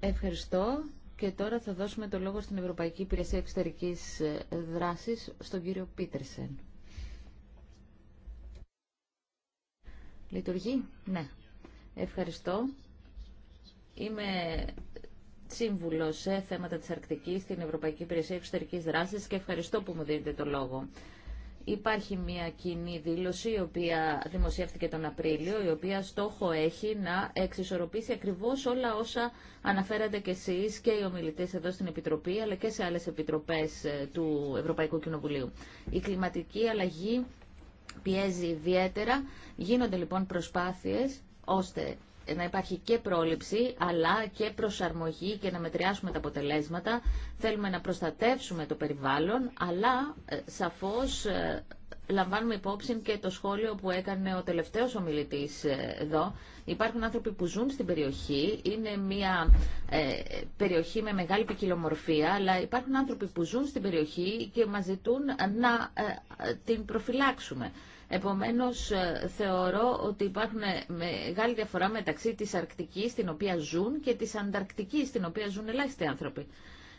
Ευχαριστώ και τώρα θα δώσουμε το λόγο στην Ευρωπαϊκή Υπηρεσία Εξωτερικής Δράσης στον κύριο Πίτερσεν. Λειτουργεί. Ναι. Ευχαριστώ. Είμαι σύμβουλο σε θέματα της Αρκτικής στην Ευρωπαϊκή Υπηρεσία Εξωτερική δράση και ευχαριστώ που μου δίνετε το λόγο. Υπάρχει μια κοινή δήλωση η οποία δημοσιεύτηκε τον Απρίλιο, η οποία στόχο έχει να εξισορροπήσει ακριβώς όλα όσα αναφέρατε κι εσείς και οι ομιλητές εδώ στην Επιτροπή, αλλά και σε άλλε επιτροπέ ε, του Ευρωπαϊκού Κοινοβουλίου. Η κλιματική αλλαγή πιέζει ιδιαίτερα. Γίνονται λοιπόν προσπάθειες ώστε να υπάρχει και πρόληψη αλλά και προσαρμογή και να μετριάσουμε τα αποτελέσματα. Θέλουμε να προστατεύσουμε το περιβάλλον αλλά ε, σαφώς ε, λαμβάνουμε υπόψη και το σχόλιο που έκανε ο τελευταίος ομιλητής ε, εδώ Υπάρχουν άνθρωποι που ζουν στην περιοχή, είναι μια ε, περιοχή με μεγάλη ποικιλομορφία, αλλά υπάρχουν άνθρωποι που ζουν στην περιοχή και μας ζητούν να ε, την προφυλάξουμε. Επομένως, ε, θεωρώ ότι υπάρχουν μεγάλη διαφορά μεταξύ της Αρκτικής, στην οποία ζουν, και της Ανταρκτικής, στην οποία ζουν ελάχιστοι άνθρωποι.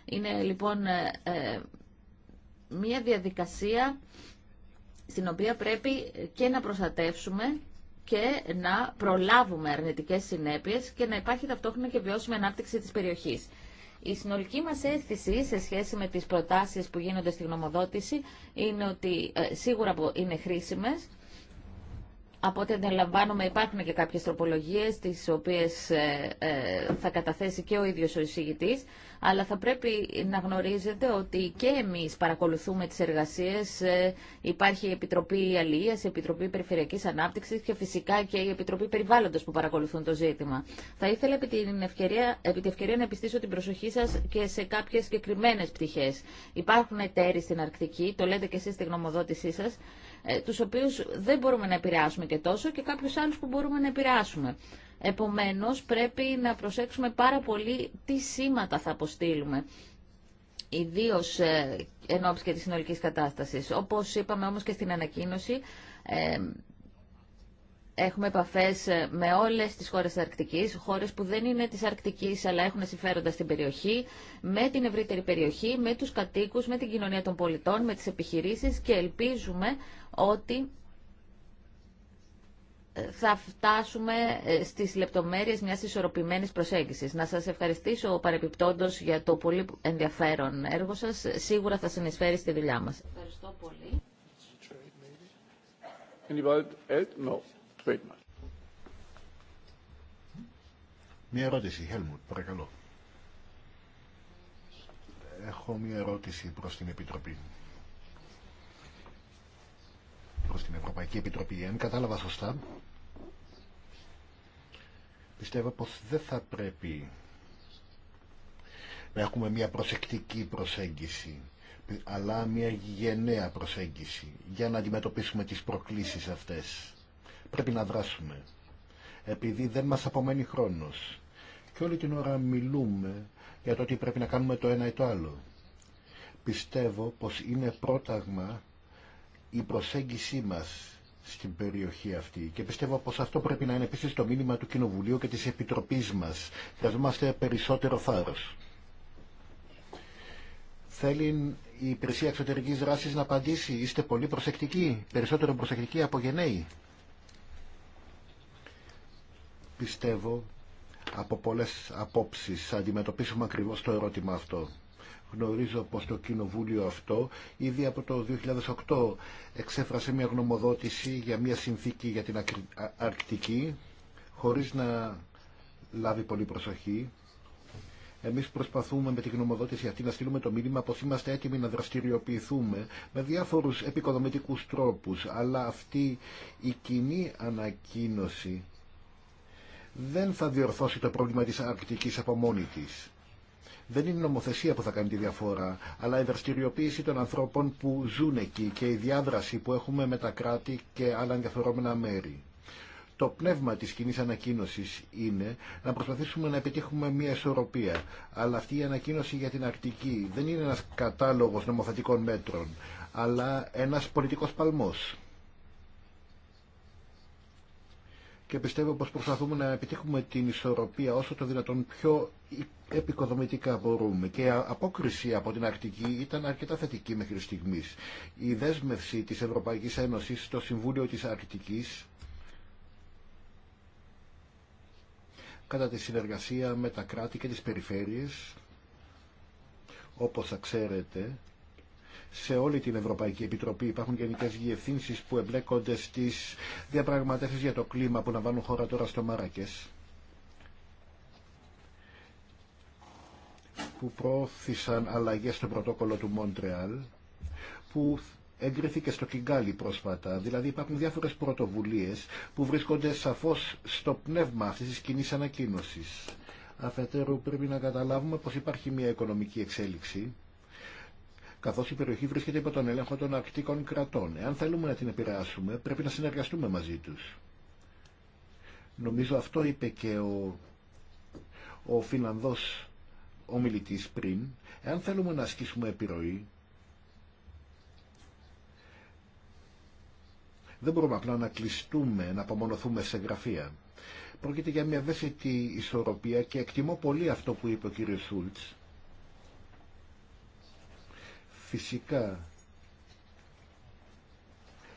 Είναι, λοιπόν, μια διαδικασία στην οποία πρέπει και να προστατεύσουμε και να προλάβουμε αρνητικές συνέπειες και να υπάρχει ταυτόχρονα και βιώσιμη ανάπτυξη της περιοχής. Η συνολική μας αίσθηση σε σχέση με τις προτάσεις που γίνονται στη γνωμοδότηση είναι ότι ε, σίγουρα είναι χρήσιμες, από ό,τι αντιλαμβάνομαι υπάρχουν και κάποιες τροπολογίες τις οποίες ε, ε, θα καταθέσει και ο ίδιο ο εισηγητή. αλλά θα πρέπει να γνωρίζετε ότι και εμεί παρακολουθούμε τις εργασίες. Ε, υπάρχει η Επιτροπή Αλληλείας, η Επιτροπή περιφερειακή ανάπτυξη και φυσικά και η Επιτροπή Περιβάλλοντος που παρακολουθούν το ζήτημα. Θα ήθελα επί, την ευκαιρία, επί τη ευκαιρία να επιστήσω την προσοχή σα και σε κάποιε συγκεκριμένε πτυχέ. Υπάρχουν εταίροι στην Αρκτική, το λέτε και εσεί στη γνωμοδότησή σα. Ε, τους οποίους δεν μπορούμε να επηρεάσουμε και τόσο και κάποιους άλλους που μπορούμε να επηρεάσουμε. Επομένως, πρέπει να προσέξουμε πάρα πολύ τι σήματα θα αποστείλουμε ιδίω ε, ενώπιση και τη συνολική κατάσταση. Όπω είπαμε όμω και στην ανακοίνωση, ε, Έχουμε επαφές ε, με όλες τις χώρες της Αρκτικής, χώρες που δεν είναι της Αρκτικής αλλά έχουν συμφέροντα στην περιοχή, με την ευρύτερη περιοχή, με τους κατοίκους, με την κοινωνία των πολιτών, με τις επιχειρήσεις και ελπίζουμε ότι ε, θα φτάσουμε ε, στις λεπτομέρειες μιας ισορροπημένης προσέγγισης. Να σας ευχαριστήσω παρεπιπτόντος για το πολύ ενδιαφέρον έργο σας. Σίγουρα θα συνεισφέρει στη δουλειά μας. Μία ερώτηση, Χέλμουτ, παρακαλώ. Έχω μία ερώτηση προς την Επιτροπή. Προς την Ευρωπαϊκή Επιτροπή. Αν κατάλαβα σωστά, πιστεύω πως δεν θα πρέπει να έχουμε μία προσεκτική προσέγγιση, αλλά μία γενναία προσέγγιση για να αντιμετωπίσουμε τις προκλήσεις αυτές πρέπει να δράσουμε. Επειδή δεν μας απομένει χρόνος. Και όλη την ώρα μιλούμε για το ότι πρέπει να κάνουμε το ένα ή το άλλο. Πιστεύω πως είναι πρόταγμα η προσέγγιση μας στην περιοχή αυτή. Και πιστεύω πως αυτό πρέπει να είναι επίσης το μήνυμα του Κοινοβουλίου και της Επιτροπής μας. Χρειαζόμαστε περισσότερο θάρρος. Θέλει η υπηρεσία εξωτερική δράση να απαντήσει. Είστε πολύ προσεκτικοί, περισσότερο προσεκτικοί από γενναίοι πιστεύω από πολλές απόψεις θα αντιμετωπίσουμε ακριβώς το ερώτημα αυτό. Γνωρίζω πως το κοινοβούλιο αυτό ήδη από το 2008 εξέφρασε μια γνωμοδότηση για μια συνθήκη για την Αρκτική χωρίς να λάβει πολύ προσοχή. Εμείς προσπαθούμε με τη γνωμοδότηση αυτή να στείλουμε το μήνυμα πως είμαστε έτοιμοι να δραστηριοποιηθούμε με διάφορους επικοδομητικούς τρόπους, αλλά αυτή η κοινή ανακοίνωση δεν θα διορθώσει το πρόβλημα της Αρκτικής από μόνη της. Δεν είναι η νομοθεσία που θα κάνει τη διαφορά, αλλά η δραστηριοποίηση των ανθρώπων που ζουν εκεί και η διάδραση που έχουμε με τα κράτη και άλλα ενδιαφερόμενα μέρη. Το πνεύμα της κοινή ανακοίνωσης είναι να προσπαθήσουμε να επιτύχουμε μια ισορροπία, αλλά αυτή η ανακοίνωση για την Αρκτική δεν είναι ένας κατάλογος νομοθετικών μέτρων, αλλά ένας πολιτικός παλμός. και πιστεύω πως προσπαθούμε να επιτύχουμε την ισορροπία όσο το δυνατόν πιο επικοδομητικά μπορούμε. Και η απόκριση από την Αρκτική ήταν αρκετά θετική μέχρι στιγμή. Η δέσμευση της Ευρωπαϊκής Ένωσης στο Συμβούλιο της Αρκτικής κατά τη συνεργασία με τα κράτη και τις περιφέρειες όπως θα ξέρετε σε όλη την Ευρωπαϊκή Επιτροπή. Υπάρχουν γενικέ διευθύνσει που εμπλέκονται στι διαπραγματεύσει για το κλίμα που λαμβάνουν χώρα τώρα στο Μάρακε. που προώθησαν αλλαγές στο πρωτόκολλο του Μόντρεαλ, που εγκρίθηκε στο Κιγκάλι πρόσφατα. Δηλαδή υπάρχουν διάφορε πρωτοβουλίες που βρίσκονται σαφώς στο πνεύμα αυτή της κοινή ανακοίνωση. Αφετέρου πρέπει να καταλάβουμε πως υπάρχει μια οικονομική εξέλιξη καθώς η περιοχή βρίσκεται υπό τον έλεγχο των αρκτικών κρατών. Εάν θέλουμε να την επηρεάσουμε, πρέπει να συνεργαστούμε μαζί τους. Νομίζω αυτό είπε και ο, ο Φιλανδό ομιλητής πριν. Εάν θέλουμε να ασκήσουμε επιρροή, δεν μπορούμε απλά να κλειστούμε, να απομονωθούμε σε γραφεία. Πρόκειται για μια ευαίσθητη ισορροπία και εκτιμώ πολύ αυτό που είπε ο κύριος Σούλτς φυσικά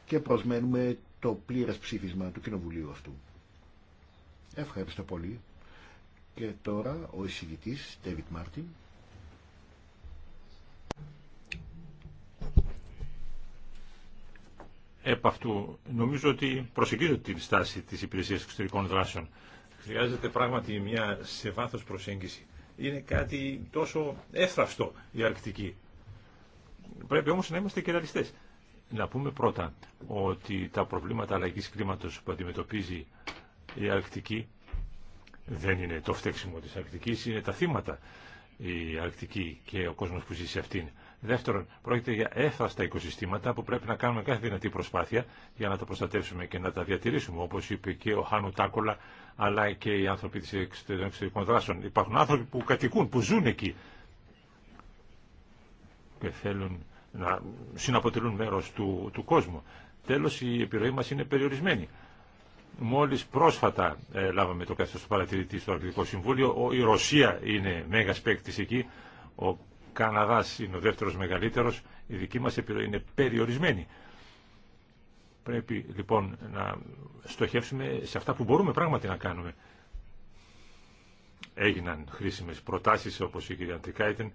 και προσμένουμε το πλήρες ψήφισμα του Κοινοβουλίου αυτού. Ευχαριστώ πολύ. Και τώρα ο εισηγητής David Μάρτιν. Επ' αυτού νομίζω ότι προσεγγίζω την στάση της υπηρεσίας εξωτερικών δράσεων. Χρειάζεται πράγματι μια σε βάθος προσέγγιση. Είναι κάτι τόσο έφραυστο η Αρκτική. Πρέπει όμως να είμαστε και Να πούμε πρώτα ότι τα προβλήματα αλλαγής κλίματος που αντιμετωπίζει η Αρκτική δεν είναι το φταίξιμο της Αρκτικής, είναι τα θύματα η Αρκτική και ο κόσμος που ζει σε αυτήν. Δεύτερον, πρόκειται για έφραστα οικοσυστήματα που πρέπει να κάνουμε κάθε δυνατή προσπάθεια για να τα προστατεύσουμε και να τα διατηρήσουμε, όπως είπε και ο Χάνου Τάκολα, αλλά και οι άνθρωποι των εξωτερικών δράσεων. Υπάρχουν άνθρωποι που κατοικούν, που ζουν εκεί και θέλουν να συναποτελούν μέρος του, του κόσμου. Τέλος, η επιρροή μας είναι περιορισμένη. Μόλις πρόσφατα ε, λάβαμε το καθεστώς του παρατηρητή στο Αρκτικό Συμβούλιο, η Ρωσία είναι μέγας παίκτης εκεί, ο Καναδάς είναι ο δεύτερος μεγαλύτερος, η δική μας επιρροή είναι περιορισμένη. Πρέπει λοιπόν να στοχεύσουμε σε αυτά που μπορούμε πράγματι να κάνουμε. Έγιναν χρήσιμες προτάσεις όπως η κυρία Αντρικάιτεν,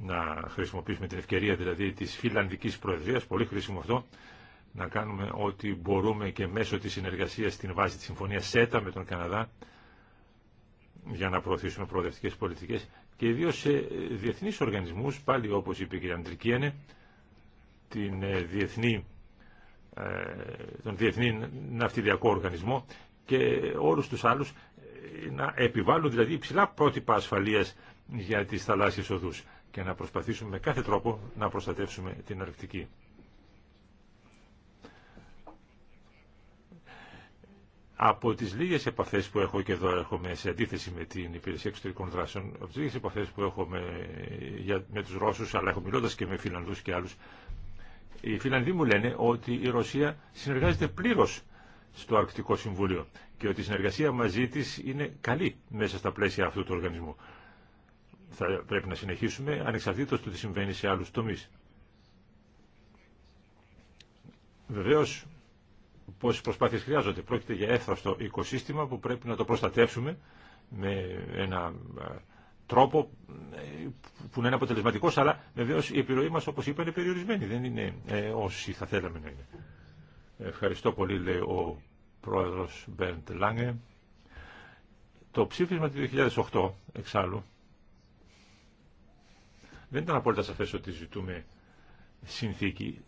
να χρησιμοποιήσουμε την ευκαιρία δηλαδή της Φιλανδικής Προεδρίας, πολύ χρήσιμο αυτό, να κάνουμε ό,τι μπορούμε και μέσω της συνεργασίας στην βάση της Συμφωνίας ΣΕΤΑ με τον Καναδά για να προωθήσουμε προοδευτικές πολιτικές και ιδίω σε διεθνείς οργανισμούς, πάλι όπως είπε η κυρία Αντρικίενε, την ε, διεθνή, ε, τον Διεθνή Ναυτιλιακό Οργανισμό και όλους τους άλλους ε, να επιβάλλουν δηλαδή υψηλά πρότυπα ασφαλείας για τις θαλάσσιες οδούς και να προσπαθήσουμε με κάθε τρόπο να προστατεύσουμε την Αρκτική. Από τις λίγες επαφές που έχω και εδώ έχουμε σε αντίθεση με την υπηρεσία εξωτερικών δράσεων, από τις λίγες επαφές που έχω με, για, με τους Ρώσους, αλλά έχω μιλώντας και με Φιλανδούς και άλλους, οι Φιλανδοί μου λένε ότι η Ρωσία συνεργάζεται πλήρως στο Αρκτικό Συμβούλιο και ότι η συνεργασία μαζί της είναι καλή μέσα στα πλαίσια αυτού του οργανισμού θα πρέπει να συνεχίσουμε ανεξαρτήτως του τι συμβαίνει σε άλλους τομείς. Βεβαίως, πόσες προσπάθειες χρειάζονται. Πρόκειται για έφθαστο οικοσύστημα που πρέπει να το προστατεύσουμε με ένα ε, τρόπο ε, που να είναι αποτελεσματικός, αλλά βεβαίως η επιρροή μας, όπως είπα, είναι περιορισμένη. Δεν είναι ε, όσοι θα θέλαμε να είναι. Ευχαριστώ πολύ, λέει ο πρόεδρος Μπέρντ Λάγκε. Το ψήφισμα του 2008, εξάλλου, δεν ήταν απόλυτα σαφές ότι ζητούμε συνθήκη.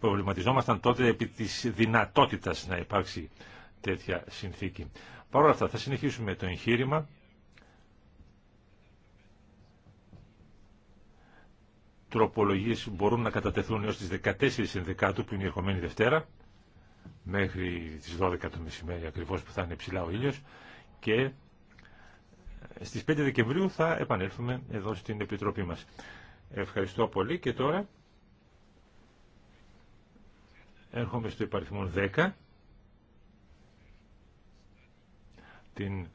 Προβληματιζόμασταν τότε επί της δυνατότητας να υπάρξει τέτοια συνθήκη. Παρ' όλα αυτά θα συνεχίσουμε το εγχείρημα. Τροπολογίες μπορούν να κατατεθούν έως τις 14 ενδεκάτου που είναι η ερχομένη Δευτέρα μέχρι τις 12 το μεσημέρι ακριβώς που θα είναι ψηλά ο ήλιος στις 5 Δεκεμβρίου θα επανέλθουμε εδώ στην Επιτροπή μας. Ευχαριστώ πολύ και τώρα έρχομαι στο υπαριθμό 10 την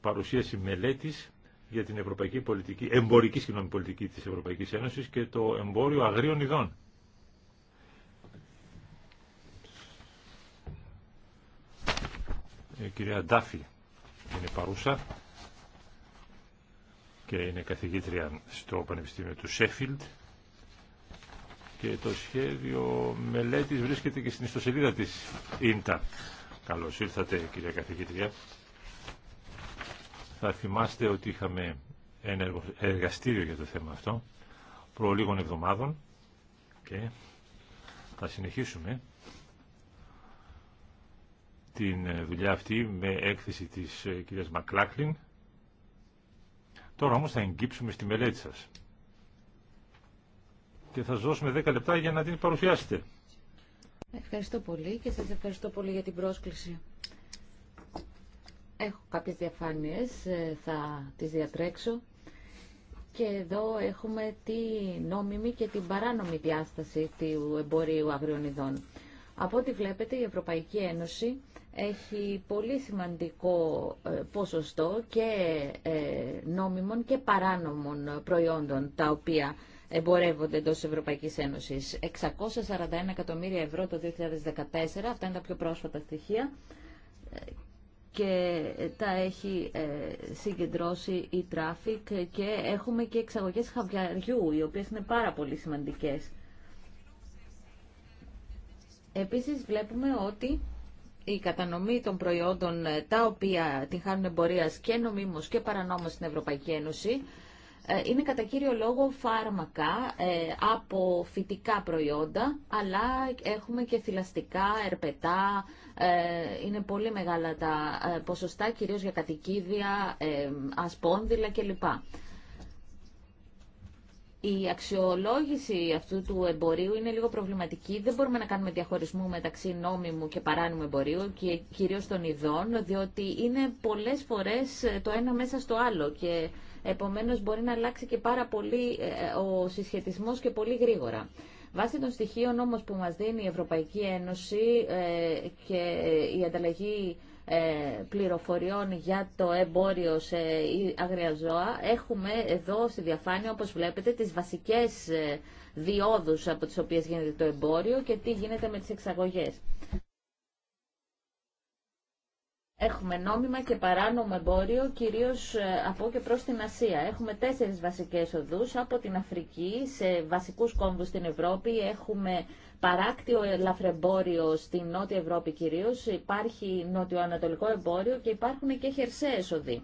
παρουσίαση μελέτης για την ευρωπαϊκή πολιτική, εμπορική συγγνώμη πολιτική της Ευρωπαϊκής Ένωσης και το εμπόριο αγρίων ειδών. Η ε, κυρία Ντάφη είναι παρούσα και είναι καθηγήτρια στο Πανεπιστήμιο του Σέφιλντ και το σχέδιο μελέτης βρίσκεται και στην ιστοσελίδα της ίντα. Καλώς ήρθατε κυρία καθηγήτρια. Θα θυμάστε ότι είχαμε ένα εργαστήριο για το θέμα αυτό προ λίγων εβδομάδων και θα συνεχίσουμε την δουλειά αυτή με έκθεση της ε, κυρίας Μακλάκλιν Τώρα όμως θα εγκύψουμε στη μελέτη σας και θα σας δώσουμε 10 λεπτά για να την παρουσιάσετε. Ευχαριστώ πολύ και σας ευχαριστώ πολύ για την πρόσκληση. Έχω κάποιες διαφάνειες, ε, θα τις διατρέξω. Και εδώ έχουμε τη νόμιμη και την παράνομη διάσταση του εμπορίου αγριονιδών. Από ό,τι βλέπετε η Ευρωπαϊκή Ένωση έχει πολύ σημαντικό ε, ποσοστό και ε, νόμιμων και παράνομων προϊόντων τα οποία εμπορεύονται εντό Ευρωπαϊκής Ένωσης. 641 εκατομμύρια ευρώ το 2014, αυτά είναι τα πιο πρόσφατα στοιχεία ε, και τα έχει συγκεντρώσει η τράφικ και έχουμε και εξαγωγές χαβιαριού, οι οποίες είναι πάρα πολύ σημαντικές. Επίσης βλέπουμε ότι η κατανομή των προϊόντων ε, τα οποία την χάνουν εμπορία και νομίμως και παρανόμως στην Ευρωπαϊκή Ένωση ε, είναι κατά κύριο λόγο φάρμακα ε, από φυτικά προϊόντα, αλλά έχουμε και θηλαστικά, ερπετά, είναι πολύ μεγάλα τα ποσοστά, κυρίως για κατοικίδια, ασπόνδυλα κλπ η αξιολόγηση αυτού του εμπορίου είναι λίγο προβληματική. Δεν μπορούμε να κάνουμε διαχωρισμού μεταξύ νόμιμου και παράνομου εμπορίου και κυρίως των ειδών, διότι είναι πολλές φορές ε, το ένα μέσα στο άλλο και επομένως μπορεί να αλλάξει και πάρα πολύ ε, ο συσχετισμός και πολύ γρήγορα. Βάσει των στοιχείων όμως που μας δίνει η Ευρωπαϊκή Ένωση ε, και η ανταλλαγή ε, πληροφοριών για το εμπόριο σε αγρία ε, έχουμε εδώ στη διαφάνεια, όπως βλέπετε, τις βασικές ε, διόδους από τις οποίες γίνεται το εμπόριο και τι γίνεται με τις εξαγωγές. Έχουμε νόμιμα και παράνομο εμπόριο, κυρίως ε, από και προς την Ασία. Έχουμε τέσσερις βασικές οδούς, από την Αφρική σε βασικούς κόμβους στην Ευρώπη. Έχουμε παράκτιο ελαφρεμπόριο στην Νότια Ευρώπη κυρίως, υπάρχει νοτιοανατολικό εμπόριο και υπάρχουν και χερσαίες οδοί.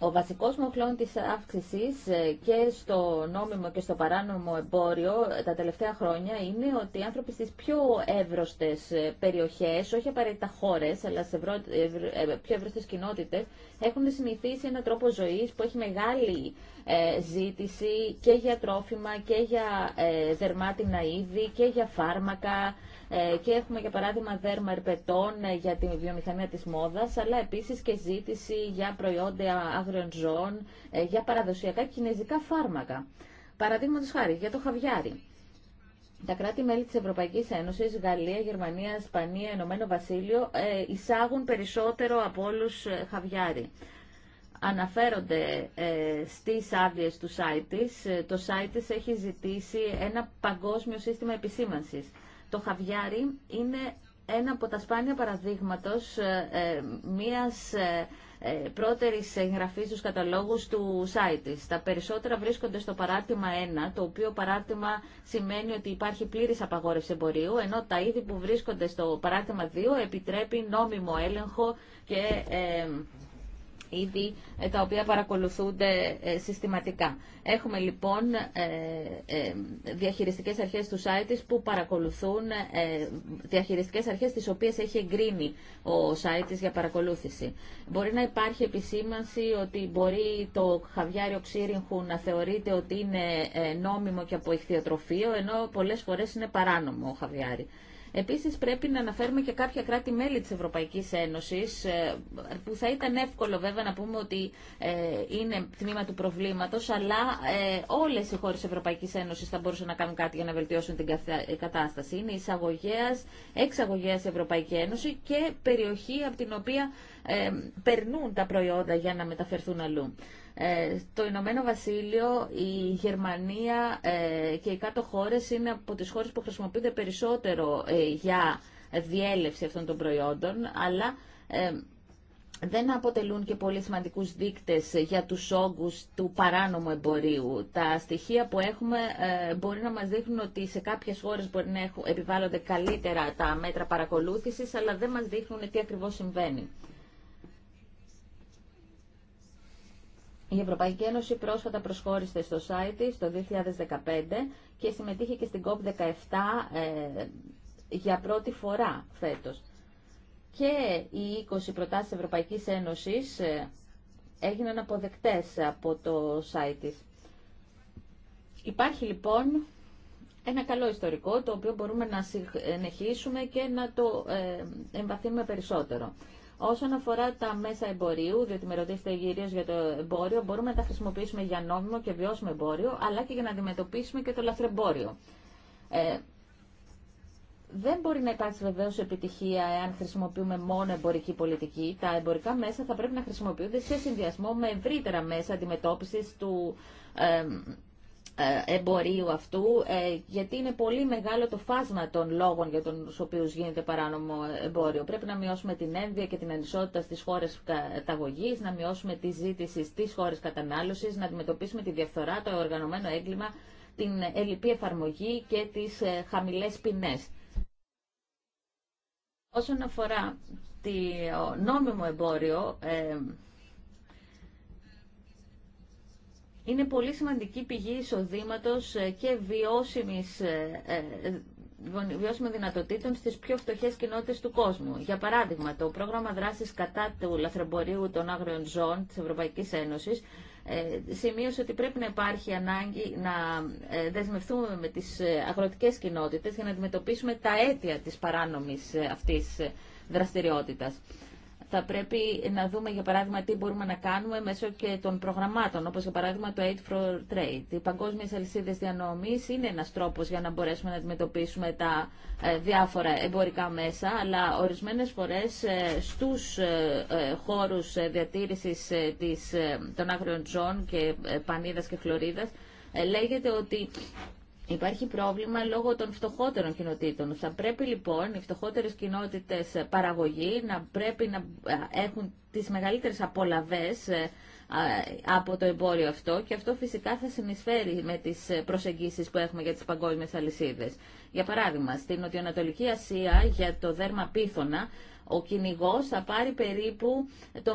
Ο βασικός μοχλών της αύξησης ε, και στο νόμιμο και στο παράνομο εμπόριο ε, τα τελευταία χρόνια είναι ότι οι άνθρωποι στις πιο εύρωστες ε, περιοχές, όχι απαραίτητα χώρες, αλλά σε πιο εύρωστες κοινότητες, έχουν συνηθίσει έναν τρόπο ζωής που έχει μεγάλη ζήτηση και για τρόφιμα και για δερμάτινα είδη και για φάρμακα ε, και έχουμε για παράδειγμα δέρμα ερπετών ε, για τη βιομηχανία της μόδας, αλλά επίσης και ζήτηση για προϊόντα άγριων ζώων, ε, για παραδοσιακά κινέζικα φάρμακα. Παραδείγματο χάρη για το χαβιάρι. Τα κράτη-μέλη της Ευρωπαϊκής Ένωσης, Γαλλία, Γερμανία, Ισπανία, Ενωμένο Βασίλειο, εισάγουν περισσότερο από όλους χαβιάρι αναφέρονται ε, στις άδειες του site της. Το site της έχει ζητήσει ένα παγκόσμιο σύστημα επισήμανσης. Το χαβιάρι είναι ένα από τα σπάνια παραδείγματος ε, ε μίας ε, ε, πρώτερης εγγραφής στους καταλόγους του site Τα περισσότερα βρίσκονται στο παράρτημα 1, το οποίο παράρτημα σημαίνει ότι υπάρχει πλήρης απαγόρευση εμπορίου, ενώ τα είδη που βρίσκονται στο παράρτημα 2 επιτρέπει νόμιμο έλεγχο και... Ε, είδη ε, τα οποία παρακολουθούνται ε, συστηματικά. Έχουμε λοιπόν ε, διαχειριστικές αρχές του site που παρακολουθούν διαχειριστικές αρχές τις οποίες έχει εγκρίνει ο site για παρακολούθηση. Μπορεί να υπάρχει επισήμανση ότι μπορεί το χαβιάριο ξύριγχου να θεωρείται ότι είναι νόμιμο και από ενώ πολλές φορές είναι παράνομο ο χαβιάρι. Επίσης πρέπει να αναφέρουμε και κάποια κράτη-μέλη της Ευρωπαϊκής Ένωσης ε, που θα ήταν εύκολο βέβαια να πούμε ότι ε, είναι τμήμα του προβλήματος αλλά ε, όλες οι χώρες της Ευρωπαϊκής Ένωσης θα μπορούσαν να κάνουν κάτι για να βελτιώσουν την κατάσταση. Είναι εισαγωγέας, εξαγωγέας Ευρωπαϊκή Ένωση και περιοχή από την οποία περνούν τα προϊόντα για να μεταφερθούν αλλού. Ε, το Ηνωμένο Βασίλειο, η Γερμανία ε, και οι κάτω χώρες είναι από τις χώρες που χρησιμοποιούνται περισσότερο ε, για διέλευση αυτών των προϊόντων, αλλά δεν αποτελούν και πολύ σημαντικού δείκτες για τους όγκους του παράνομου εμπορίου. Τα στοιχεία που έχουμε μπορεί να μας δείχνουν ότι σε κάποιες χώρες μπορεί να επιβάλλονται καλύτερα τα μέτρα παρακολούθησης, αλλά δεν μας δείχνουν τι ακριβώς συμβαίνει. Η Ευρωπαϊκή Ένωση πρόσφατα προσχώρησε στο site της το 2015 και συμμετείχε και στην COP17 ε, για πρώτη φορά φέτος. Και οι 20 προτάσεις Ευρωπαϊκής Ένωσης ε, έγιναν αποδεκτές από το site της. Υπάρχει λοιπόν ένα καλό ιστορικό το οποίο μπορούμε να συνεχίσουμε και να το ε, εμβαθύνουμε περισσότερο. Όσον αφορά τα μέσα εμπορίου, διότι με ρωτήσετε κυρίω για το εμπόριο, μπορούμε να τα χρησιμοποιήσουμε για νόμιμο και βιώσιμο εμπόριο, αλλά και για να αντιμετωπίσουμε και το λαθρεμπόριο. Ε, δεν μπορεί να υπάρξει βεβαίω επιτυχία εάν χρησιμοποιούμε μόνο εμπορική πολιτική. Τα εμπορικά μέσα θα πρέπει να χρησιμοποιούνται σε συνδυασμό με ευρύτερα μέσα αντιμετώπιση του ε, ε, εμπορίου αυτού, ε, γιατί είναι πολύ μεγάλο το φάσμα των λόγων για τους οποίους γίνεται παράνομο εμπόριο. Πρέπει να μειώσουμε την ένδυα και την ανισότητα στις χώρες καταγωγής, να μειώσουμε τη ζήτηση στις χώρες κατανάλωσης, να αντιμετωπίσουμε τη διαφθορά, το οργανωμένο έγκλημα, την ελληπή εφαρμογή και τις ε, χαμηλές ποινές. Όσον αφορά το νόμιμο εμπόριο, είναι πολύ σημαντική πηγή εισοδήματος ε, και βιώσιμης ε, ε, βιώσιμων δυνατοτήτων στις πιο φτωχές κοινότητες του κόσμου. Για παράδειγμα, το πρόγραμμα δράσης κατά του λαθρεμπορίου των άγριων ζώων της Ευρωπαϊκής Ένωσης σημείωσε ότι πρέπει να υπάρχει ανάγκη να δεσμευτούμε με τις αγροτικές κοινότητες για να αντιμετωπίσουμε τα αίτια της παράνομης αυτής δραστηριότητας θα πρέπει να δούμε για παράδειγμα τι μπορούμε να κάνουμε μέσω και των προγραμμάτων, όπως για παράδειγμα το Aid for Trade. Οι παγκόσμιες Αλυσίδε διανομής είναι ένας τρόπος για να μπορέσουμε να αντιμετωπίσουμε τα ε, διάφορα εμπορικά μέσα, αλλά ορισμένες φορές ε, στους ε, χώρους διατήρησης των άγριων τζών και πανίδας και χλωρίδας λέγεται ότι Υπάρχει πρόβλημα λόγω των φτωχότερων κοινοτήτων. Θα πρέπει λοιπόν οι φτωχότερες κοινότητες παραγωγή να πρέπει να ε, έχουν τις μεγαλύτερες απολαβές ε, από το εμπόριο αυτό και αυτό φυσικά θα συνεισφέρει με τις προσεγγίσεις που έχουμε για τις παγκόσμιες αλυσίδες. Για παράδειγμα, στην Νοτιοανατολική Ασία για το δέρμα πίθωνα ο κυνηγό θα πάρει περίπου το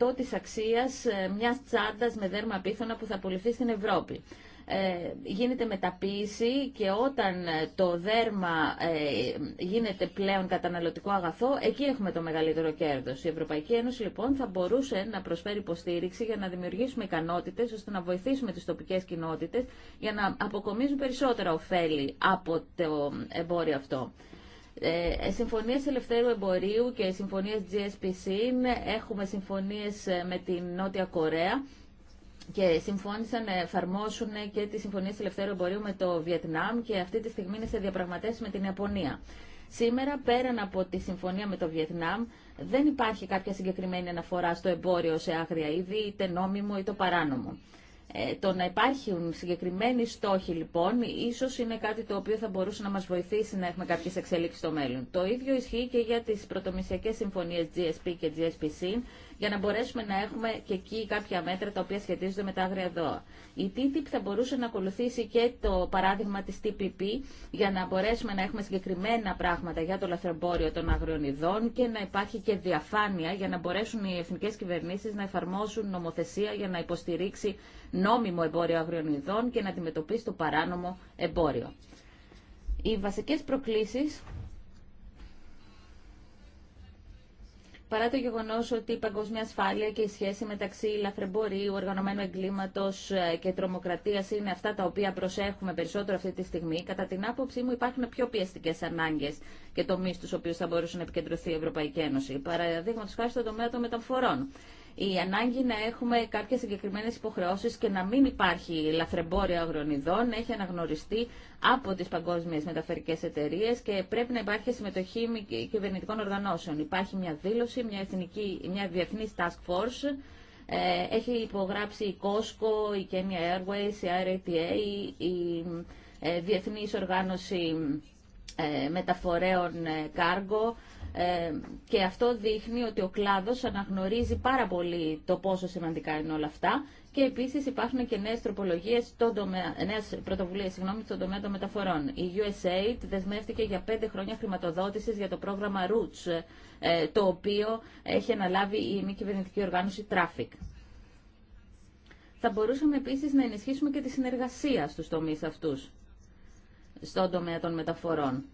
0,5% της αξίας ε, μιας τσάντας με δέρμα πίθωνα που θα πουληθεί στην Ευρώπη. Ε, γίνεται μεταποίηση και όταν το δέρμα ε, γίνεται πλέον καταναλωτικό αγαθό, εκεί έχουμε το μεγαλύτερο κέρδος. Η Ευρωπαϊκή Ένωση λοιπόν θα μπορούσε να προσφέρει υποστήριξη για να δημιουργήσουμε ικανότητες ώστε να βοηθήσουμε τις τοπικές κοινότητες για να αποκομίζουν περισσότερα ωφέλη από το εμπόριο αυτό. Ε, ε συμφωνίες ελευθέρου εμπορίου και συμφωνίες GSPC έχουμε συμφωνίες με την Νότια Κορέα και συμφώνησαν να εφαρμόσουν και τη Συμφωνία Ελευθέρου Εμπορίου με το Βιετνάμ και αυτή τη στιγμή είναι σε διαπραγματεύσει με την Ιαπωνία. Σήμερα, πέραν από τη συμφωνία με το Βιετνάμ, δεν υπάρχει κάποια συγκεκριμένη αναφορά στο εμπόριο σε άγρια είδη, είτε νόμιμο είτε παράνομο. Ε, το να υπάρχουν συγκεκριμένοι στόχοι, λοιπόν, ίσως είναι κάτι το οποίο θα μπορούσε να μας βοηθήσει να έχουμε κάποιες εξελίξει στο μέλλον. Το ίδιο ισχύει και για τις πρωτομησιακέ συμφωνίες GSP και GSPC, για να μπορέσουμε να έχουμε και εκεί κάποια μέτρα τα οποία σχετίζονται με τα άγρια δώα. Η TTIP θα μπορούσε να ακολουθήσει και το παράδειγμα της TPP για να μπορέσουμε να έχουμε συγκεκριμένα πράγματα για το λαθρεμπόριο των αγριών και να υπάρχει και διαφάνεια για να μπορέσουν οι εθνικές κυβερνήσεις να εφαρμόσουν νομοθεσία για να υποστηρίξει νόμιμο εμπόριο αγριών και να αντιμετωπίσει το παράνομο εμπόριο. Οι βασικές προκλήσεις παρά το γεγονό ότι η παγκοσμία ασφάλεια και η σχέση μεταξύ λαθρεμπορίου, οργανωμένου εγκλήματο ε, και τρομοκρατίας είναι αυτά τα οποία προσέχουμε περισσότερο αυτή τη στιγμή, κατά την άποψή μου υπάρχουν πιο πιεστικές ανάγκες και τομείς στου οποίου θα μπορούσε να επικεντρωθεί η Ευρωπαϊκή Ένωση. Παραδείγματο χάρη στον τομέα των μεταφορών η ανάγκη να έχουμε κάποιες συγκεκριμένες υποχρεώσεις και να μην υπάρχει λαθρεμπόριο αγρονιδών έχει αναγνωριστεί από τις παγκόσμιες μεταφερικές εταιρείες και πρέπει να υπάρχει συμμετοχή κυβερνητικών οργανώσεων. Υπάρχει μια δήλωση, μια, εθνική, μια διεθνής task force ε, έχει υπογράψει η COSCO, η Kenya Airways, η RATA, η ε, Διεθνής Οργάνωση ε, Μεταφορέων Κάργο, ε, και αυτό δείχνει ότι ο κλάδος αναγνωρίζει πάρα πολύ το πόσο σημαντικά είναι όλα αυτά και επίσης υπάρχουν και νέες, τροπολογίες στον τομέα, νέες πρωτοβουλίες συγγνώμη, στον τομέα των μεταφορών. Η USAID δεσμεύτηκε για πέντε χρόνια χρηματοδότησης για το πρόγραμμα Roots, ε, το οποίο έχει αναλάβει η μη κυβερνητική οργάνωση Traffic. Θα μπορούσαμε επίσης να ενισχύσουμε και τη συνεργασία στους τομείς αυτούς στον τομέα των μεταφορών.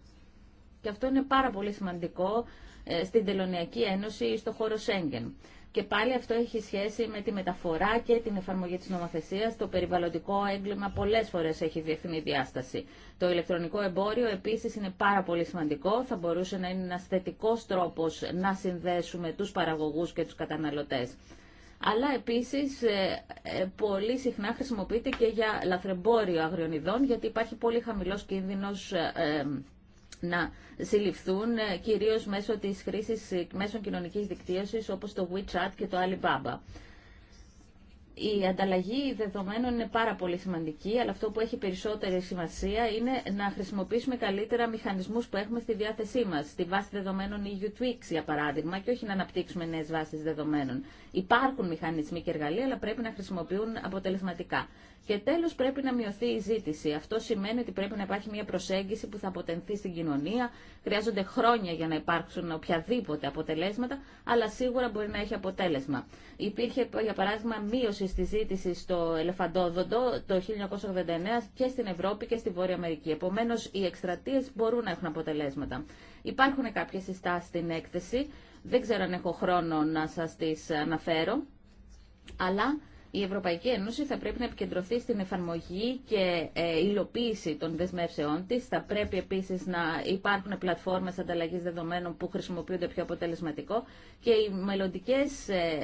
Και αυτό είναι πάρα πολύ σημαντικό ε, στην Τελωνιακή Ένωση ή στο χώρο Σέγγεν. Και πάλι αυτό έχει σχέση με τη μεταφορά και την εφαρμογή της νομοθεσίας. Το περιβαλλοντικό έγκλημα πολλές φορές έχει διεθνή διάσταση. Το ηλεκτρονικό εμπόριο επίσης είναι πάρα πολύ σημαντικό. Θα μπορούσε να είναι ένας θετικός τρόπος να συνδέσουμε τους παραγωγούς και τους καταναλωτές. Αλλά επίσης ε, ε, πολύ συχνά χρησιμοποιείται και για λαθρεμπόριο αγριονιδών γιατί υπάρχει πολύ χαμηλός κίνδυνος να συλληφθούν ε, κυρίως μέσω της χρήσης ε, μέσων κοινωνικής δικτύωσης όπως το WeChat και το Alibaba. Η ανταλλαγή δεδομένων είναι πάρα πολύ σημαντική, αλλά αυτό που έχει περισσότερη σημασία είναι να χρησιμοποιήσουμε καλύτερα μηχανισμούς που έχουμε στη διάθεσή μας. Στη βάση δεδομένων EU Twix, για παράδειγμα, και όχι να αναπτύξουμε νέες βάσεις δεδομένων. Υπάρχουν μηχανισμοί και εργαλεία, αλλά πρέπει να χρησιμοποιούν αποτελεσματικά. Και τέλο, πρέπει να μειωθεί η ζήτηση. Αυτό σημαίνει ότι πρέπει να υπάρχει μια προσέγγιση που θα αποτενθεί στην κοινωνία. Χρειάζονται χρόνια για να υπάρξουν οποιαδήποτε αποτελέσματα, αλλά σίγουρα μπορεί να έχει αποτέλεσμα. Υπήρχε, για παράδειγμα, μείωση στη ζήτηση στο ελεφαντόδοντο το 1989 και στην Ευρώπη και στη Βόρεια Αμερική. Επομένω, οι εκστρατείε μπορούν να έχουν αποτελέσματα. Υπάρχουν κάποιε συστάσει στην έκθεση. Δεν ξέρω αν έχω χρόνο να σα τι αναφέρω. Αλλά η Ευρωπαϊκή Ένωση θα πρέπει να επικεντρωθεί στην εφαρμογή και ε, υλοποίηση των δεσμεύσεών τη. Θα πρέπει επίση να υπάρχουν πλατφόρμε ανταλλαγή δεδομένων που χρησιμοποιούνται πιο αποτελεσματικό και οι μελλοντικέ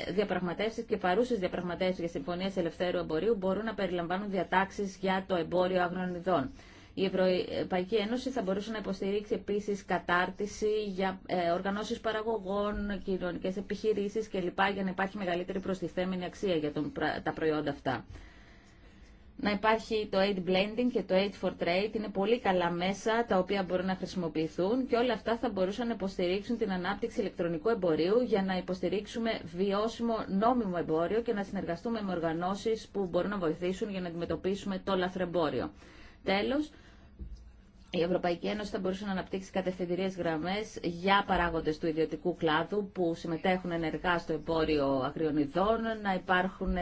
ε, διαπραγματεύσει και παρούσε διαπραγματεύσει για συμφωνίε ελευθέρου εμπορίου μπορούν να περιλαμβάνουν διατάξει για το εμπόριο άγνων ειδών. Η Ευρωπαϊκή Ένωση θα μπορούσε να υποστηρίξει επίση κατάρτιση για ε, οργανώσει παραγωγών, κοινωνικέ επιχειρήσει κλπ. για να υπάρχει μεγαλύτερη προστιθέμενη αξία για τον, τα προϊόντα αυτά. Να υπάρχει το Aid Blending και το Aid for Trade. Είναι πολύ καλά μέσα τα οποία μπορούν να χρησιμοποιηθούν και όλα αυτά θα μπορούσαν να υποστηρίξουν την ανάπτυξη ηλεκτρονικού εμπορίου για να υποστηρίξουμε βιώσιμο νόμιμο εμπόριο και να συνεργαστούμε με οργανώσεις που μπορούν να βοηθήσουν για να αντιμετωπίσουμε το λαθρεμπόριο. Τέλος, η Ευρωπαϊκή Ένωση θα μπορούσε να αναπτύξει κατευθυντηρίες γραμμές για παράγοντες του ιδιωτικού κλάδου που συμμετέχουν ενεργά στο εμπόριο ειδών, να υπάρχουν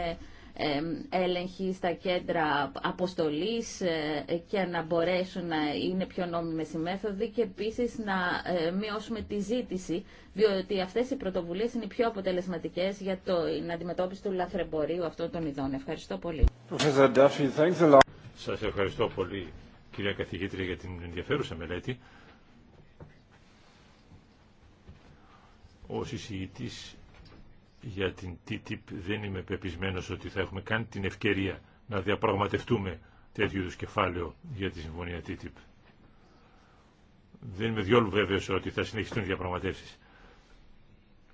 έλεγχοι στα κέντρα αποστολής ε, και να μπορέσουν να είναι πιο νόμιμες οι μέθοδοι και επίσης να ε, μειώσουμε τη ζήτηση, διότι αυτές οι πρωτοβουλίες είναι οι πιο αποτελεσματικές για την αντιμετώπιση του λαθρεμπορίου αυτών των ειδών. Ευχαριστώ πολύ. Σας ευχαριστώ πολύ κυρία καθηγήτρια για την ενδιαφέρουσα μελέτη. ο εισηγητής για την TTIP δεν είμαι πεπισμένος ότι θα έχουμε καν την ευκαιρία να διαπραγματευτούμε τέτοιου είδους κεφάλαιο για τη συμφωνία TTIP. Δεν είμαι διόλου βέβαιος ότι θα συνεχιστούν οι διαπραγματεύσεις.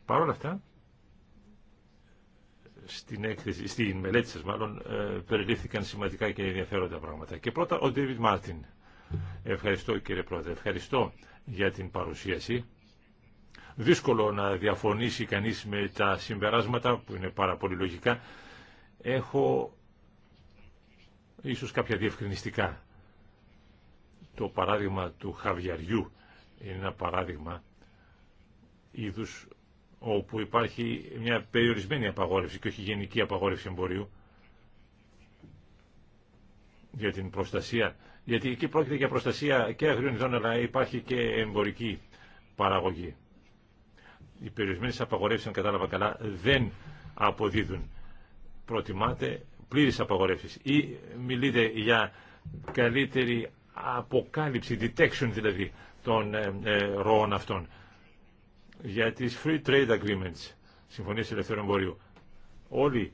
Παρ' όλα αυτά, στην, έκθεση, στην μελέτη σας μάλλον ε, περιλήφθηκαν σημαντικά και ενδιαφέροντα πράγματα. Και πρώτα ο David Μάρτιν. Ευχαριστώ κύριε Πρόεδρε, ευχαριστώ για την παρουσίαση. Δύσκολο να διαφωνήσει κανείς με τα συμπεράσματα που είναι πάρα πολύ λογικά. Έχω ίσως κάποια διευκρινιστικά. Το παράδειγμα του χαβιαριού είναι ένα παράδειγμα είδους όπου υπάρχει μια περιορισμένη απαγόρευση και όχι γενική απαγόρευση εμπορίου για την προστασία. Γιατί εκεί πρόκειται για προστασία και αγριών αλλά υπάρχει και εμπορική παραγωγή. Οι περιορισμένες απαγορεύσεις, αν κατάλαβα καλά, δεν αποδίδουν. Προτιμάτε πλήρης απαγορεύσεις. Ή μιλείτε για καλύτερη αποκάλυψη, detection δηλαδή, των ε, ε, ροών αυτών για τις Free Trade Agreements, συμφωνίες ελευθερών εμπορίου. Όλοι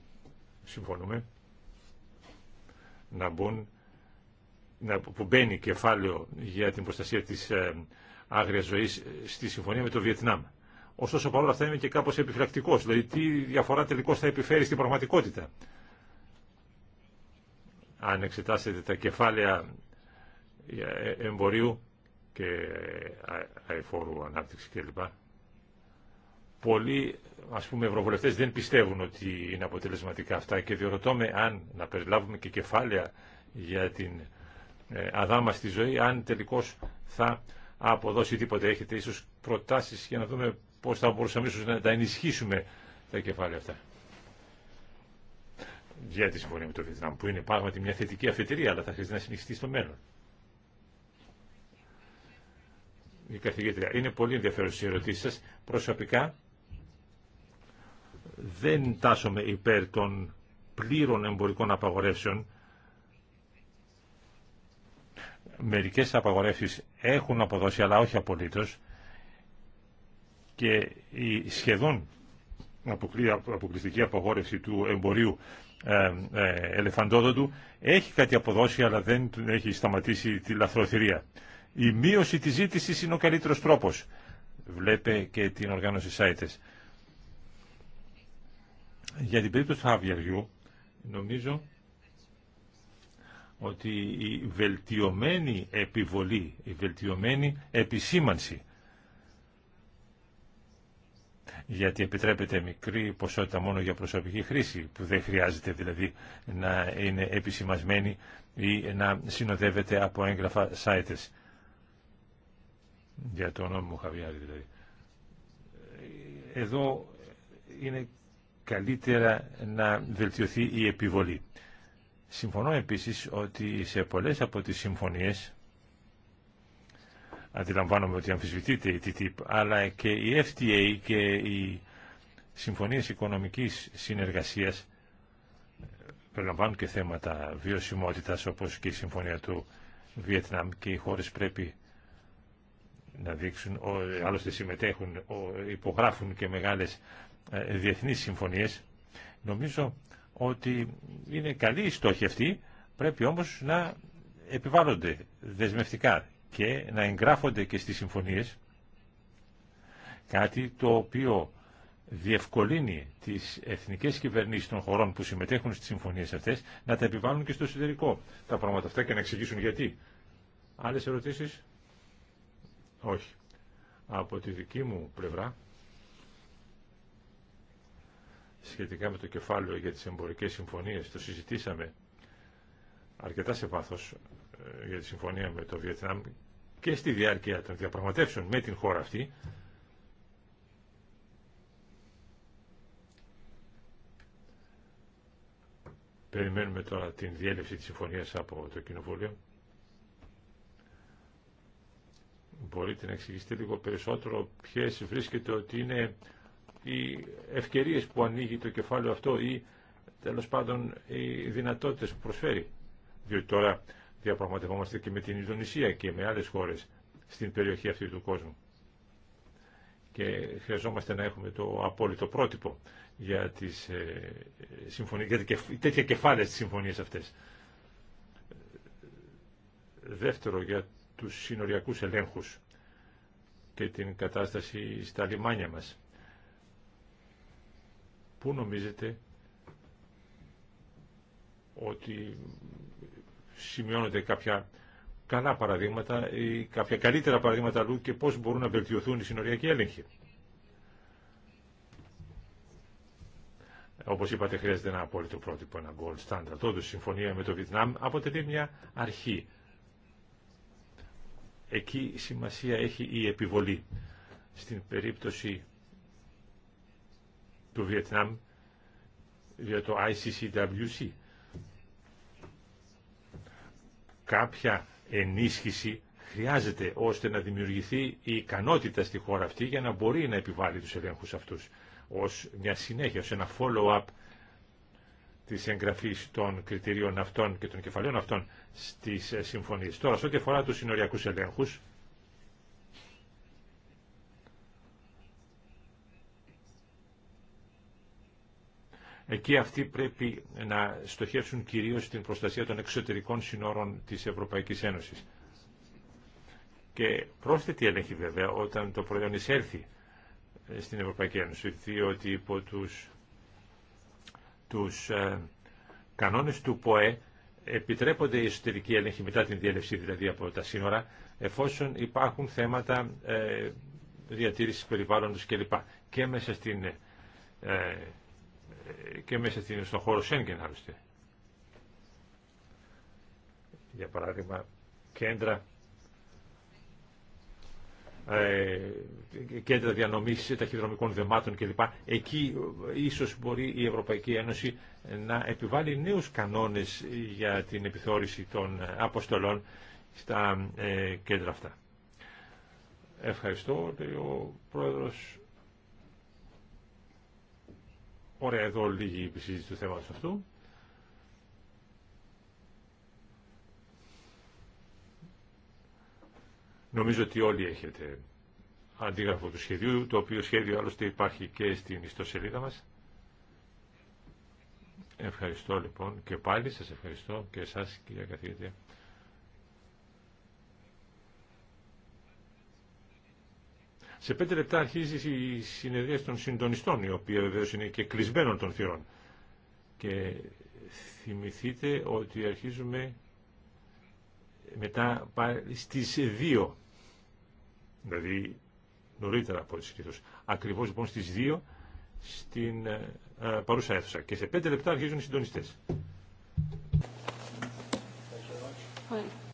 συμφωνούμε να μπουν, να, που μπαίνει κεφάλαιο για την προστασία της ε, άγριας ζωής στη συμφωνία με το Βιετνάμ. Ωστόσο παρόλα αυτά είμαι και κάπως επιφυλακτικός, δηλαδή τι διαφορά τελικώς θα επιφέρει στην πραγματικότητα. Αν εξετάσετε τα κεφάλαια ε, εμπορίου και ε, αεφόρου ανάπτυξη κλπ πολλοί ας πούμε ευρωβουλευτές δεν πιστεύουν ότι είναι αποτελεσματικά αυτά και διερωτώ αν να περιλάβουμε και κεφάλαια για την ε, αδάμα στη ζωή, αν τελικώς θα αποδώσει τίποτε. Έχετε ίσως προτάσεις για να δούμε πώς θα μπορούσαμε ίσως να τα ενισχύσουμε τα κεφάλαια αυτά. Για τη συμφωνία με το Βιετνάμ, που είναι πράγματι μια θετική αφετηρία, αλλά θα χρειάζεται να συνεχιστεί στο μέλλον. Η καθηγήτρια, είναι πολύ ενδιαφέρουσε οι ερωτήσει σα. Προσωπικά, δεν τάσομαι υπέρ των πλήρων εμπορικών απαγορεύσεων. Μερικές απαγορεύσεις έχουν αποδώσει, αλλά όχι απολύτως. Και η σχεδόν αποκλειστική απαγόρευση του εμπορίου ε, ε, ελεφαντόδοντου έχει κάτι αποδώσει, αλλά δεν έχει σταματήσει τη λαθροθυρία. Η μείωση της ζήτησης είναι ο καλύτερος τρόπος. Βλέπε και την οργάνωση ΣΑΙΤΕΣ. Για την περίπτωση του χαβιαριού, νομίζω ότι η βελτιωμένη επιβολή, η βελτιωμένη επισήμανση, γιατί επιτρέπεται μικρή ποσότητα μόνο για προσωπική χρήση, που δεν χρειάζεται δηλαδή να είναι επισημασμένη ή να συνοδεύεται από έγγραφα σάιτες για το όνομα μου Χαβιάρη δηλαδή. Εδώ είναι καλύτερα να βελτιωθεί η επιβολή. Συμφωνώ επίσης ότι σε πολλές από τις συμφωνίες αντιλαμβάνομαι ότι αμφισβητείται η TTIP, αλλά και η FTA και οι συμφωνίες οικονομικής συνεργασίας περιλαμβάνουν και θέματα βιωσιμότητας όπως και η συμφωνία του Βιετνάμ και οι χώρες πρέπει να δείξουν, άλλωστε συμμετέχουν, υπογράφουν και μεγάλες ε, διεθνείς συμφωνίες. Νομίζω ότι είναι καλή η στόχη αυτή, πρέπει όμως να επιβάλλονται δεσμευτικά και να εγγράφονται και στις συμφωνίες, κάτι το οποίο διευκολύνει τις εθνικές κυβερνήσεις των χωρών που συμμετέχουν στις συμφωνίες αυτές να τα επιβάλλουν και στο εσωτερικό τα πράγματα αυτά και να εξηγήσουν γιατί. Άλλες ερωτήσεις? Όχι. Από τη δική μου πλευρά σχετικά με το κεφάλαιο για τις εμπορικές συμφωνίες. Το συζητήσαμε αρκετά σε βάθος ε, για τη συμφωνία με το Βιετνάμ και στη διάρκεια των διαπραγματεύσεων με την χώρα αυτή. Περιμένουμε τώρα την διέλευση της συμφωνίας από το Κοινοβούλιο. Μπορείτε να εξηγήσετε λίγο περισσότερο ποιες βρίσκεται ότι είναι οι ευκαιρίες που ανοίγει το κεφάλαιο αυτό ή τέλος πάντων οι δυνατότητες που προσφέρει. Διότι τώρα διαπραγματευόμαστε και με την Ινδονησία και με άλλες χώρες στην περιοχή αυτή του κόσμου. Και χρειαζόμαστε να έχουμε το απόλυτο πρότυπο για, τις, ε, για τέτοια κεφάλαια στις συμφωνίες αυτές. Δεύτερο, για τους συνοριακούς ελέγχους και την κατάσταση στα λιμάνια μας. Πού νομίζετε ότι σημειώνονται κάποια καλά παραδείγματα ή κάποια καλύτερα παραδείγματα αλλού και πώς μπορούν να βελτιωθούν οι συνοριακοί έλεγχοι. Όπως είπατε, χρειάζεται ένα απόλυτο πρότυπο, ένα gold standard. Όντω, η συμφωνία με το Βιετνάμ αποτελεί μια αρχή. Εκεί σημασία έχει η επιβολή. Στην περίπτωση του Βιετνάμ για το ICCWC. Κάποια ενίσχυση χρειάζεται ώστε να δημιουργηθεί η ικανότητα στη χώρα αυτή για να μπορεί να επιβάλλει τους ελέγχους αυτούς ως μια συνέχεια, ως ένα follow-up της εγγραφής των κριτηρίων αυτών και των κεφαλαίων αυτών στις συμφωνίες. Τώρα, σε ό,τι αφορά τους συνοριακούς ελέγχους, Εκεί αυτοί πρέπει να στοχεύσουν κυρίως την προστασία των εξωτερικών συνόρων της Ευρωπαϊκής Ένωσης. Και πρόσθετη έλεγχη βέβαια όταν το προϊόν εισέλθει ε, στην Ευρωπαϊκή Ένωση, διότι υπό τους, τους ε, κανόνες του ΠΟΕ επιτρέπονται οι εσωτερικοί έλεγχοι μετά την διέλευση δηλαδή από τα σύνορα, εφόσον υπάρχουν θέματα ε, διατήρησης περιβάλλοντος κλπ. Και μέσα στην ε, και μέσα στον χώρο Σέγγεν άλλωστε. Για παράδειγμα, κέντρα ε, κέντρα διανομής ταχυδρομικών δεμάτων κλπ. Εκεί ε, ίσως μπορεί η Ευρωπαϊκή Ένωση να επιβάλλει νέους κανόνες για την επιθεώρηση των αποστολών στα ε, κέντρα αυτά. Ευχαριστώ, ο Πρόεδρος Ωραία, εδώ λίγη η συζήτηση του θέματος αυτού. Νομίζω ότι όλοι έχετε αντίγραφο του σχεδίου, το οποίο σχέδιο άλλωστε υπάρχει και στην ιστοσελίδα μας. Ευχαριστώ λοιπόν και πάλι, σας ευχαριστώ και εσάς κυρία Καθηγητή. Σε πέντε λεπτά αρχίζει η συνεδρία των συντονιστών, οι οποίοι βεβαίω είναι και κλεισμένων των θυρών. Και θυμηθείτε ότι αρχίζουμε μετά στις 2, δηλαδή νωρίτερα από ό,τι συνήθως. Ακριβώς λοιπόν στις 2 στην ε, παρούσα αίθουσα. Και σε 5 λεπτά αρχίζουν οι συντονιστές.